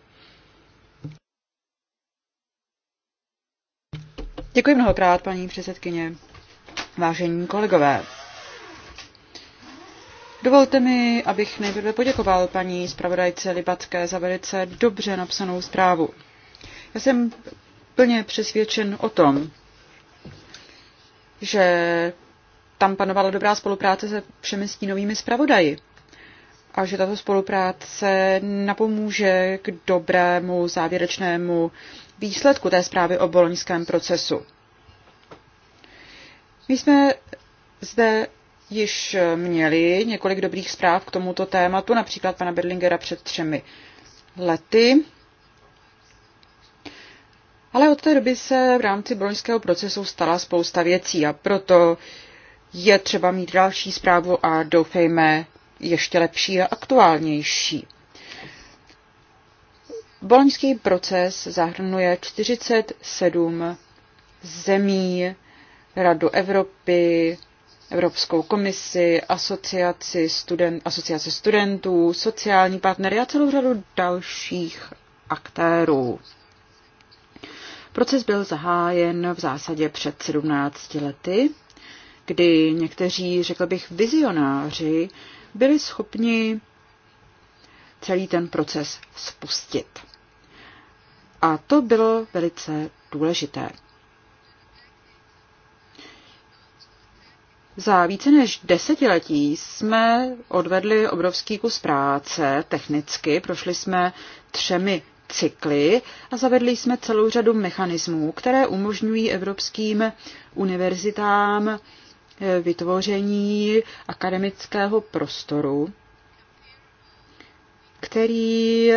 Děkuji mnohokrát, paní předsedkyně. Vážení kolegové, Dovolte mi, abych nejprve poděkoval paní zpravodajce Libatské za velice dobře napsanou zprávu. Já jsem plně přesvědčen o tom, že tam panovala dobrá spolupráce se všemi stínovými zpravodaji a že tato spolupráce napomůže k dobrému závěrečnému výsledku té zprávy o boloňském procesu. My jsme zde již měli několik dobrých zpráv k tomuto tématu, například pana Berlingera před třemi lety. Ale od té doby se v rámci broňského procesu stala spousta věcí a proto je třeba mít další zprávu a doufejme ještě lepší a aktuálnější. Boloňský proces zahrnuje 47 zemí, Radu Evropy, Evropskou komisi, asociaci, student, asociace studentů, sociální partnery a celou řadu dalších aktérů. Proces byl zahájen v zásadě před 17 lety, kdy někteří, řekl bych, vizionáři byli schopni celý ten proces spustit. A to bylo velice důležité. Za více než desetiletí jsme odvedli obrovský kus práce technicky, prošli jsme třemi cykly a zavedli jsme celou řadu mechanismů, které umožňují evropským univerzitám eh, vytvoření akademického prostoru, který,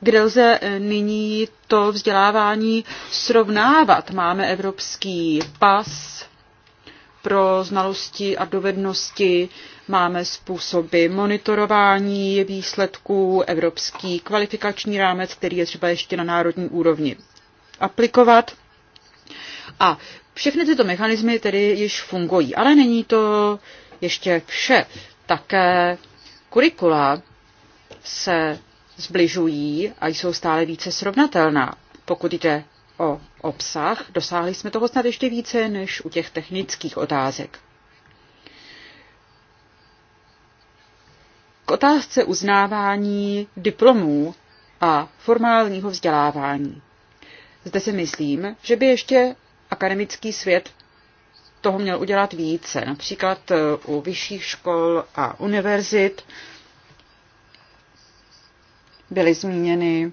kde lze eh, nyní to vzdělávání srovnávat. Máme evropský pas, pro znalosti a dovednosti, máme způsoby monitorování výsledků, evropský kvalifikační rámec, který je třeba ještě na národní úrovni aplikovat. A všechny tyto mechanismy tedy již fungují, ale není to ještě vše. Také kurikula se zbližují a jsou stále více srovnatelná, pokud jde o obsah, dosáhli jsme toho snad ještě více než u těch technických otázek. K otázce uznávání diplomů a formálního vzdělávání. Zde si myslím, že by ještě akademický svět toho měl udělat více, například eh, u vyšších škol a univerzit byly zmíněny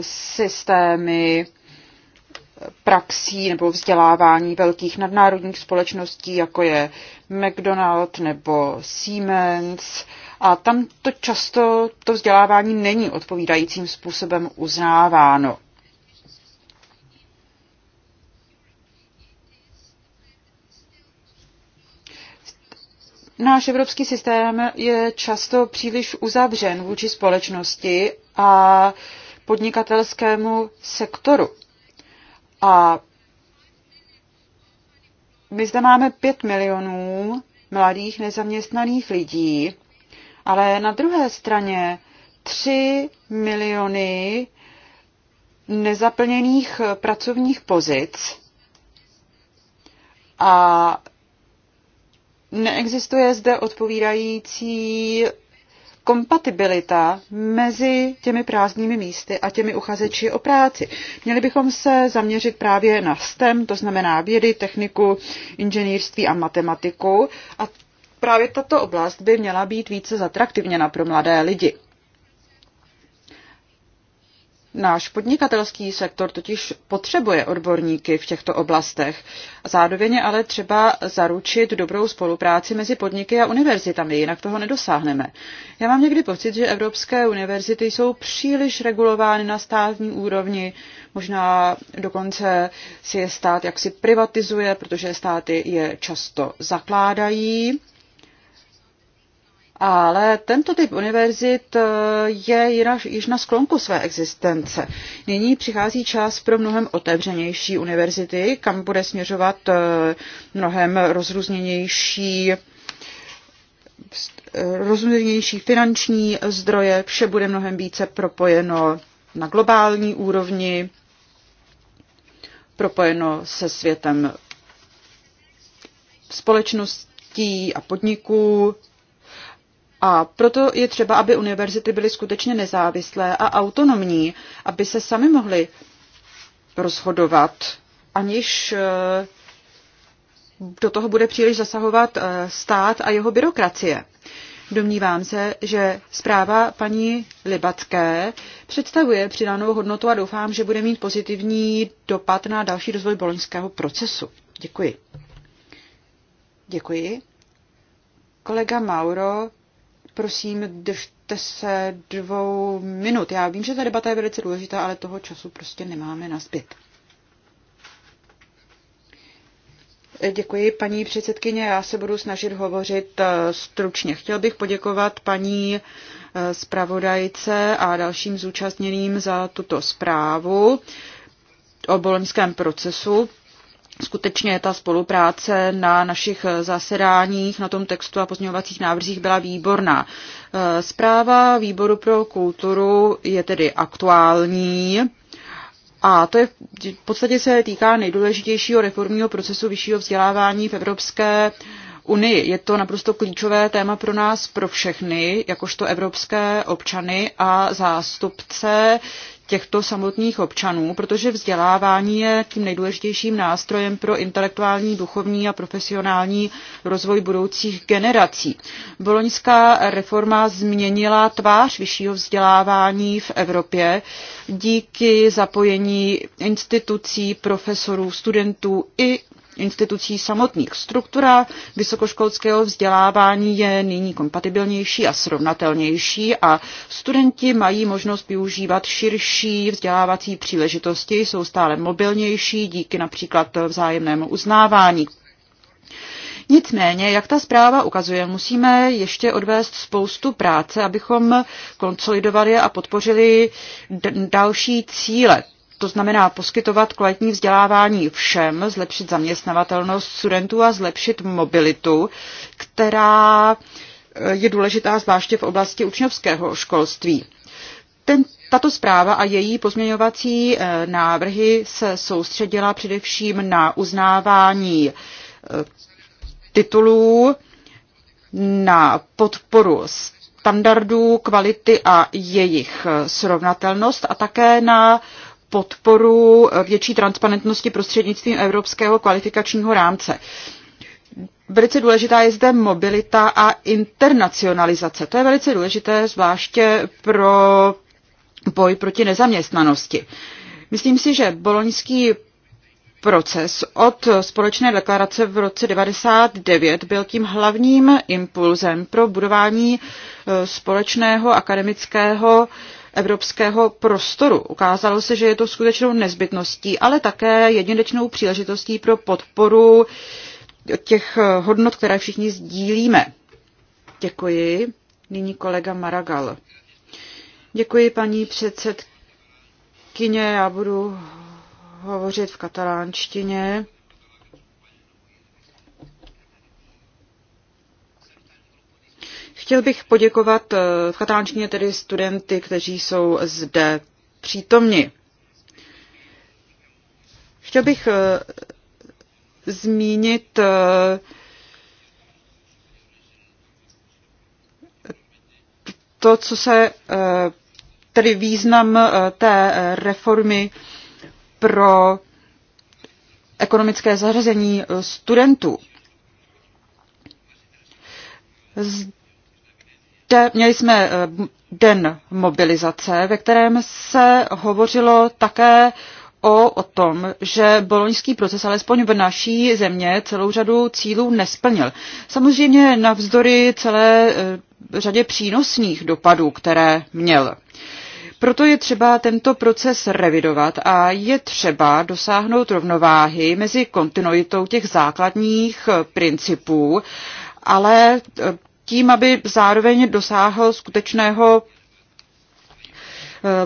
systémy praxí nebo vzdělávání velkých nadnárodních společností, jako je McDonald nebo Siemens. A tam to často to vzdělávání není odpovídajícím způsobem uznáváno. Náš evropský systém je často příliš uzavřen vůči společnosti a uh, podnikatelskému sektoru. A my zde máme 5 milionů mladých nezaměstnaných lidí, ale na druhé straně 3 miliony nezaplněných pracovních pozic a neexistuje zde odpovídající kompatibilita mezi těmi prázdnými místy a těmi uchazeči o práci. Měli bychom se zaměřit právě na STEM, to znamená vědy, techniku, inženýrství a matematiku a právě tato oblast by měla být více zatraktivněna pro mladé lidi. Náš podnikatelský sektor totiž potřebuje odborníky v těchto oblastech. Zároveň ale třeba zaručit dobrou spolupráci mezi podniky a univerzitami, jinak toho nedosáhneme. Já mám někdy pocit, že evropské univerzity jsou příliš regulovány na státní úrovni, možná dokonce si je stát jaksi privatizuje, protože státy je často zakládají. Ale tento typ univerzit eh, je již na sklonku své existence. Nyní přichází čas pro mnohem otevřenější univerzity, kam bude směřovat eh, mnohem rozrůzněnější eh, rozumějnější finanční zdroje, vše bude mnohem více propojeno na globální úrovni, propojeno se světem společností a podniků, a proto je třeba, aby univerzity byly skutečně nezávislé a autonomní, aby se sami mohly rozhodovat, aniž eh, do toho bude příliš zasahovat eh, stát a jeho byrokracie. Domnívám se, že zpráva paní Libacké představuje přidanou hodnotu a doufám, že bude mít pozitivní dopad na další rozvoj boloňského procesu. Děkuji. Děkuji. Kolega Mauro Prosím, držte se dvou minut. Já vím, že ta debata je velice důležitá, ale toho času prostě nemáme na zbyt. Děkuji, paní předsedkyně. Já se budu snažit hovořit eh, stručně. Chtěl bych poděkovat paní eh, zpravodajce a dalším zúčastněným za tuto zprávu o bolemském procesu skutečně ta spolupráce na našich zasedáních, na tom textu a pozměňovacích návrzích byla výborná. Eh, zpráva výboru pro kulturu je tedy aktuální. A to je v podstatě se týká nejdůležitějšího reformního procesu vyššího vzdělávání v Evropské unii. Je to naprosto klíčové téma pro nás, pro všechny, jakožto evropské občany a zástupce těchto samotných občanů, protože vzdělávání je tím nejdůležitějším nástrojem pro intelektuální, duchovní a profesionální rozvoj budoucích generací. Boloňská reforma změnila tvář vyššího vzdělávání v Evropě díky zapojení institucí, profesorů, studentů i institucí samotných. Struktura vysokoškolského vzdělávání je nyní kompatibilnější a srovnatelnější a studenti mají možnost využívat širší vzdělávací příležitosti, jsou stále mobilnější díky například vzájemnému uznávání. Nicméně, jak ta zpráva ukazuje, musíme ještě odvést spoustu práce, abychom konsolidovali a podpořili další cíle to znamená poskytovat kvalitní vzdělávání všem, zlepšit zaměstnavatelnost studentů a zlepšit mobilitu, která eh, je důležitá zvláště v oblasti učňovského školství. Ten, tato zpráva a její pozměňovací eh, návrhy se soustředila především na uznávání eh, titulů, na podporu standardů, kvality a jejich srovnatelnost a také na podporu větší transparentnosti prostřednictvím Evropského kvalifikačního rámce. Velice důležitá je zde mobilita a internacionalizace. To je velice důležité, zvláště pro boj proti nezaměstnanosti. Myslím si, že boloňský proces od společné deklarace v roce 1999 byl tím hlavním impulzem pro budování eh, společného akademického evropského prostoru. Ukázalo se, že je to skutečnou nezbytností, ale také jedinečnou příležitostí pro podporu těch hodnot, které všichni sdílíme. Děkuji. Nyní kolega Maragal. Děkuji, paní předsedkyně. Já budu hovořit v katalánštině. Chtěl bych poděkovat eh, v katalánštině tedy studenty, kteří jsou zde přítomni. Chtěl bych eh, zmínit eh, to, co se tedy význam té reformy pro ekonomické zařazení studentů. Měli jsme eh, den mobilizace, ve kterém se hovořilo také o, o tom, že boloňský proces alespoň v naší země celou řadu cílů nesplnil. Samozřejmě navzdory celé eh, řadě přínosných dopadů, které měl. Proto je třeba tento proces revidovat a je třeba dosáhnout rovnováhy mezi kontinuitou těch základních eh, principů, ale tím, aby zároveň dosáhl skutečného eh,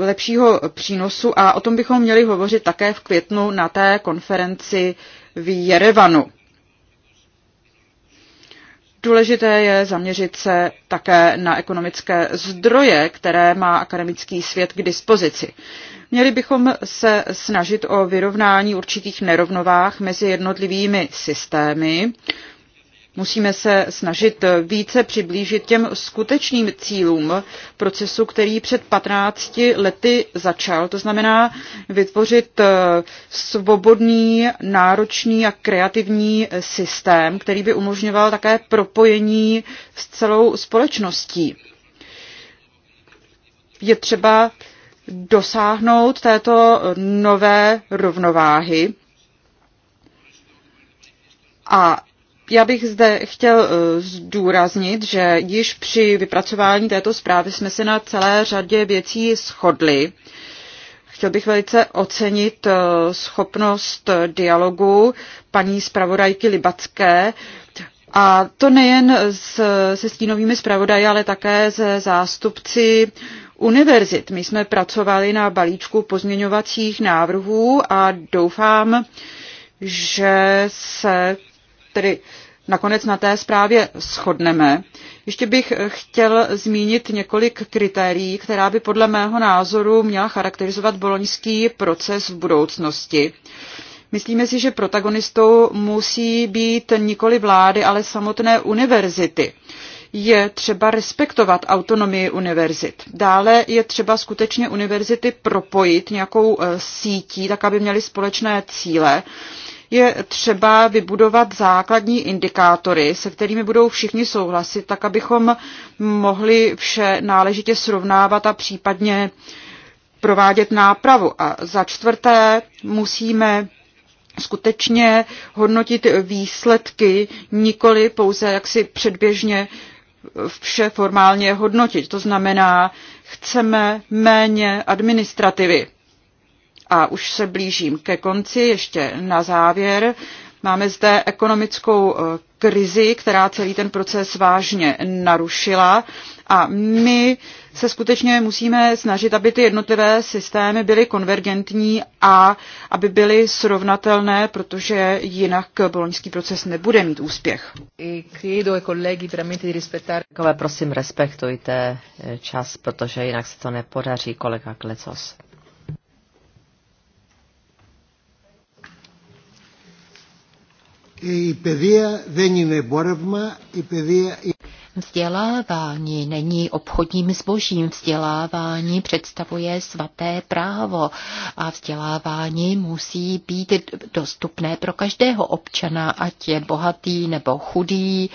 lepšího přínosu a o tom bychom měli hovořit také v květnu na té konferenci v Jerevanu. Důležité je zaměřit se také na ekonomické zdroje, které má akademický svět k dispozici. Měli bychom se snažit o vyrovnání určitých nerovnovách mezi jednotlivými systémy, Musíme se snažit více přiblížit těm skutečným cílům procesu, který před 15 lety začal. To znamená vytvořit eh, svobodný, náročný a kreativní systém, který by umožňoval také propojení s celou společností. Je třeba dosáhnout této nové rovnováhy a já bych zde chtěl eh, zdůraznit, že již při vypracování této zprávy jsme se na celé řadě věcí shodli. Chtěl bych velice ocenit eh, schopnost dialogu paní zpravodajky Libacké, a to nejen s, se stínovými zpravodaji, ale také se zástupci univerzit. My jsme pracovali na balíčku pozměňovacích návrhů a doufám, že se tedy nakonec na té zprávě shodneme. Ještě bych chtěl zmínit několik kritérií, která by podle mého názoru měla charakterizovat boloňský proces v budoucnosti. Myslíme si, že protagonistou musí být nikoli vlády, ale samotné univerzity. Je třeba respektovat autonomii univerzit. Dále je třeba skutečně univerzity propojit nějakou eh, sítí, tak aby měly společné cíle je třeba vybudovat základní indikátory, se kterými budou všichni souhlasit, tak abychom mohli vše náležitě srovnávat a případně provádět nápravu. A za čtvrté musíme skutečně hodnotit výsledky, nikoli pouze jaksi předběžně vše formálně hodnotit. To znamená, chceme méně administrativy. A už se blížím ke konci, ještě na závěr. Máme zde ekonomickou eh, krizi, která celý ten proces vážně narušila a my se skutečně musíme snažit, aby ty jednotlivé systémy byly konvergentní a aby byly srovnatelné, protože jinak boloňský proces nebude mít úspěch. E e Kolegové, prosím, respektujte eh, čas, protože jinak se to nepodaří, kolega Klecos. Vzdělávání není obchodním zbožím, vzdělávání představuje svaté právo a vzdělávání musí být dostupné pro každého občana, ať je bohatý nebo chudý,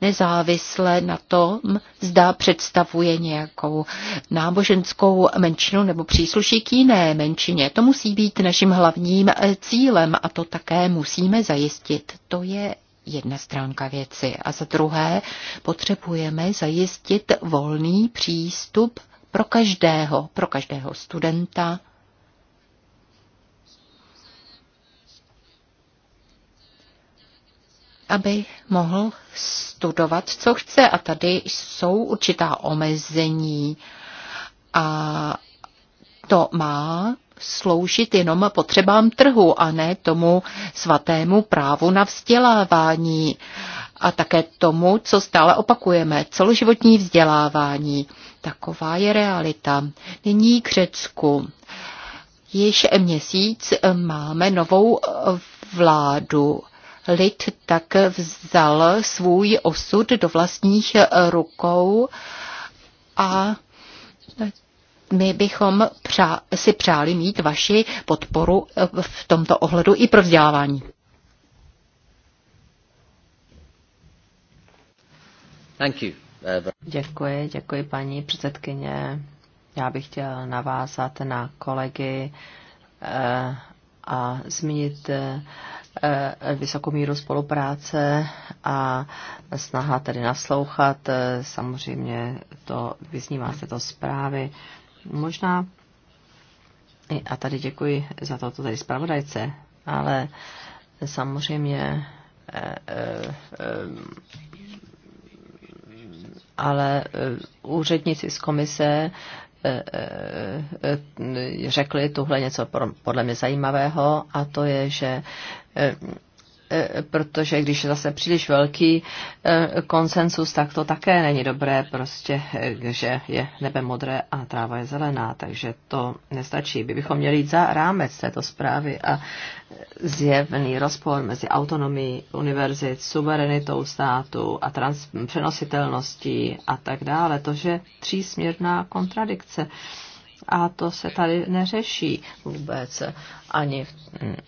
nezávisle na tom, zda představuje nějakou náboženskou menšinu nebo přísluší k jiné menšině. To musí být naším hlavním eh, cílem a to také musíme zajistit. To je jedna stránka věci. A za druhé potřebujeme zajistit volný přístup pro každého, pro každého studenta, aby mohl studovat, co chce. A tady jsou určitá omezení. A to má sloužit jenom potřebám trhu a ne tomu svatému právu na vzdělávání a také tomu, co stále opakujeme, celoživotní vzdělávání. Taková je realita. Nyní k Řecku. Již měsíc máme novou eh, vládu lid tak vzal svůj osud do vlastních rukou a my bychom si přáli mít vaši podporu v tomto ohledu i pro vzdělávání. Thank you. Děkuji, děkuji paní předsedkyně. Já bych chtěl navázat na kolegy eh, a zmínit eh, Eh, vysokou míru spolupráce a snaha tedy naslouchat. Samozřejmě to vyznívá se to zprávy. Možná, a tady děkuji za to, to tady zpravodajce, ale samozřejmě eh, eh, ale úředníci z komise řekli tuhle něco podle mě zajímavého a to je, že Eh, eh, protože když je zase příliš velký eh, konsensus, tak to také není dobré, prostě, že je nebe modré a tráva je zelená, takže to nestačí. By bychom měli jít za rámec této zprávy a zjevný rozpor mezi autonomií univerzit, suverenitou státu a trans- přenositelností a tak dále, to je třísměrná kontradikce a to se tady neřeší vůbec, ani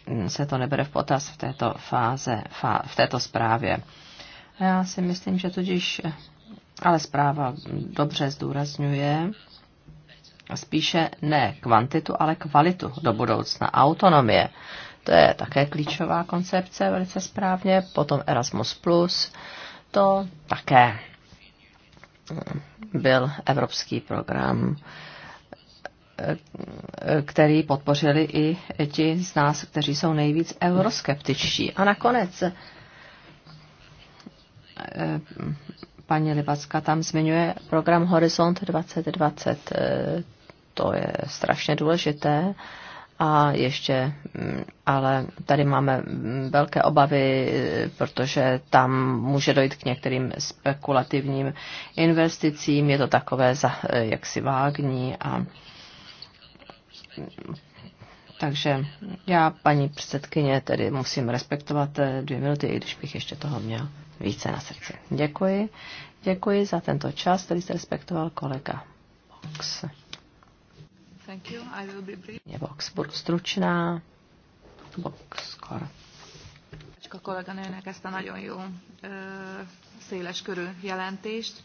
mm, se to nebere v potaz v této fáze, v této zprávě. Já si myslím, že tudíž, ale zpráva dobře zdůrazňuje, spíše ne kvantitu, ale kvalitu do budoucna, autonomie. To je také klíčová koncepce, velice správně. Potom Erasmus+, to také mm, byl evropský program, který podpořili i ti z nás, kteří jsou nejvíc euroskeptičtí. A nakonec eh, paní Libacka tam zmiňuje program Horizont 2020. Eh, to je strašně důležité. A ještě, mm, ale tady máme mm, velké obavy, eh, protože tam může dojít k některým spekulativním investicím, je to takové jak jaksi vágní a takže já, paní předsedkyně, tedy musím respektovat eh, dvě minuty, i když bych ještě toho měl více na srdci. Děkuji. Děkuji za tento čas, který jste respektoval kolega Box. Thank you. I will be brief. Je Box budu stručná. Box skoro. A kolega ezt a nagyon jó ö, széles körű jelentést.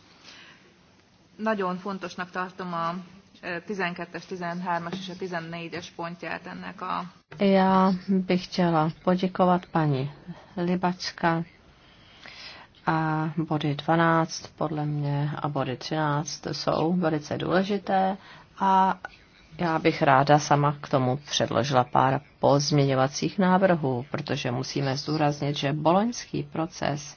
Nagyon fontosnak tartom a 12-es, 13-as és a 14-es pontját ennek a... Já bych chtěla poděkovat paní Libačka a body 12 podle mě a body 13 jsou velice důležité a já bych ráda sama k tomu předložila pár pozměňovacích návrhů, protože musíme zdůraznit, že boloňský proces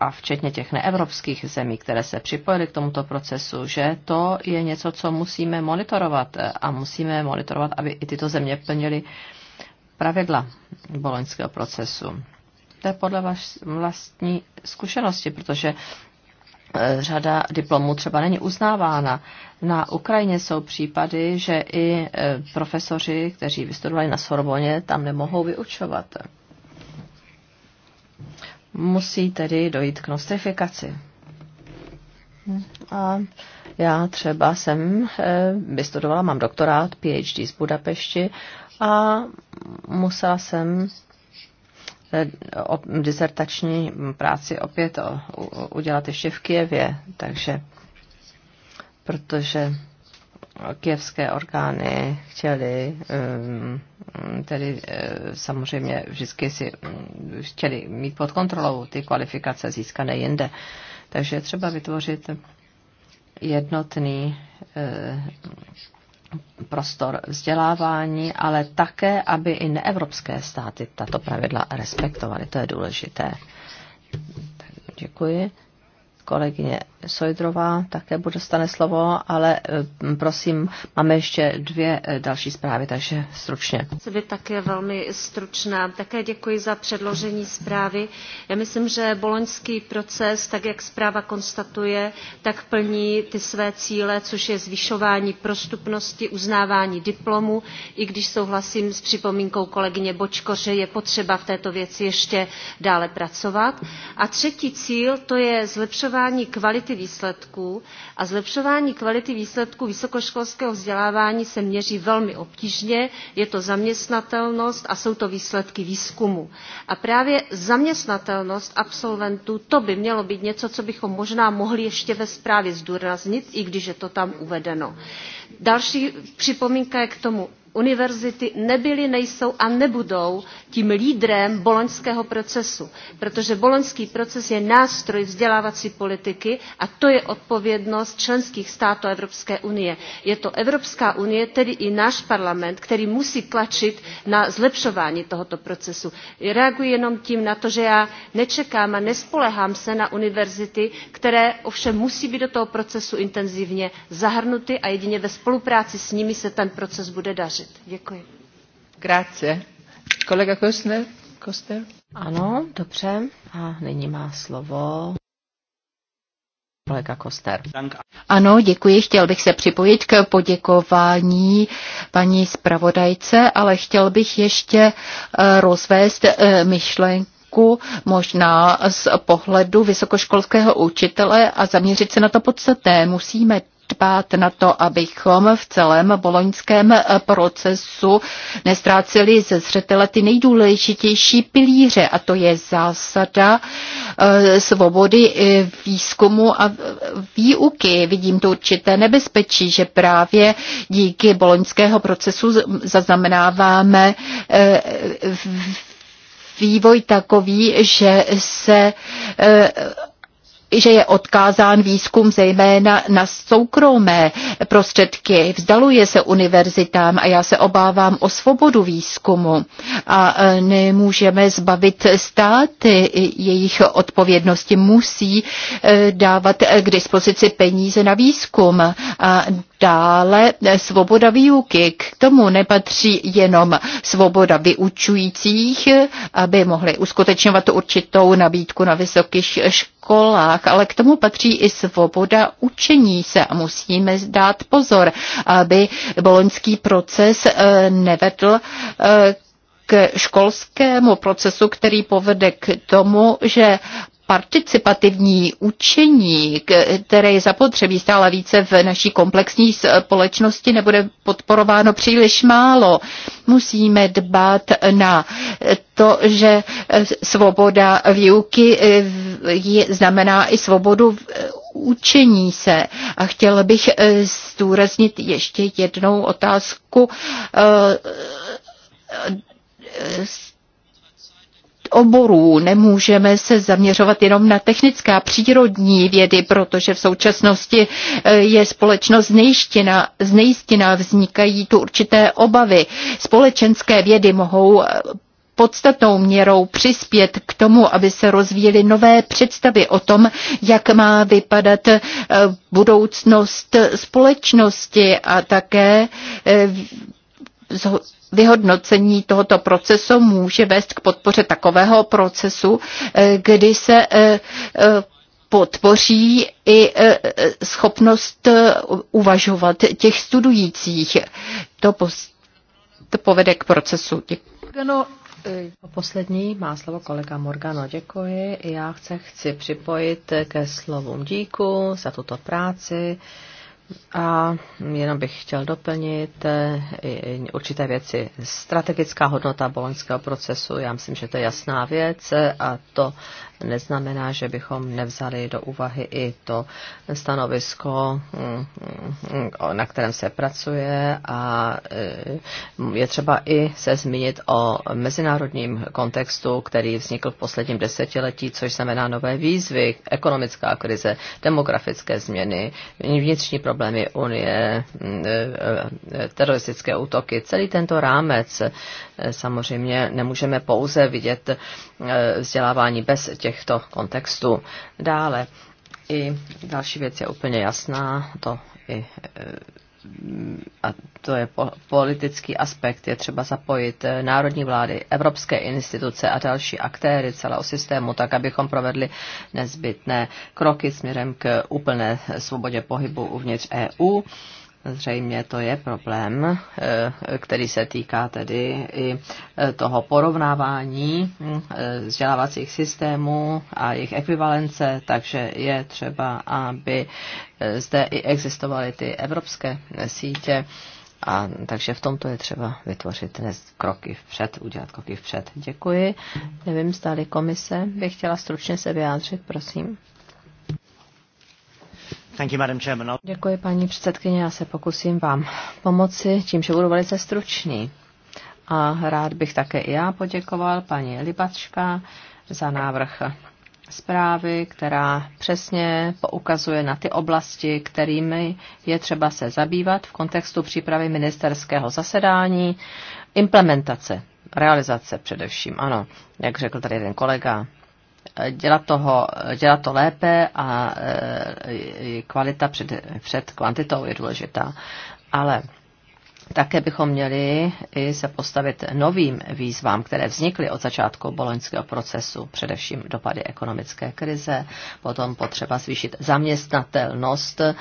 a včetně těch neevropských zemí, které se připojily k tomuto procesu, že to je něco, co musíme monitorovat a musíme monitorovat, aby i tyto země plnily pravidla boloňského procesu. To je podle vaší vlastní zkušenosti, protože eh, řada diplomů třeba není uznávána. Na Ukrajině jsou případy, že i eh, profesoři, kteří vystudovali na Sorboně, tam nemohou vyučovat musí tedy dojít k nostrifikaci. A já třeba jsem eh, vystudovala, mám doktorát, PhD z Budapešti a musela jsem eh, disertační práci opět udělat ještě v Kijevě, takže protože Kievské orgány chtěli um, tedy eh, samozřejmě vždycky si mm, chtěli mít pod kontrolou ty kvalifikace získané jinde. Takže je třeba vytvořit jednotný eh, prostor vzdělávání, ale také, aby i neevropské státy tato pravidla respektovaly. To je důležité. děkuji kolegyně Sojdrová také bude dostane slovo, ale eh, prosím, máme ještě dvě eh, další zprávy, takže stručně. být také velmi stručná. Také děkuji za předložení zprávy. Já myslím, že boloňský proces, tak jak zpráva konstatuje, tak plní ty své cíle, což je zvyšování prostupnosti, uznávání diplomu, i když souhlasím s připomínkou kolegyně Bočko, že je potřeba v této věci ještě dále pracovat. A třetí cíl, to je zlepšování zlepšování kvality výsledků a zlepšování kvality výsledků vysokoškolského vzdělávání se měří velmi obtížně, je to zaměstnatelnost a jsou to výsledky výzkumu. A právě zaměstnatelnost absolventů, to by mělo být něco, co bychom možná mohli ještě ve zprávě zdůraznit, i když je to tam uvedeno. Další připomínka je k tomu univerzity nebyly nejsou a nebudou tím lídrem boloňského procesu protože boloňský proces je nástroj vzdělávací politiky a to je odpovědnost členských států evropské unie. je to evropská unie tedy i náš parlament který musí tlačit na zlepšování tohoto procesu. reaguji jenom tím na to že já nečekám a nespoléhám se na univerzity které ovšem musí být do toho procesu intenzivně zahrnuty a jedině ve spolupráci s nimi se ten proces bude dařit vyjádřit. Děkuji. Grazie. Kolega Kostner? Koster? Ano, dobře. A nyní má slovo kolega Koster. Ano, děkuji. Chtěl bych se připojit k poděkování paní zpravodajce, ale chtěl bych ještě eh, rozvést eh, myšlenku možná z pohledu vysokoškolského učitele a zaměřit se na to podstatné. Musíme dbát na to, abychom v celém boloňském procesu nestráceli ze zřetele ty nejdůležitější pilíře, a to je zásada eh, svobody eh, výzkumu a výuky. Vidím to určité nebezpečí, že právě díky boloňského procesu zaznamenáváme eh, vývoj takový, že se že je odkázán výzkum zejména na soukromé prostředky. Vzdaluje se univerzitám a já se obávám o svobodu výzkumu. A e, nemůžeme zbavit státy jejich odpovědnosti. Musí e, dávat k dispozici peníze na výzkum. A dále e, svoboda výuky. K tomu nepatří jenom svoboda vyučujících, aby mohli uskutečňovat určitou nabídku na vysokých školách školách, ale k tomu patří i svoboda učení se a musíme dát pozor, aby boloňský proces eh, nevedl eh, k školskému procesu, který povede k tomu, že participativní učení, které je zapotřebí stále více v naší komplexní společnosti, nebude podporováno příliš málo. Musíme dbát na to, že svoboda výuky eh, znamená i svobodu učení se. A chtěl bych eh, zdůraznit ještě jednou otázku eh, oborů. Nemůžeme se zaměřovat jenom na technická přírodní vědy, protože v současnosti eh, je společnost znejštěna, znejistěná, vznikají tu určité obavy. Společenské vědy mohou eh, podstatnou měrou přispět k tomu, aby se rozvíjely nové představy o tom, jak má vypadat eh, budoucnost společnosti a také vyhodnocení tohoto procesu může vést k podpoře takového procesu, eh, kdy se eh, eh, podpoří i schopnost uvažovat těch studujících. To, to povede k procesu. Děkuji. Jako poslední má slovo kolega Morgano. Děkuji. Já se chci připojit ke slovům díku za tuto práci a jenom bych chtěl doplnit eh, určité věci. Strategická hodnota boloňského procesu, já myslím, že to je jasná věc eh, a to neznamená, že bychom nevzali do úvahy i to stanovisko, mm, mm, na kterém se pracuje a e, je třeba i se zmínit o mezinárodním kontextu, který vznikl v posledním desetiletí, což znamená nové výzvy, ekonomická krize, demografické změny, vnitřní problémy Unie, mm, e, e, teroristické útoky. Celý tento rámec samozřejmě nemůžeme pouze vidět Eh, vzdělávání bez těchto kontextů. Dále i další věc je úplně jasná, to i eh, a to je politický aspekt, je třeba zapojit eh, národní vlády, evropské instituce a další aktéry celého systému, tak abychom provedli nezbytné kroky směrem k úplné svobodě pohybu uvnitř EU. Zřejmě to je problém, eh, který se týká tedy i eh, toho porovnávání eh, vzdělávacích systémů a jejich ekvivalence, takže je třeba, aby zde i existovaly ty evropské sítě. A takže v tomto je třeba vytvořit dnes kroky vpřed, udělat kroky vpřed. Děkuji. Nevím, zda komise by chtěla stručně se vyjádřit, prosím. Děkuji, paní předsedkyně. Já se pokusím vám pomoci tím, že budu velice stručný. A rád bych také i já poděkoval paní Libačka za návrh zprávy, která přesně poukazuje na ty oblasti, kterými je třeba se zabývat v kontextu přípravy ministerského zasedání, implementace, realizace především, ano, jak řekl tady jeden kolega, dělat, toho, dělat to lépe a e, kvalita před, před kvantitou je důležitá. Ale také bychom měli i se postavit novým výzvám, které vznikly od začátku boloňského procesu, především dopady ekonomické krize, potom potřeba zvýšit zaměstnatelnost e,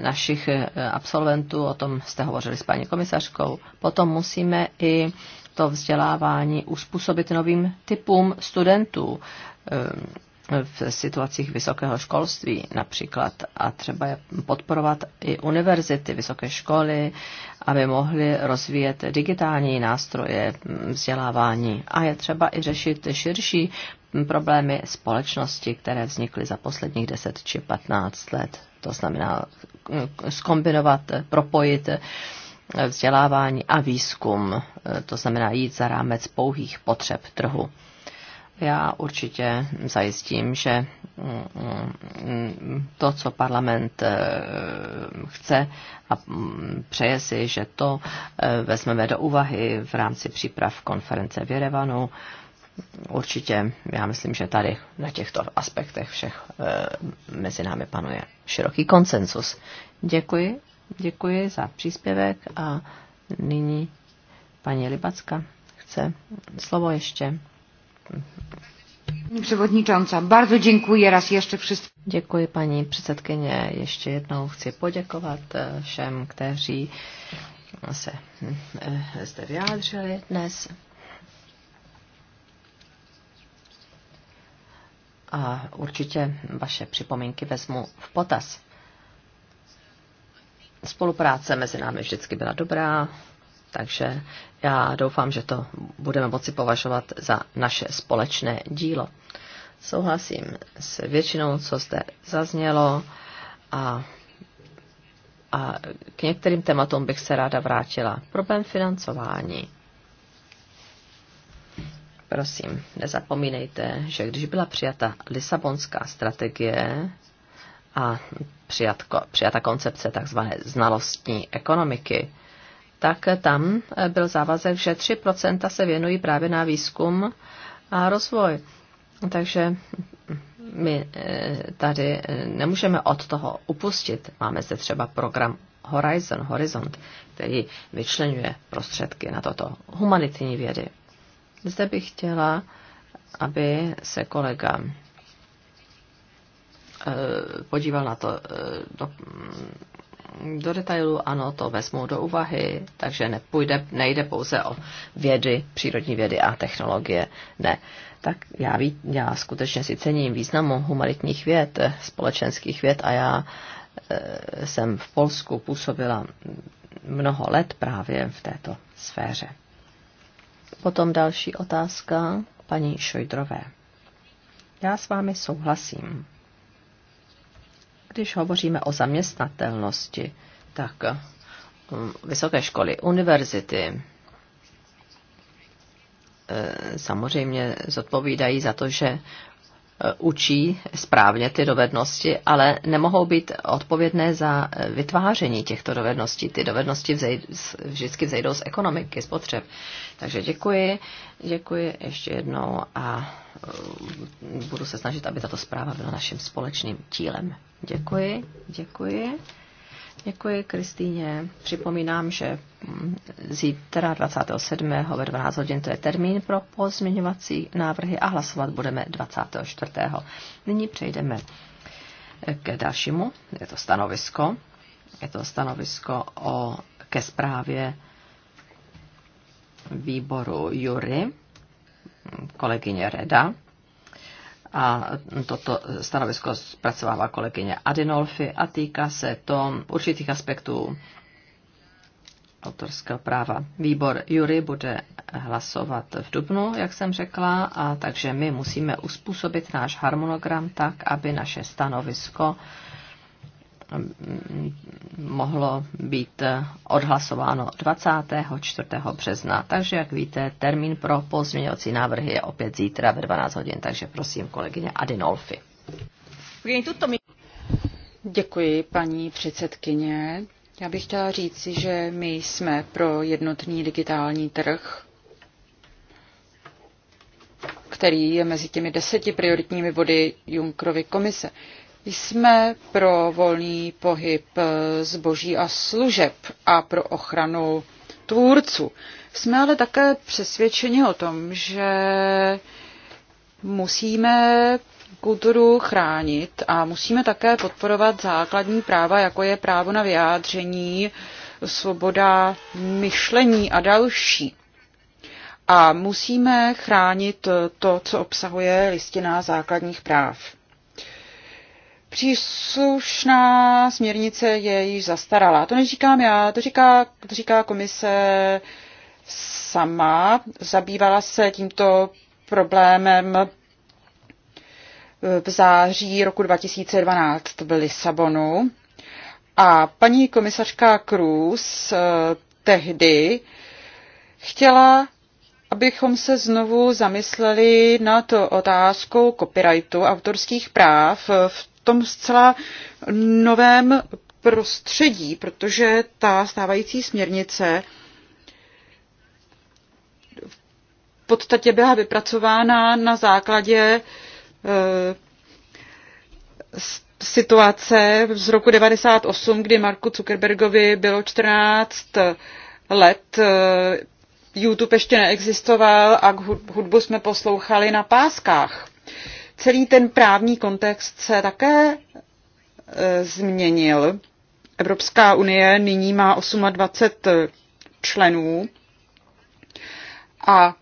našich e, absolventů, o tom jste hovořili s paní komisařkou, potom musíme i to vzdělávání uspůsobit novým typům studentů, v situacích vysokého školství například a třeba podporovat i univerzity, vysoké školy, aby mohly rozvíjet digitální nástroje vzdělávání. A je třeba i řešit širší problémy společnosti, které vznikly za posledních 10 či 15 let. To znamená skombinovat, propojit vzdělávání a výzkum, to znamená jít za rámec pouhých potřeb trhu. Já určitě zajistím, že mm, mm, to, co parlament eh, chce a mm, přeje si, že to eh, vezmeme do úvahy v rámci příprav konference v Jerevanu. Určitě, já myslím, že tady na těchto aspektech všech eh, mezi námi panuje široký konsensus. Děkuji, děkuji za příspěvek a nyní paní Libacka chce slovo ještě. Paní předsedkyně, bardzo děkuji raz ještě všem. Děkuji paní předsedkyně, ještě jednou chci poděkovat eh, všem, kteří se eh, zde vyjádřili dnes. A určitě vaše připomínky vezmu v potaz. Spolupráce mezi námi vždycky byla dobrá, takže já doufám, že to budeme moci považovat za naše společné dílo. Souhlasím s většinou, co zde zaznělo a, a k některým tématům bych se ráda vrátila. Problém financování. Prosím, nezapomínejte, že když byla přijata Lisabonská strategie a přijatko, přijata koncepce tzv. znalostní ekonomiky, tak tam eh, byl závazek, že 3% se věnují právě na výzkum a rozvoj. Takže my eh, tady eh, nemůžeme od toho upustit. Máme zde třeba program Horizon, Horizont, který vyčlenuje prostředky na toto humanitní vědy. Zde bych chtěla, aby se kolega podíval na to do detailu, ano, to vezmou do úvahy, takže nepůjde, nejde pouze o vědy, přírodní vědy a technologie, ne. Tak já, ví, já skutečně si cením významu humanitních věd, společenských věd a já e, jsem v Polsku působila mnoho let právě v této sféře. Potom další otázka paní Šojdrové. Já s vámi souhlasím když hovoříme o zaměstnatelnosti, tak mm, vysoké školy, univerzity e, samozřejmě zodpovídají za to, že e, učí správně ty dovednosti, ale nemohou být odpovědné za e, vytváření těchto dovedností. Ty dovednosti vzej, vždycky vzejdou z ekonomiky, z potřeb. Takže děkuji, děkuji ještě jednou a budu se snažit, aby tato zpráva byla naším společným cílem. Děkuji, děkuji. Děkuji Kristýně. Připomínám, že mm, zítra 27. ve 12 hodin to je termín pro pozměňovací návrhy a hlasovat budeme 24. Nyní přejdeme eh, k dalšímu. Je to stanovisko. Je to stanovisko o, ke zprávě výboru Jury, mm, kolegyně Reda a toto stanovisko zpracovává kolegyně Adinolfi a týká se to určitých aspektů autorského práva. Výbor Jury bude hlasovat v Dubnu, jak jsem řekla, a takže my musíme uspůsobit náš harmonogram tak, aby naše stanovisko uh, mohlo být odhlasováno 24. března. Takže, jak víte, termín pro pozměňovací návrhy je opět zítra ve 12 hodin, takže prosím kolegyně Adinolfi. Děkuji, paní předsedkyně. Já bych chtěla říci, že my jsme pro jednotný digitální trh, který je mezi těmi deseti prioritními body Junkrovy komise. Jsme pro volný pohyb eh, zboží a služeb a pro ochranu tvůrců. Jsme ale také přesvědčeni o tom, že musíme kulturu chránit a musíme také podporovat základní práva, jako je právo na vyjádření, svoboda myšlení a další. A musíme chránit to, co obsahuje listina základních práv. Příslušná směrnice je již zastaralá. To neříkám já, to říká, to říká komise sama. Zabývala se tímto problémem v září roku 2012 v Lisabonu. A paní komisařka Cruz eh, tehdy chtěla, abychom se znovu zamysleli nad otázkou copyrightu autorských práv v tom zcela novém prostředí, protože ta stávající směrnice v podstatě byla vypracována na základě eh, situace z roku 98, kdy Marku Zuckerbergovi bylo 14 let, eh, YouTube ještě neexistoval a hudbu jsme poslouchali na páskách celý ten právní kontext se také e, změnil. Evropská unie nyní má 28 e, členů a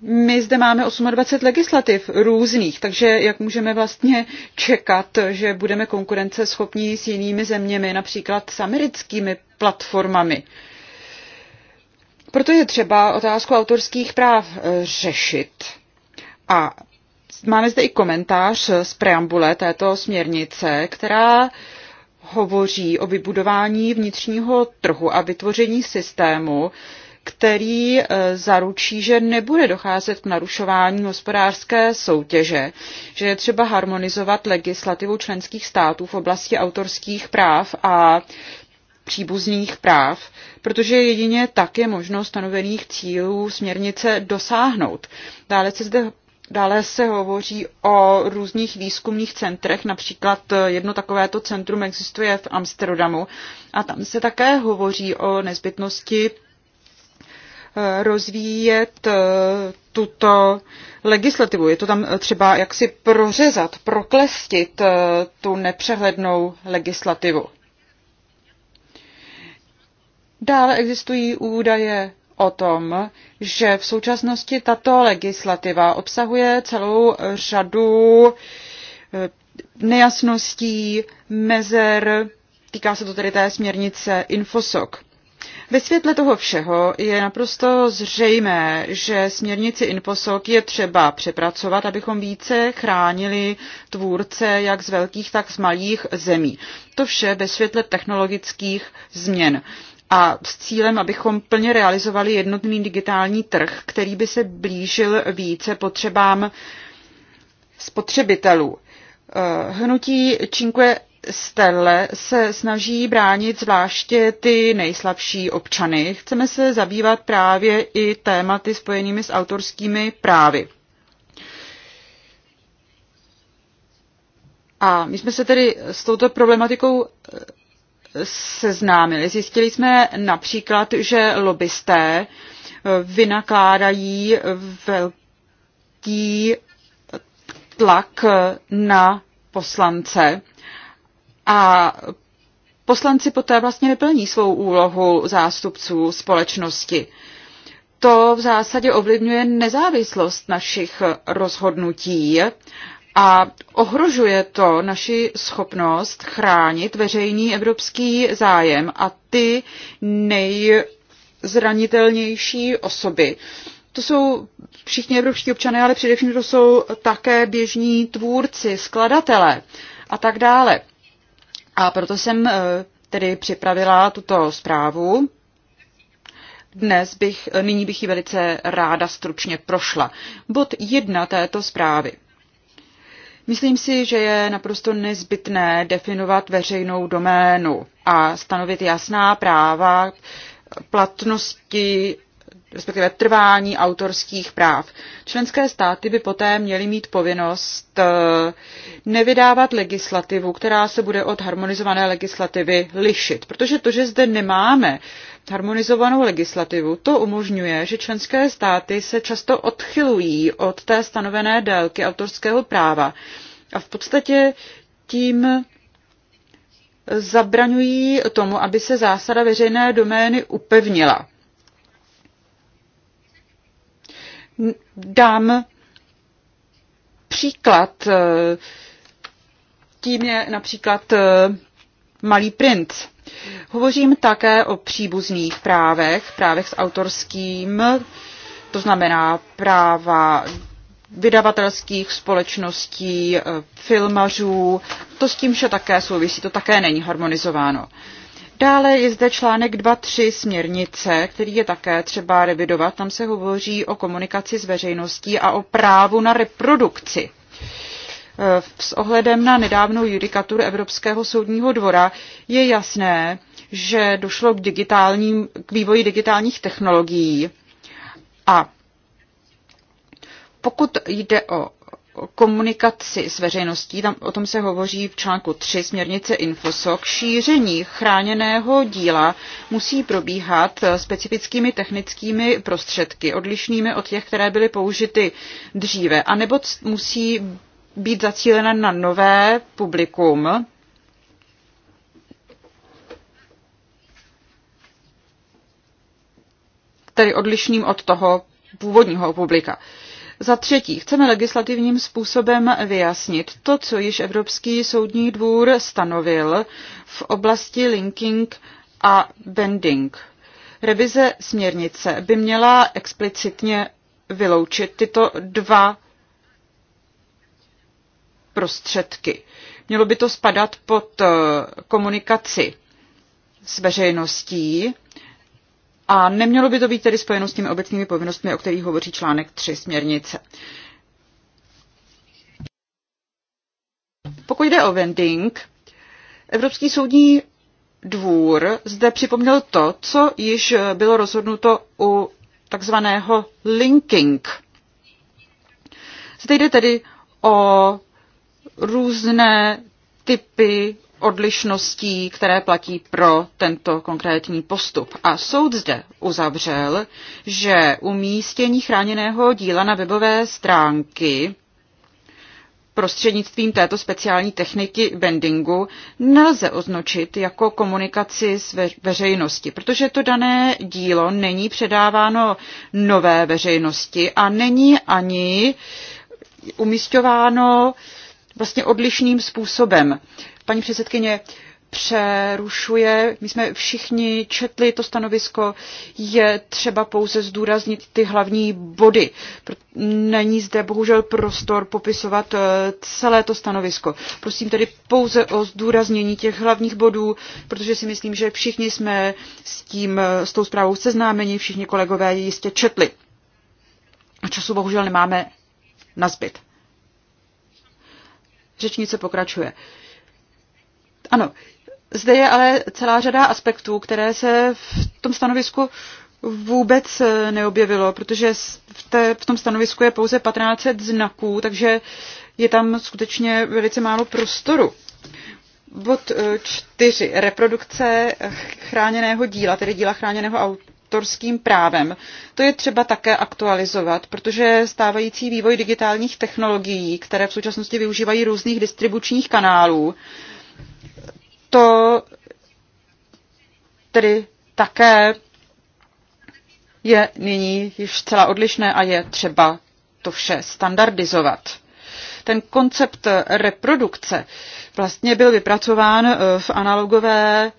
my zde máme 28 legislativ různých, takže jak můžeme vlastně čekat, že budeme konkurenceschopní s jinými zeměmi, například s americkými platformami? Proto je třeba otázku autorských práv e, řešit. A máme zde i komentář z preambule této směrnice, která hovoří o vybudování vnitřního trhu a vytvoření systému, který eh, zaručí, že nebude docházet k narušování hospodářské soutěže, že je třeba harmonizovat legislativu členských států v oblasti autorských práv a příbuzných práv, protože jedině tak je možno stanovených cílů směrnice dosáhnout. Dále se zde Dále se hovoří o různých výzkumných centrech, například eh, jedno takovéto centrum existuje v Amsterdamu a tam se také hovoří o nezbytnosti eh, rozvíjet eh, tuto legislativu. Je to tam třeba jaksi prořezat, proklestit tu nepřehlednou legislativu. Dále existují údaje o tom, že v současnosti tato legislativa obsahuje celou řadu eh, nejasností, mezer, týká se to tedy té směrnice Infosok. Ve světle toho všeho je naprosto zřejmé, že směrnici Infosoc je třeba přepracovat, abychom více chránili tvůrce jak z velkých, tak z malých zemí. To vše ve světle technologických změn a s cílem, abychom plně realizovali jednotný digitální trh, který by se blížil více potřebám spotřebitelů. Eh, hnutí Cinque Stelle se snaží bránit zvláště ty nejslabší občany. Chceme se zabývat právě i tématy spojenými s autorskými právy. A my jsme se tedy s touto problematikou eh, seznámili. Zjistili jsme například, že lobbysté eh, vynakládají velký tlak na poslance a poslanci poté vlastně neplní svou úlohu zástupců společnosti. To v zásadě ovlivňuje nezávislost našich rozhodnutí a ohrožuje to naši schopnost chránit veřejný evropský zájem a ty nejzranitelnější osoby. To jsou všichni evropští občané, ale především to jsou také běžní tvůrci, skladatelé a tak dále. A proto jsem eh, tedy připravila tuto zprávu. Dnes bych, nyní bych ji velice ráda stručně prošla. Bod jedna této zprávy Myslím si, že je naprosto nezbytné definovat veřejnou doménu a stanovit jasná práva platnosti respektive trvání autorských práv. Členské státy by poté měly mít povinnost eh, nevydávat legislativu, která se bude od harmonizované legislativy lišit. Protože to, že zde nemáme harmonizovanou legislativu, to umožňuje, že členské státy se často odchylují od té stanovené délky autorského práva. A v podstatě tím zabraňují tomu, aby se zásada veřejné domény upevnila. dám příklad. Eh, tím je například eh, Malý princ. Hovořím také o příbuzných právech, právech s autorským, to znamená práva vydavatelských společností, eh, filmařů. To s tím, že také souvisí, to také není harmonizováno. Dále je zde článek 2.3 směrnice, který je také třeba revidovat. Tam se hovoří o komunikaci s veřejností a o právu na reprodukci. Eh, s ohledem na nedávnou judikaturu Evropského soudního dvora je jasné, že došlo k, digitálním, k vývoji digitálních technologií a pokud jde o komunikaci s veřejností, tam o tom se hovoří v článku 3 směrnice Infosoc, šíření chráněného díla musí probíhat specifickými technickými prostředky, odlišnými od těch, které byly použity dříve, anebo musí být zacílena na nové publikum, tedy odlišným od toho původního publika. Za třetí, chceme legislativním způsobem vyjasnit to, co již Evropský soudní dvůr stanovil v oblasti linking a bending. Revize směrnice by měla explicitně vyloučit tyto dva prostředky. Mělo by to spadat pod eh, komunikaci s veřejností, a nemělo by to být tedy spojeno s těmi obecnými povinnostmi, o kterých hovoří článek 3 směrnice. Pokud jde o vending, Evropský soudní dvůr zde připomněl to, co již bylo rozhodnuto u takzvaného linking. Zde jde tedy o různé typy odlišností, které platí pro tento konkrétní postup. A soud zde uzavřel, že umístění chráněného díla na webové stránky prostřednictvím této speciální techniky bendingu nelze označit jako komunikaci s veřejnosti, protože to dané dílo není předáváno nové veřejnosti a není ani umístěváno vlastně odlišným způsobem. Paní předsedkyně, přerušuje. My jsme všichni četli to stanovisko, je třeba pouze zdůraznit ty hlavní body. Není zde bohužel prostor popisovat eh, celé to stanovisko. Prosím tedy pouze o zdůraznění těch hlavních bodů, protože si myslím, že všichni jsme s tím, eh, s tou zprávou seznámeni, všichni kolegové ji jistě četli. A času bohužel nemáme na zbyt. Řečnice pokračuje. Ano, zde je ale celá řada aspektů, které se v tom stanovisku vůbec eh, neobjevilo, protože v, té, v tom stanovisku je pouze 1500 znaků, takže je tam skutečně velice málo prostoru. Bod eh, čtyři. Reprodukce chráněného díla, tedy díla chráněného autorským právem. To je třeba také aktualizovat, protože stávající vývoj digitálních technologií, které v současnosti využívají různých distribučních kanálů, to tedy také je nyní již zcela odlišné a je třeba to vše standardizovat. Ten koncept reprodukce vlastně byl vypracován eh, v analogové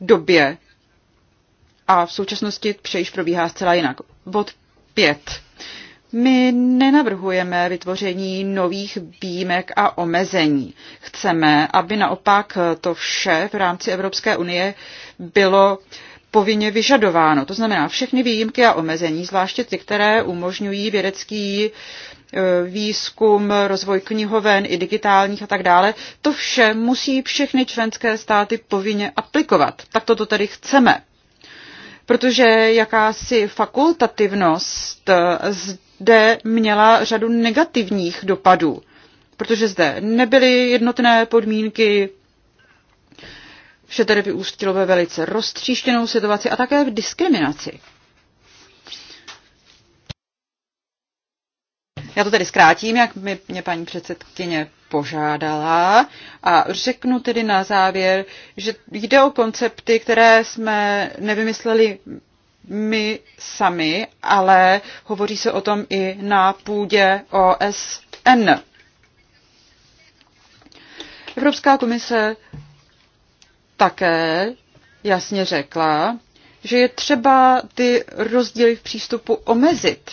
době a v současnosti vše již probíhá zcela jinak. Bod 5. My nenavrhujeme vytvoření nových výjimek a omezení. Chceme, aby naopak to vše v rámci Evropské unie bylo povinně vyžadováno. To znamená všechny výjimky a omezení, zvláště ty, které umožňují vědecký e, výzkum, rozvoj knihoven i digitálních a tak dále, to vše musí všechny členské státy povinně aplikovat. Tak toto tedy chceme protože jakási fakultativnost eh, zde měla řadu negativních dopadů, protože zde nebyly jednotné podmínky, vše tedy vyústilo ve velice roztříštěnou situaci a také v diskriminaci. Já to tedy zkrátím, jak mi, mě paní předsedkyně požádala a řeknu tedy na závěr, že jde o koncepty, které jsme nevymysleli my sami, ale hovoří se o tom i na půdě OSN. Evropská komise také jasně řekla, že je třeba ty rozdíly v přístupu omezit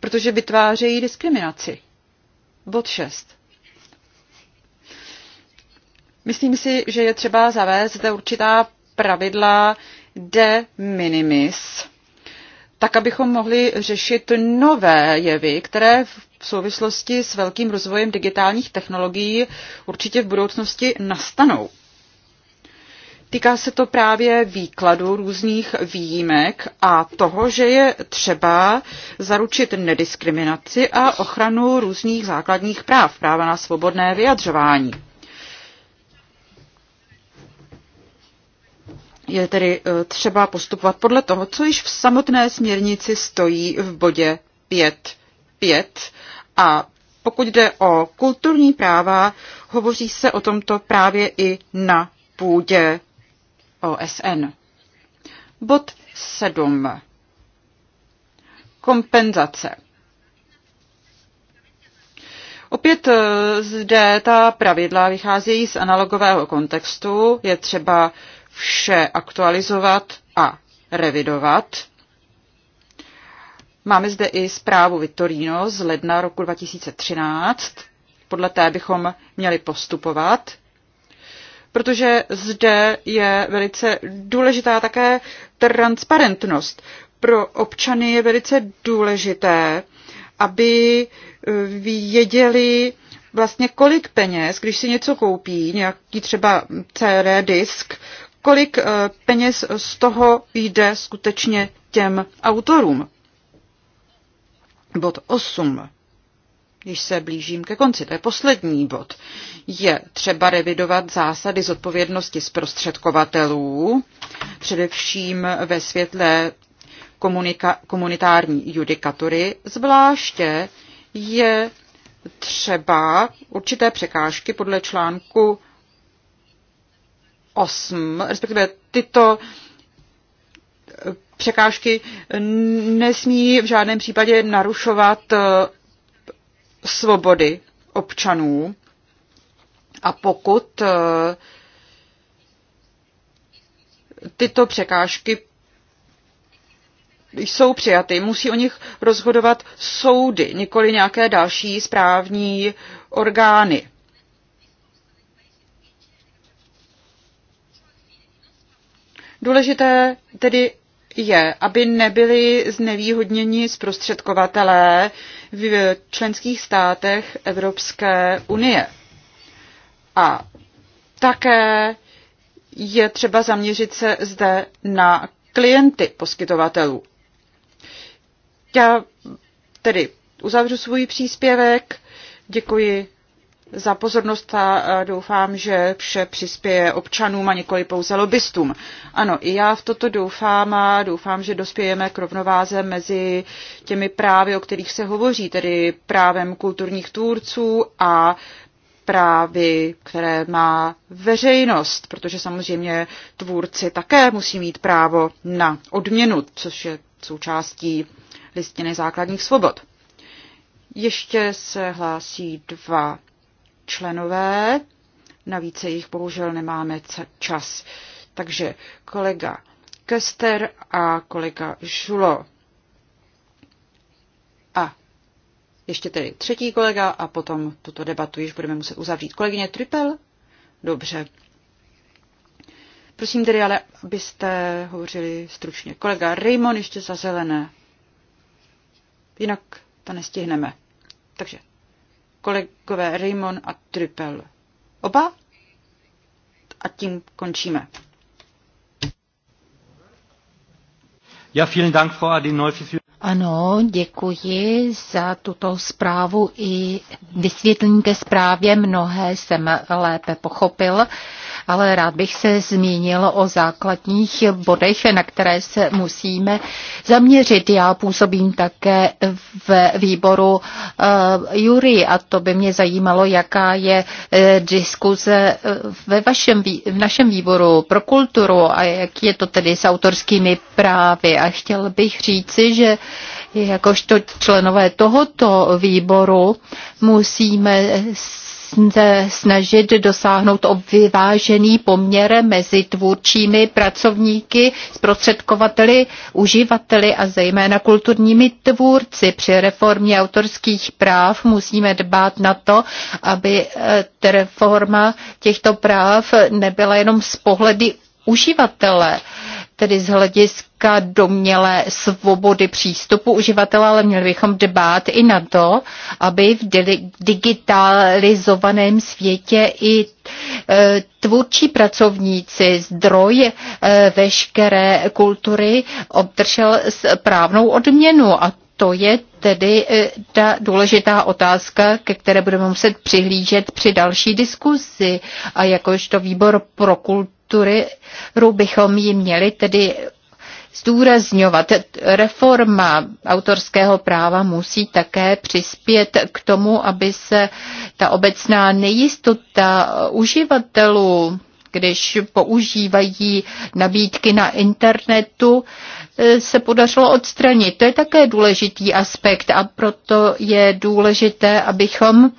protože vytvářejí diskriminaci. Bod 6. Myslím si, že je třeba zavést zde určitá pravidla de minimis, tak abychom mohli řešit nové jevy, které v souvislosti s velkým rozvojem digitálních technologií určitě v budoucnosti nastanou. Týká se to právě výkladu různých výjimek a toho, že je třeba zaručit nediskriminaci a ochranu různých základních práv, práva na svobodné vyjadřování. Je tedy eh, třeba postupovat podle toho, co již v samotné směrnici stojí v bodě 5.5 a pokud jde o kulturní práva, hovoří se o tomto právě i na půdě OSN. Bod 7. Kompenzace. Opět eh, zde ta pravidla vycházejí z analogového kontextu. Je třeba vše aktualizovat a revidovat. Máme zde i zprávu Vitorino z ledna roku 2013. Podle té bychom měli postupovat protože zde je velice důležitá také transparentnost. Pro občany je velice důležité, aby eh, věděli, vlastně kolik peněz, když si něco koupí, nějaký třeba CD disk, kolik eh, peněz z toho jde skutečně těm autorům. Bod 8. Když se blížím ke konci, to je poslední bod, je třeba revidovat zásady zodpovědnosti zprostředkovatelů, především ve světle komunika, komunitární judikatury, zvláště je třeba určité překážky podle článku 8, respektive tyto překážky nesmí v žádném případě narušovat svobody občanů a pokud eh, tyto překážky jsou přijaty, musí o nich rozhodovat soudy, nikoli nějaké další správní orgány. Důležité tedy je, aby nebyli znevýhodněni zprostředkovatelé v členských státech Evropské unie. A také je třeba zaměřit se zde na klienty poskytovatelů. Já tedy uzavřu svůj příspěvek. Děkuji za pozornost a doufám, že vše přispěje občanům a nikoli pouze lobbystům. Ano, i já v toto doufám a doufám, že dospějeme k rovnováze mezi těmi právy, o kterých se hovoří, tedy právem kulturních tvůrců a právy, které má veřejnost, protože samozřejmě tvůrci také musí mít právo na odměnu, což je součástí listiny základních svobod. Ještě se hlásí dva členové. Navíc jich bohužel nemáme čas. Takže kolega Kester a kolega Žulo. A ještě tedy třetí kolega a potom tuto debatu již budeme muset uzavřít. Kolegyně Trypel? Dobře. Prosím tedy ale, abyste hovořili stručně. Kolega Raymond ještě za zelené. Jinak to nestihneme. Takže kolegové Raymond a Trippel. Oba? A tím končíme. Ja, vielen Dank, Frau Adinolfi, für ano, děkuji za tuto zprávu i vysvětlení ke zprávě. Mnohé jsem lépe pochopil ale rád bych se zmínil o základních bodech, na které se musíme zaměřit. Já působím také v výboru eh, jury a to by mě zajímalo, jaká je eh, diskuze eh, ve vašem, v našem výboru pro kulturu a jak je to tedy s autorskými právy. A chtěl bych říci, že jakožto členové tohoto výboru musíme se snažit dosáhnout obvyvážený poměr mezi tvůrčími pracovníky, zprostředkovateli, uživateli a zejména kulturními tvůrci. Při reformě autorských práv musíme dbát na to, aby eh, reforma těchto práv nebyla jenom z pohledy uživatele tedy z hlediska domělé svobody přístupu uživatele, ale měli bychom dbát i na to, aby v digitalizovaném světě i e, tvůrčí pracovníci, zdroj e, veškeré kultury obdržel správnou odměnu a to je tedy e, ta důležitá otázka, ke které budeme muset přihlížet při další diskuzi. A jakožto výbor pro kulturu kulturu bychom ji měli tedy zdůrazňovat. Reforma autorského práva musí také přispět k tomu, aby se ta obecná nejistota uživatelů, když používají nabídky na internetu, se podařilo odstranit. To je také důležitý aspekt a proto je důležité, abychom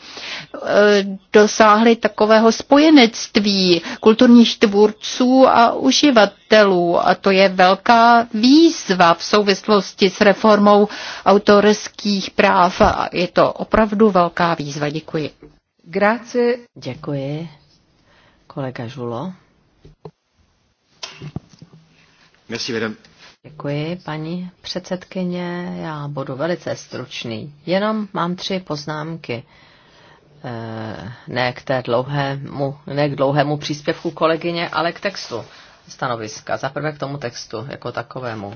Eh, dosáhli takového spojenectví kulturních tvůrců a uživatelů. A to je velká výzva v souvislosti s reformou autorských práv. Je to opravdu velká výzva. Děkuji. Grazie. Děkuji. Kolega Žulo. Merci, madame. Děkuji, paní předsedkyně. Já budu velice stručný. Jenom mám tři poznámky. Eh, ne k té dlouhému, ne k dlouhému příspěvku kolegyně, ale k textu stanoviska. Zaprvé k tomu textu jako takovému.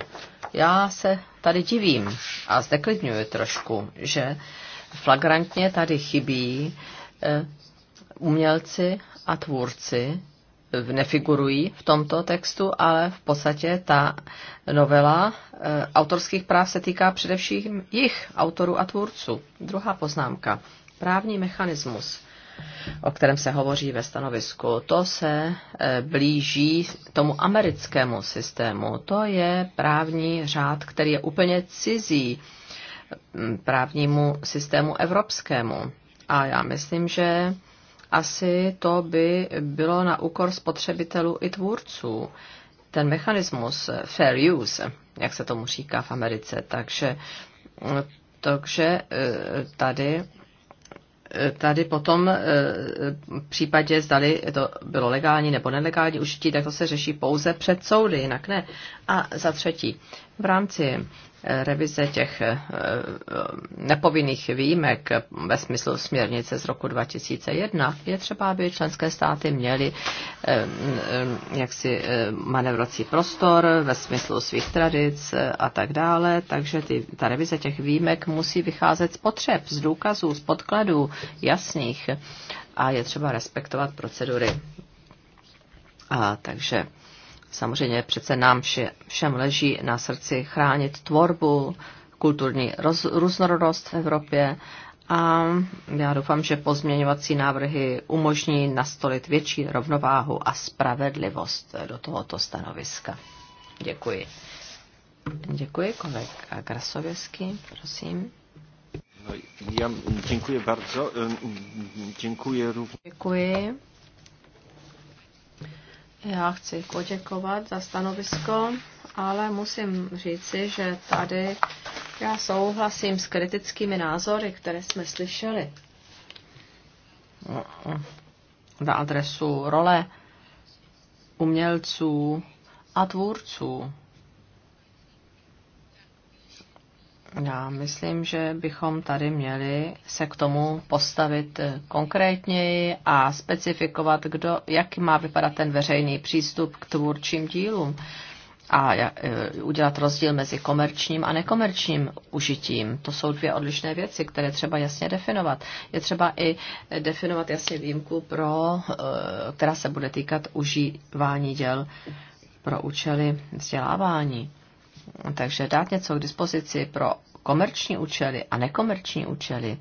Já se tady divím a zdeklidňuji trošku, že flagrantně tady chybí eh, umělci a tvůrci, eh, nefigurují v tomto textu, ale v podstatě ta novela autorských práv se týká především jich, autorů a tvůrců. Druhá poznámka správní mechanismus, o kterém se hovoří ve stanovisku, to se e, blíží tomu americkému systému. To je právní řád, který je úplně cizí právnímu systému evropskému. A já myslím, že asi to by bylo na úkor spotřebitelů i tvůrců. Ten mechanismus fair use, jak se tomu říká v Americe, takže, takže e, tady tady potom e, v případě, zdali to bylo legální nebo nelegální užití, tak to se řeší pouze před soudy, jinak ne. A za třetí, v rámci eh, revize těch eh, eh, nepovinných výjimek ve smyslu směrnice z roku 2001 je třeba, aby členské státy měly jaksi manevrací prostor ve smyslu svých tradic a tak dále, takže ty, ta revize těch výjimek musí vycházet z potřeb, z důkazů, z podkladů jasných a je třeba respektovat procedury. A takže Samozřejmě přece nám vše, všem leží na srdci chránit tvorbu, kulturní roz, různorodost v Evropě a já doufám, že pozměňovací návrhy umožní nastolit větší rovnováhu a spravedlivost do tohoto stanoviska. Děkuji. Děkuji, kolega Grasověský, prosím. No, já děkuji bardzo. Děkuji. Děkuji. Já chci poděkovat za stanovisko, ale musím říci, že tady já souhlasím s kritickými názory, které jsme slyšeli na adresu role umělců a tvůrců Já myslím, že bychom tady měli se k tomu postavit eh, konkrétněji a specifikovat, kdo, jak má vypadat ten veřejný přístup k tvůrčím dílům a eh, udělat rozdíl mezi komerčním a nekomerčním užitím. To jsou dvě odlišné věci, které třeba jasně definovat. Je třeba i eh, definovat jasně výjimku, pro, která se bude týkat užívání děl pro účely vzdělávání. Takže dát něco k dispozici pro komerční účely a nekomerční účely,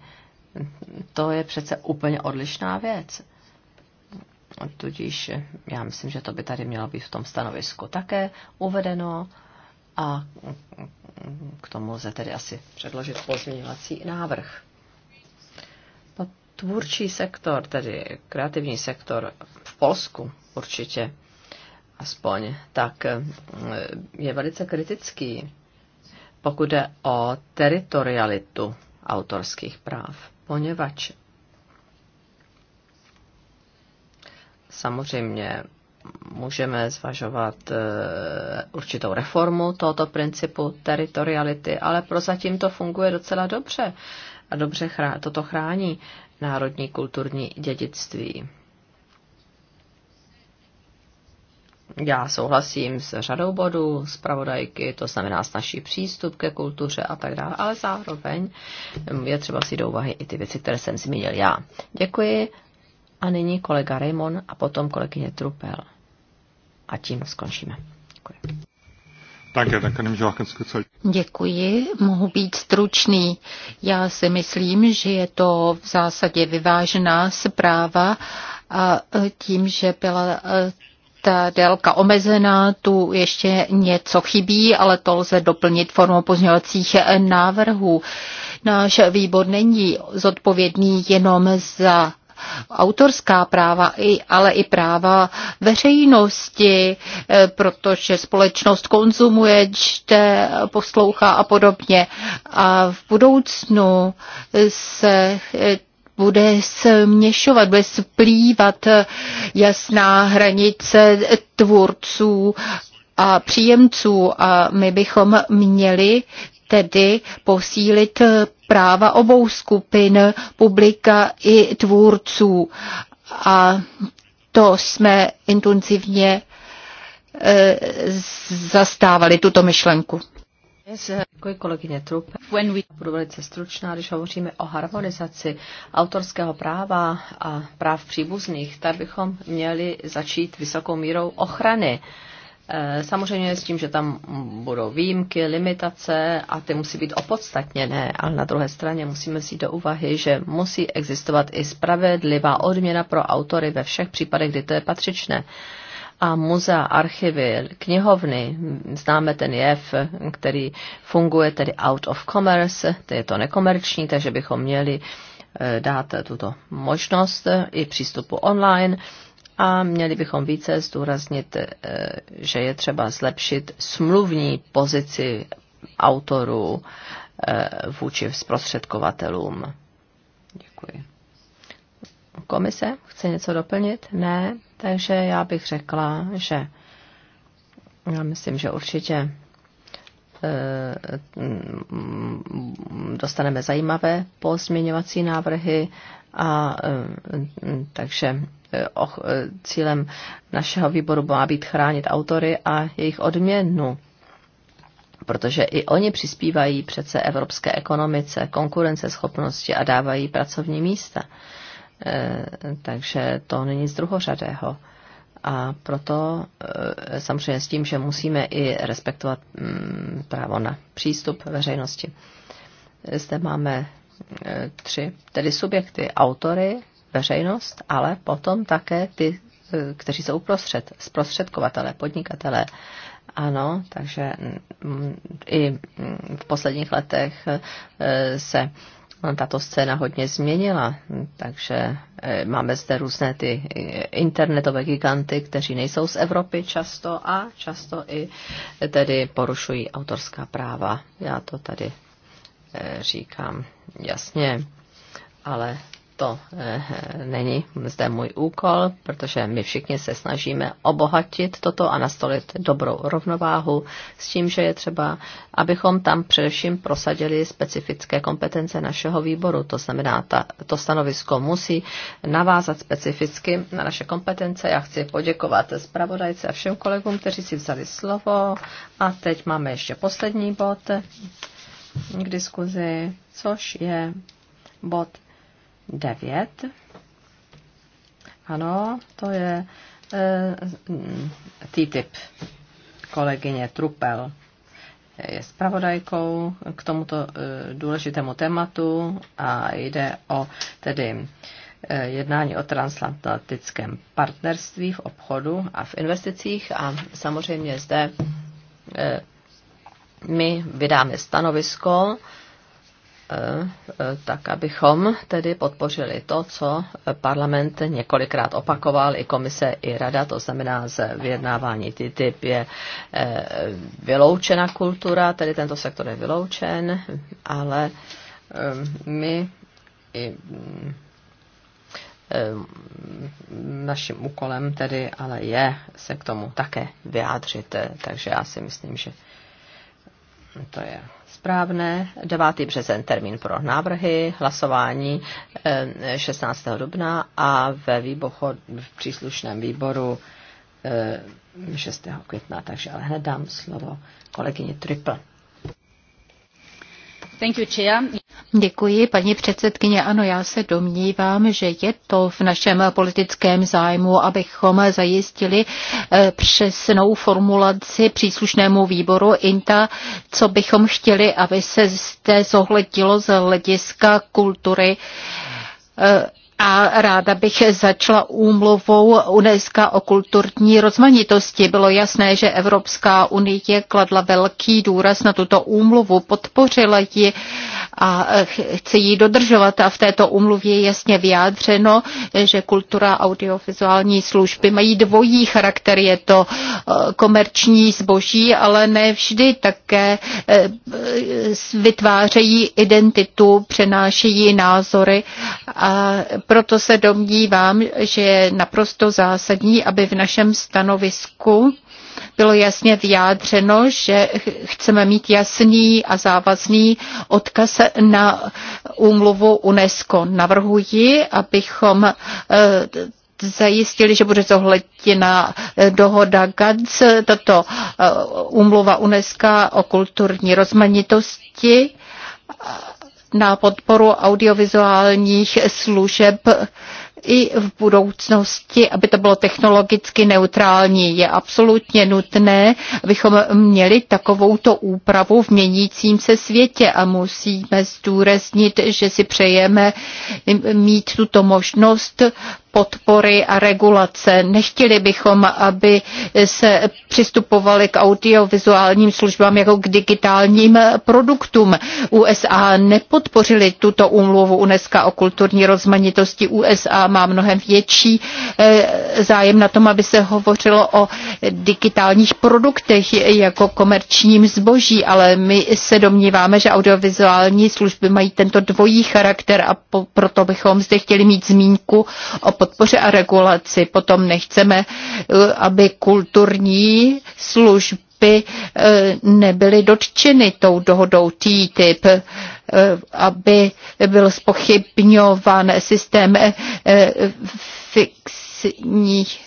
to je přece úplně odlišná věc. Tudíž já myslím, že to by tady mělo být v tom stanovisku také uvedeno a k tomu lze tedy asi předložit pozměňovací návrh. No, tvůrčí sektor, tedy kreativní sektor v Polsku určitě aspoň, tak eh, je velice kritický, pokud jde o teritorialitu autorských práv, poněvadž samozřejmě můžeme zvažovat eh, určitou reformu tohoto principu teritoriality, ale prozatím to funguje docela dobře a dobře toto chrání národní kulturní dědictví. Já souhlasím s řadou bodů zpravodajky, to znamená s naší přístup ke kultuře a tak dále, ale zároveň je třeba si do úvahy i ty věci, které jsem zmínil já. Děkuji. A nyní kolega Raymond a potom kolegyně Trupel. A tím skončíme. Děkuji. Děkuji, mohu být stručný. Já si myslím, že je to v zásadě vyvážená zpráva a tím, že byla ta délka omezená, tu ještě něco chybí, ale to lze doplnit formou pozměňovacích návrhů. Náš výbor není zodpovědný jenom za autorská práva, ale i práva veřejnosti, eh, protože společnost konzumuje, čte, poslouchá a podobně. A v budoucnu se eh, bude směšovat, bude splývat jasná hranice tvůrců a příjemců a my bychom měli tedy posílit práva obou skupin publika i tvůrců. A to jsme intenzivně eh, zastávali, tuto myšlenku. Uh, Děkuji kolegyně Trup. Budu velice stručná, když hovoříme o harmonizaci autorského práva a práv příbuzných, tak bychom měli začít vysokou mírou ochrany. Eh, samozřejmě s tím, že tam budou výjimky, limitace a ty musí být opodstatněné, ale na druhé straně musíme si do úvahy, že musí existovat i spravedlivá odměna pro autory ve všech případech, kdy to je patřičné a muzea, archivy, knihovny, známe ten jev, který funguje tedy out of commerce, to je to nekomerční, takže bychom měli eh, dát tuto možnost eh, i přístupu online a měli bychom více zdůraznit, eh, že je třeba zlepšit smluvní pozici autorů vůči zprostředkovatelům. Děkuji. Komise chce něco doplnit? Ne. Takže já bych řekla, že já myslím, že určitě eh, mm, dostaneme zajímavé pozměňovací návrhy a eh, takže eh, cílem našeho výboru má být chránit autory a jejich odměnu protože i oni přispívají přece evropské ekonomice, konkurenceschopnosti a dávají pracovní místa. Eh, takže to není z druhořadého. A proto eh, samozřejmě s tím, že musíme i respektovat mm, právo na přístup veřejnosti. Zde máme eh, tři, tedy subjekty, autory, veřejnost, ale potom také ty, kteří jsou uprostřed, zprostředkovatele, podnikatele. Ano, takže mm, i mm, v posledních letech se tato scéna hodně změnila, takže eh, máme zde různé ty eh, internetové giganty, kteří nejsou z Evropy často a často i eh, tedy porušují autorská práva. Já to tady říkám jasně, ale to eh, není zde můj úkol, protože my všichni se snažíme obohatit toto a nastolit dobrou rovnováhu s tím, že je třeba, abychom tam především prosadili specifické kompetence našeho výboru. To znamená, ta, to stanovisko musí navázat specificky na naše kompetence. Já chci poděkovat zpravodajce a všem kolegům, kteří si vzali slovo. A teď máme ještě poslední bod k diskuzi, což je bod 9. Ano, to je e, TTIP. Kolegyně Trupel je zpravodajkou k tomuto e, důležitému tématu a jde o tedy e, jednání o transatlantickém partnerství v obchodu a v investicích a samozřejmě zde e, my vydáme stanovisko e, Eh, tak abychom tedy podpořili to, co parlament několikrát opakoval, i komise, i rada, to znamená z vyjednávání TTIP je eh, vyloučena kultura, tedy tento sektor je vyloučen, ale eh, my i naším úkolem tedy ale je se k tomu také vyjádřit, takže já si myslím, že to je správné. 9. březen termín pro návrhy, hlasování 16. Eh, dubna a ve výboru, v příslušném výboru 6. Eh, května. Takže ale hned dám slovo kolegyni Triple. Thank you, Chia. Děkuji, paní předsedkyně. Ano, já se domnívám, že je to v našem politickém zájmu, abychom zajistili eh, přesnou formulaci příslušnému výboru INTA, co bychom chtěli, aby se zde zohlednilo z hlediska kultury eh, a ráda bych začala úmluvou UNESCO o kulturní rozmanitosti. Bylo jasné, že Evropská unie kladla velký důraz na tuto úmluvu, podpořila ji a chce ji dodržovat. A v této úmluvě je jasně vyjádřeno, že kultura a audiovizuální služby mají dvojí charakter. Je to eh, komerční zboží, ale ne vždy také eh, vytvářejí identitu, přenášejí názory a proto se domnívám, že je naprosto zásadní, aby v našem stanovisku bylo jasně vyjádřeno, že chceme mít jasný a závazný odkaz na úmluvu UNESCO. Navrhuji, abychom e, zajistili, že bude zohledněna e, dohoda Gads. tato e, úmluva UNESCO o kulturní rozmanitosti na podporu audiovizuálních služeb i v budoucnosti, aby to bylo technologicky neutrální. Je absolutně nutné, abychom měli takovouto úpravu v měnícím se světě a musíme zdůraznit, že si přejeme mít tuto možnost podpory a regulace. Nechtěli bychom, aby se přistupovali k audiovizuálním službám jako k digitálním produktům. USA nepodpořili tuto úmluvu UNESCO o kulturní rozmanitosti. USA má mnohem větší eh, zájem na tom, aby se hovořilo o digitálních produktech jako komerčním zboží, ale my se domníváme, že audiovizuální služby mají tento dvojí charakter a proto bychom zde chtěli mít zmínku o podpoře a regulaci. Potom nechceme, eh, aby kulturní služby eh, nebyly dotčeny tou dohodou TTIP, eh, aby byl spochybňován systém fixních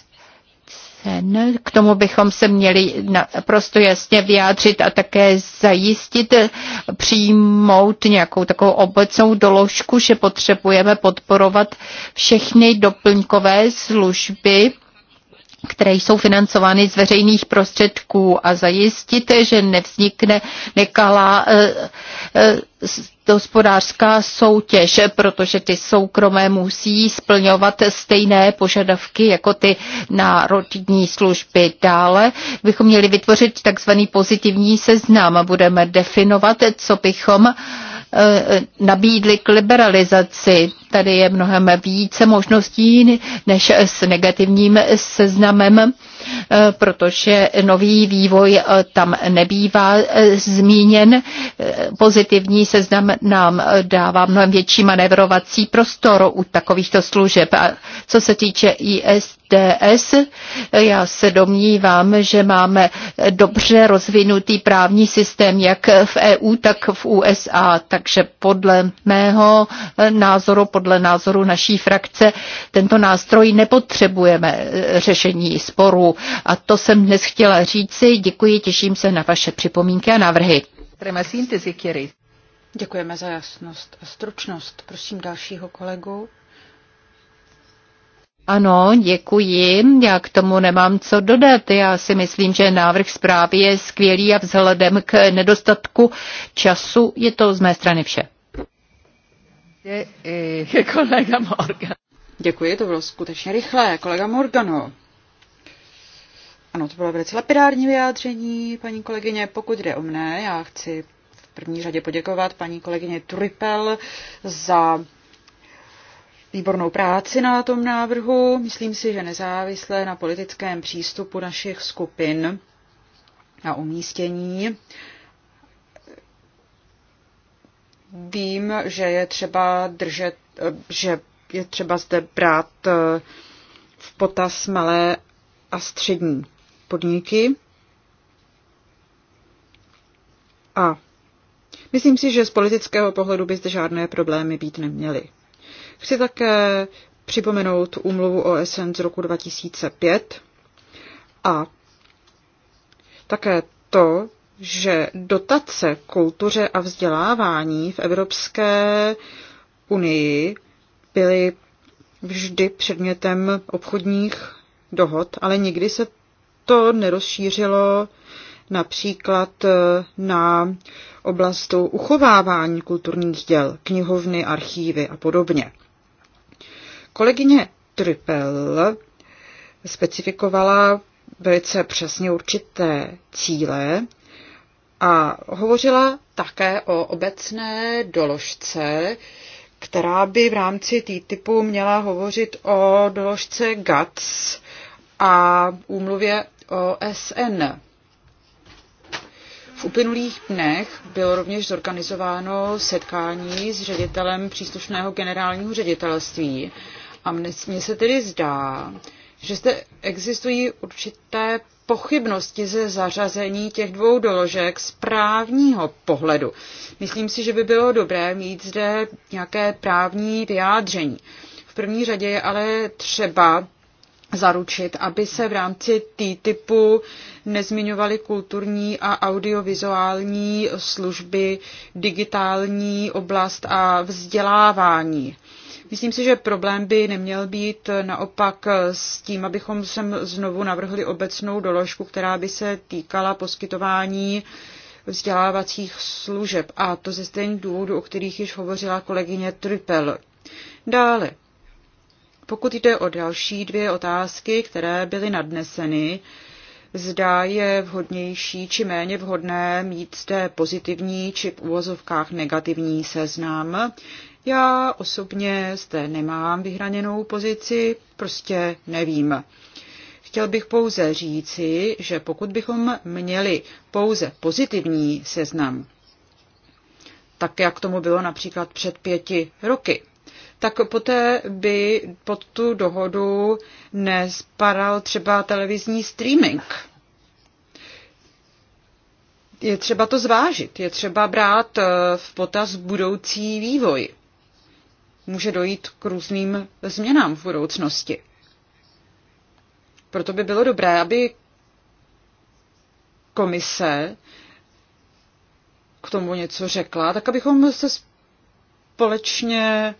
No, K tomu bychom se měli naprosto jasně vyjádřit a také zajistit eh, přijmout nějakou takovou obecnou doložku, že potřebujeme podporovat všechny doplňkové služby, které jsou financovány z veřejných prostředků a zajistit, že nevznikne nekalá eh, eh, hospodářská soutěž, protože ty soukromé musí splňovat stejné požadavky jako ty národní služby. Dále bychom měli vytvořit takzvaný pozitivní seznam. Budeme definovat, co bychom e, Eh, nabídly k liberalizaci. Tady je mnohem více možností než s negativním seznamem Eh, protože nový vývoj eh, tam nebývá eh, zmíněn. Pozitivní seznam nám dává mnohem větší manevrovací prostor u takovýchto služeb. A co se týče ISDS, já se domnívám, že máme dobře rozvinutý právní systém jak v EU, tak v USA, takže podle mého názoru, podle názoru naší frakce, tento nástroj nepotřebujeme řešení sporů a to jsem dnes chtěla říci. Děkuji, těším se na vaše připomínky a návrhy. Děkujeme za jasnost a stručnost. Prosím dalšího kolegu. Ano, děkuji. Já k tomu nemám co dodat. Já si myslím, že návrh zprávy je skvělý a vzhledem k nedostatku času je to z mé strany vše. Je, eh, kolega Morgan. Děkuji, to bylo skutečně rychlé. Kolega Morgano. Ano, to bylo velice lapidární vyjádření, paní kolegyně. Pokud jde o mne, já chci v první řadě poděkovat paní kolegyně Trupel za výbornou práci na tom návrhu. Myslím si, že nezávisle na politickém přístupu našich skupin a umístění vím, že je třeba držet, že je třeba zde brát v potaz malé a střední podniky. A myslím si, že z politického pohledu by zde žádné problémy být neměly. Chci také připomenout úmluvu OSN z roku 2005 a také to, že dotace kultuře a vzdělávání v Evropské unii byly vždy předmětem obchodních dohod, ale nikdy se to nerozšířilo například eh, na oblast uchovávání kulturních děl, knihovny, archívy a podobně. Kolegyně Trippel specifikovala velice přesně určité cíle a hovořila také o obecné doložce, která by v rámci TTIPu měla hovořit o doložce GATS a úmluvě OSN. V uplynulých dnech bylo rovněž zorganizováno setkání s ředitelem příslušného generálního ředitelství a mně se tedy zdá, že zde existují určité pochybnosti ze zařazení těch dvou doložek z právního pohledu. Myslím si, že by bylo dobré mít zde nějaké právní vyjádření. V první řadě je ale třeba zaručit, aby se v rámci T-typu nezmiňovaly kulturní a audiovizuální služby, digitální oblast a vzdělávání. Myslím si, že problém by neměl být naopak s tím, abychom sem znovu navrhli obecnou doložku, která by se týkala poskytování vzdělávacích služeb, a to ze stejných důvodů, o kterých již hovořila kolegyně Trypel. Dále, pokud jde o další dvě otázky, které byly nadneseny, zda je vhodnější či méně vhodné mít zde pozitivní či v uvozovkách negativní seznam. Já osobně zde nemám vyhraněnou pozici, prostě nevím. Chtěl bych pouze říci, že pokud bychom měli pouze pozitivní seznam, tak jak tomu bylo například před pěti roky, tak poté by pod tu dohodu nespadal třeba televizní streaming. Je třeba to zvážit, je třeba brát eh, v potaz budoucí vývoj. Může dojít k různým změnám v budoucnosti. Proto by bylo dobré, aby komise k tomu něco řekla, tak abychom se společně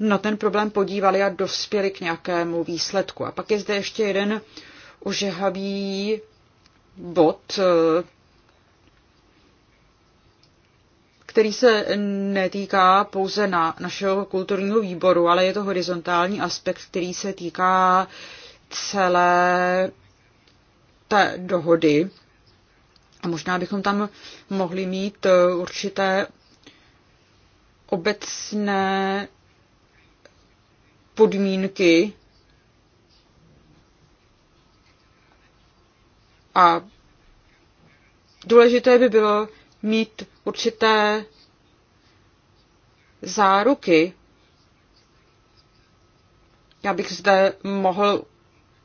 na ten problém podívali a dospěli k nějakému výsledku. A pak je zde ještě jeden ožehavý bod, eh, který se netýká pouze na našeho kulturního výboru, ale je to horizontální aspekt, který se týká celé té dohody. A možná bychom tam mohli mít eh, určité obecné podmínky a důležité by bylo mít určité záruky. Já bych zde mohl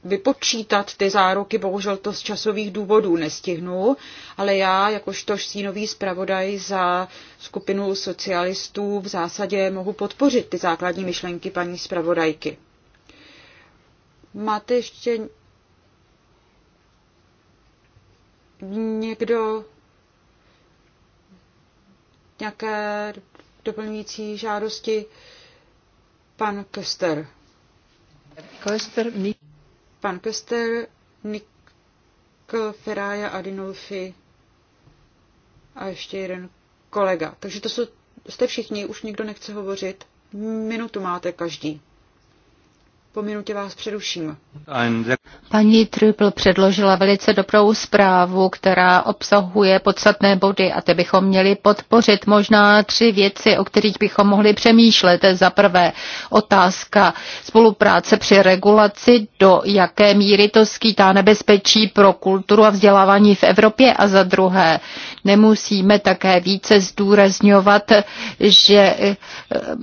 vypočítat ty záruky, bohužel to z časových důvodů nestihnu, ale já jakožto sínový zpravodaj za skupinu socialistů v zásadě mohu podpořit ty základní myšlenky paní zpravodajky. Máte ještě někdo nějaké doplňující žádosti? Pan Köster. Köster, pan Köster, Nikl Feraja Adinolfi a ještě jeden kolega. Takže to jsou, jste všichni, už nikdo nechce hovořit. Minutu máte každý. Po minutě vás přeruším. Paní Triple předložila velice dobrou zprávu, která obsahuje podstatné body a ty bychom měli podpořit možná tři věci, o kterých bychom mohli přemýšlet. Za prvé otázka spolupráce při regulaci, do jaké míry to skýtá nebezpečí pro kulturu a vzdělávání v Evropě a za druhé nemusíme také více zdůrazňovat, že eh,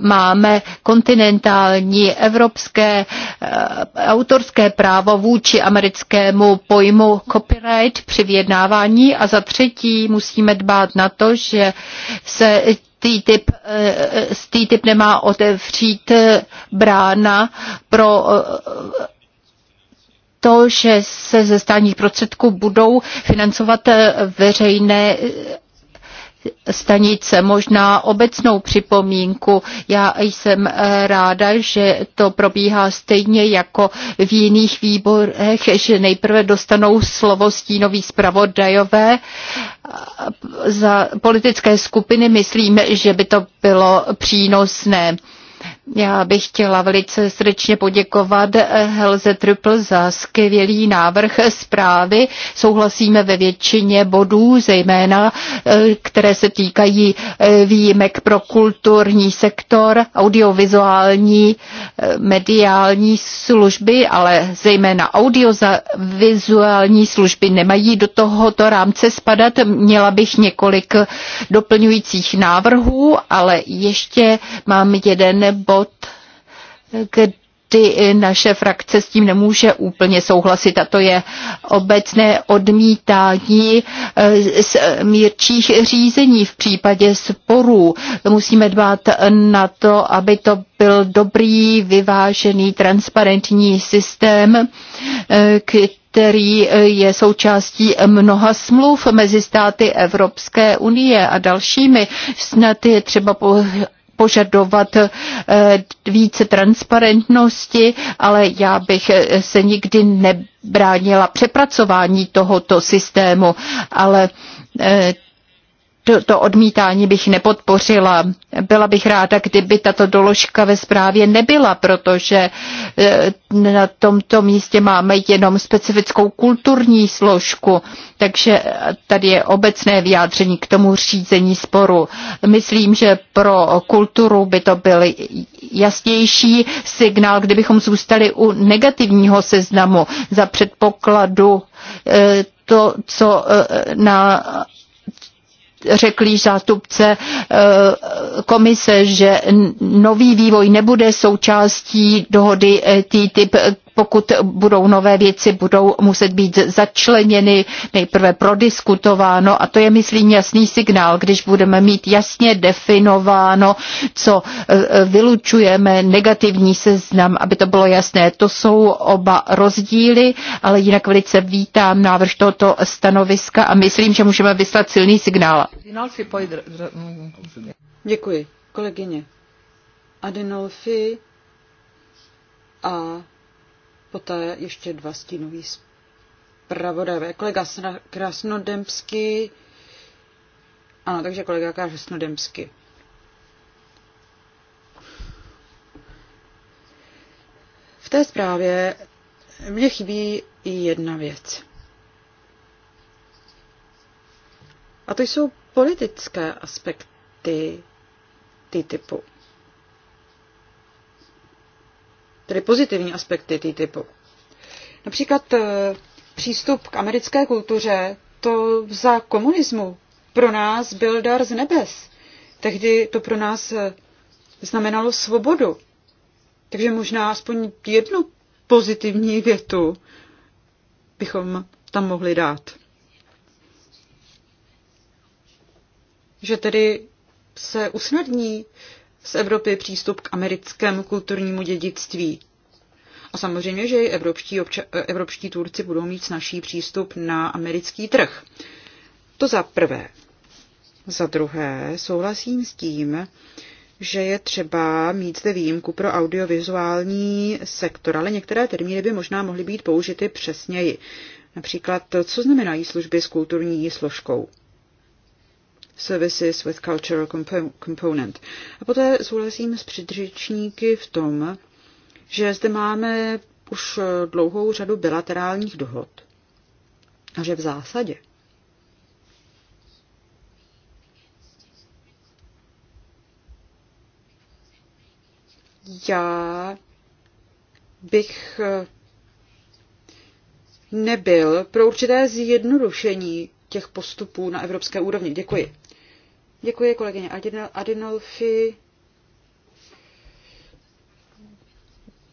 máme kontinentální evropské Eh, autorské právo vůči americkému pojmu copyright při vyjednávání a za třetí musíme dbát na to, že se TTIP, eh, s TTIP nemá otevřít eh, brána pro to, že se ze státních prostředků budou financovat veřejné stanice. Možná obecnou připomínku. Já jsem eh, ráda, že to probíhá stejně jako v jiných výborech, že nejprve dostanou slovo stínový zpravodajové eh, za politické skupiny. Myslím, že by to bylo přínosné já bych chtěla velice srdečně poděkovat eh, Helze Triple za skvělý návrh zprávy. Souhlasíme ve většině bodů, zejména eh, které se týkají eh, výjimek pro kulturní sektor, audiovizuální, mediální služby, ale zejména audiovizuální služby nemají do tohoto rámce spadat. Měla bych několik doplňujících návrhů, ale ještě mám jeden bod bod, kdy naše frakce s tím nemůže úplně souhlasit a to je obecné odmítání z eh, eh, mírčích řízení v případě sporů. Musíme dbát na to, aby to byl dobrý, vyvážený, transparentní systém, eh, který je součástí mnoha smluv mezi státy Evropské unie a dalšími. Snad je třeba požadovat eh, více transparentnosti, ale já bych eh, se nikdy nebránila přepracování tohoto systému, ale eh, to odmítání bych nepodpořila. Byla bych ráda, kdyby tato doložka ve zprávě nebyla, protože eh, na tomto místě máme jenom specifickou kulturní složku, takže tady je obecné vyjádření k tomu řízení sporu. Myslím, že pro kulturu by to byl jasnější signál, kdybychom zůstali u negativního seznamu za předpokladu eh, to, co eh, na řekl již zástupce eh, komise, že nový vývoj nebude součástí dohody eh, TTIP, pokud budou nové věci, budou muset být začleněny, nejprve prodiskutováno a to je, myslím, jasný signál, když budeme mít jasně definováno, co eh, eh, vylučujeme, negativní seznam, aby to bylo jasné. To jsou oba rozdíly, ale jinak velice vítám návrh tohoto stanoviska a myslím, že můžeme vyslat silný signál. Děkuji, kolegyně. Adinolfi a poté ještě dva stínoví zpravodajové. Kolega Krasnodemsky, ano, takže kolega Krasnodemsky. V té zprávě mně chybí jedna věc. A to jsou politické aspekty ty typu. tedy pozitivní aspekty TTIPu. Například eh, přístup k americké kultuře, to za komunismu pro nás byl dar z nebes. Tehdy to pro nás eh, znamenalo svobodu. Takže možná aspoň jednu pozitivní větu bychom tam mohli dát. Že tedy se usnadní z Evropy přístup k americkému kulturnímu dědictví. A samozřejmě, že i evropští, obča- eh, evropští Turci budou mít snažší přístup na americký trh. To za prvé. Za druhé, souhlasím s tím, že je třeba mít zde výjimku pro audiovizuální sektor, ale některé termíny by možná mohly být použity přesněji. Například, co znamenají služby s kulturní složkou? services with cultural component. A poté souhlasím s předřečníky v tom, že zde máme už eh, dlouhou řadu bilaterálních dohod a že v zásadě já bych eh, nebyl pro určité zjednodušení těch postupů na evropské úrovni. Děkuji. Děkuji kolegyně Adinolfi.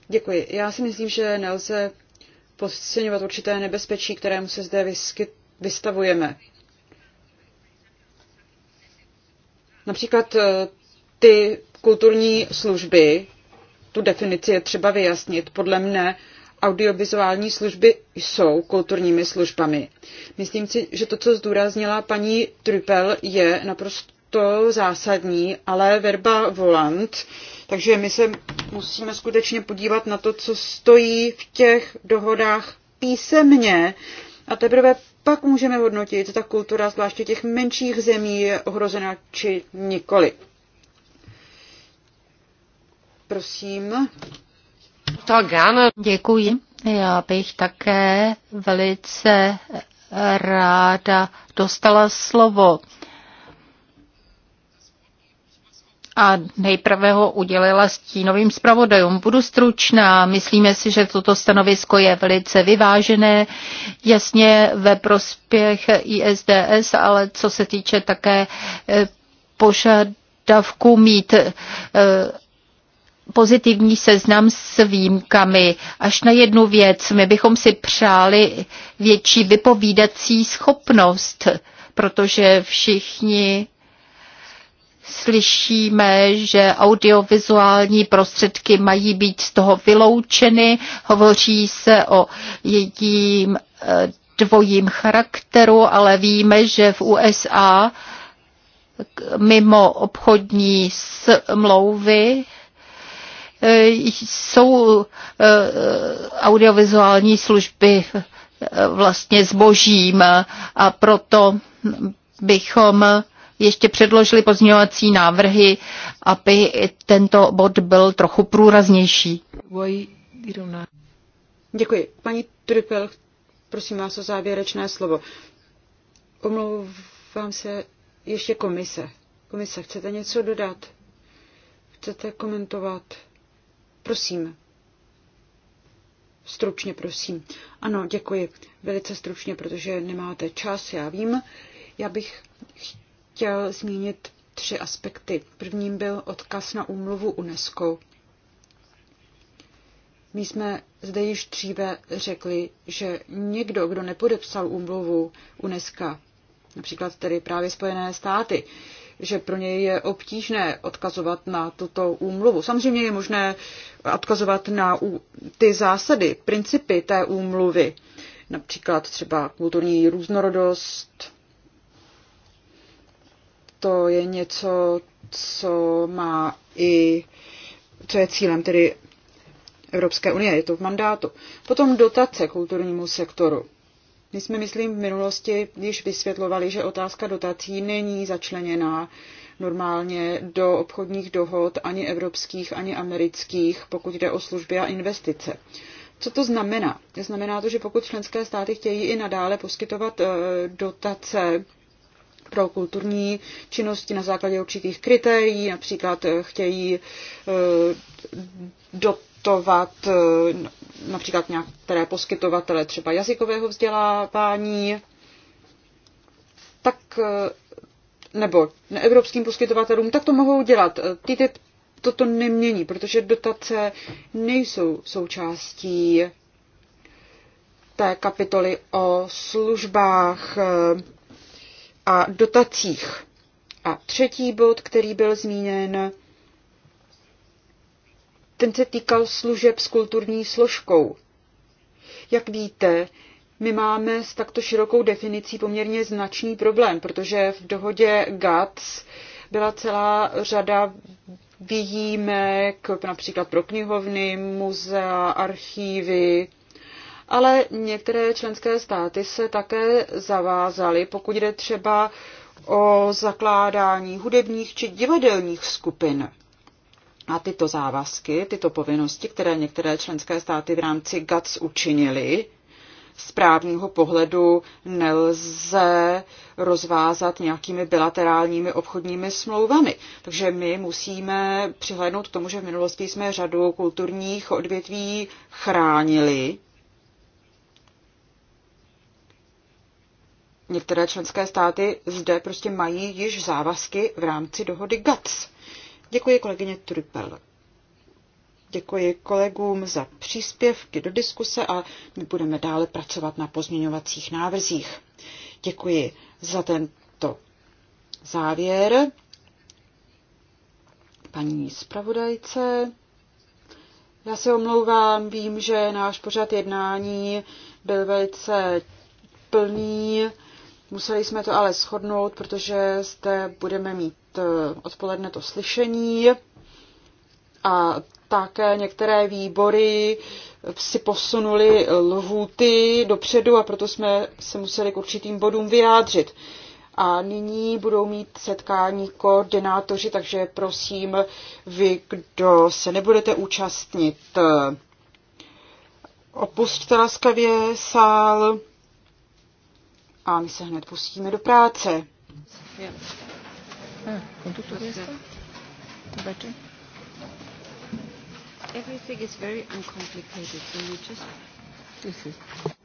Děkuji. Já si myslím, že nelze podceňovat určité nebezpečí, kterému se zde vyskyt, vystavujeme. Například eh, ty kulturní služby, tu definici je třeba vyjasnit. Podle mne audiovizuální služby jsou kulturními službami. Myslím si, že to, co zdůraznila paní Trupel, je naprosto to zásadní, ale verba volant, takže my se musíme skutečně podívat na to, co stojí v těch dohodách písemně a teprve pak můžeme hodnotit, ta kultura zvláště těch menších zemí je ohrožena či nikoli. Prosím. Tak ano. Děkuji. Já bych také velice ráda dostala slovo. a nejprve ho udělila stínovým zpravodajům. Budu stručná, myslíme si, že toto stanovisko je velice vyvážené, jasně ve prospěch ISDS, ale co se týče také eh, požadavku mít eh, pozitivní seznam s výjimkami. Až na jednu věc, my bychom si přáli větší vypovídací schopnost, protože všichni slyšíme, že audiovizuální prostředky mají být z toho vyloučeny. Hovoří se o jedním eh, dvojím charakteru, ale víme, že v USA mimo obchodní smlouvy eh, jsou eh, audiovizuální služby vlastně zbožím a proto bychom ještě předložili pozměňovací návrhy, aby tento bod byl trochu průraznější. Děkuji. Paní Trypel, prosím vás o závěrečné slovo. Omlouvám se ještě komise. Komise, chcete něco dodat? Chcete komentovat? Prosím. Stručně, prosím. Ano, děkuji. Velice stručně, protože nemáte čas, já vím. Já bych chtěl zmínit tři aspekty. Prvním byl odkaz na úmluvu UNESCO. My jsme zde již dříve řekli, že někdo, kdo nepodepsal úmluvu UNESCO, například tedy právě Spojené státy, že pro něj je obtížné odkazovat na tuto úmluvu. Samozřejmě je možné odkazovat na ty zásady, principy té úmluvy, například třeba kulturní různorodost, to je něco, co má i, co je cílem tedy Evropské unie, je to v mandátu. Potom dotace kulturnímu sektoru. My jsme, myslím, v minulosti již vysvětlovali, že otázka dotací není začleněná normálně do obchodních dohod ani evropských, ani amerických, pokud jde o služby a investice. Co to znamená? Znamená to, že pokud členské státy chtějí i nadále poskytovat eh, dotace pro kulturní činnosti na základě určitých kritérií, například eh, chtějí eh, dotovat eh, například některé poskytovatele třeba jazykového vzdělávání, tak nebo neevropským poskytovatelům, tak to mohou dělat. Ty ty toto nemění, protože dotace nejsou součástí té kapitoly o službách a dotacích. A třetí bod, který byl zmíněn, ten se týkal služeb s kulturní složkou. Jak víte, my máme s takto širokou definicí poměrně značný problém, protože v dohodě GATS byla celá řada výjimek, například pro knihovny, muzea, archívy, ale některé členské státy se také zavázaly, pokud jde třeba o zakládání hudebních či divadelních skupin. A tyto závazky, tyto povinnosti, které některé členské státy v rámci GATS učinily, z právního pohledu nelze rozvázat nějakými bilaterálními obchodními smlouvami. Takže my musíme přihlédnout k tomu, že v minulosti jsme řadu kulturních odvětví chránili Některé členské státy zde prostě mají již závazky v rámci dohody GATS. Děkuji kolegyně Trupel. Děkuji kolegům za příspěvky do diskuse a my budeme dále pracovat na pozměňovacích návrzích. Děkuji za tento závěr paní zpravodajce. Já se omlouvám, vím, že náš pořad jednání byl velice plný. Museli jsme to ale shodnout, protože zde budeme mít eh, odpoledne to slyšení a také některé výbory si posunuli lhůty dopředu a proto jsme se museli k určitým bodům vyjádřit. A nyní budou mít setkání koordinátoři, takže prosím, vy, kdo se nebudete účastnit, eh, opusťte laskavě sál a my se hned pustíme do práce. Everything is very uncomplicated, you just... This is...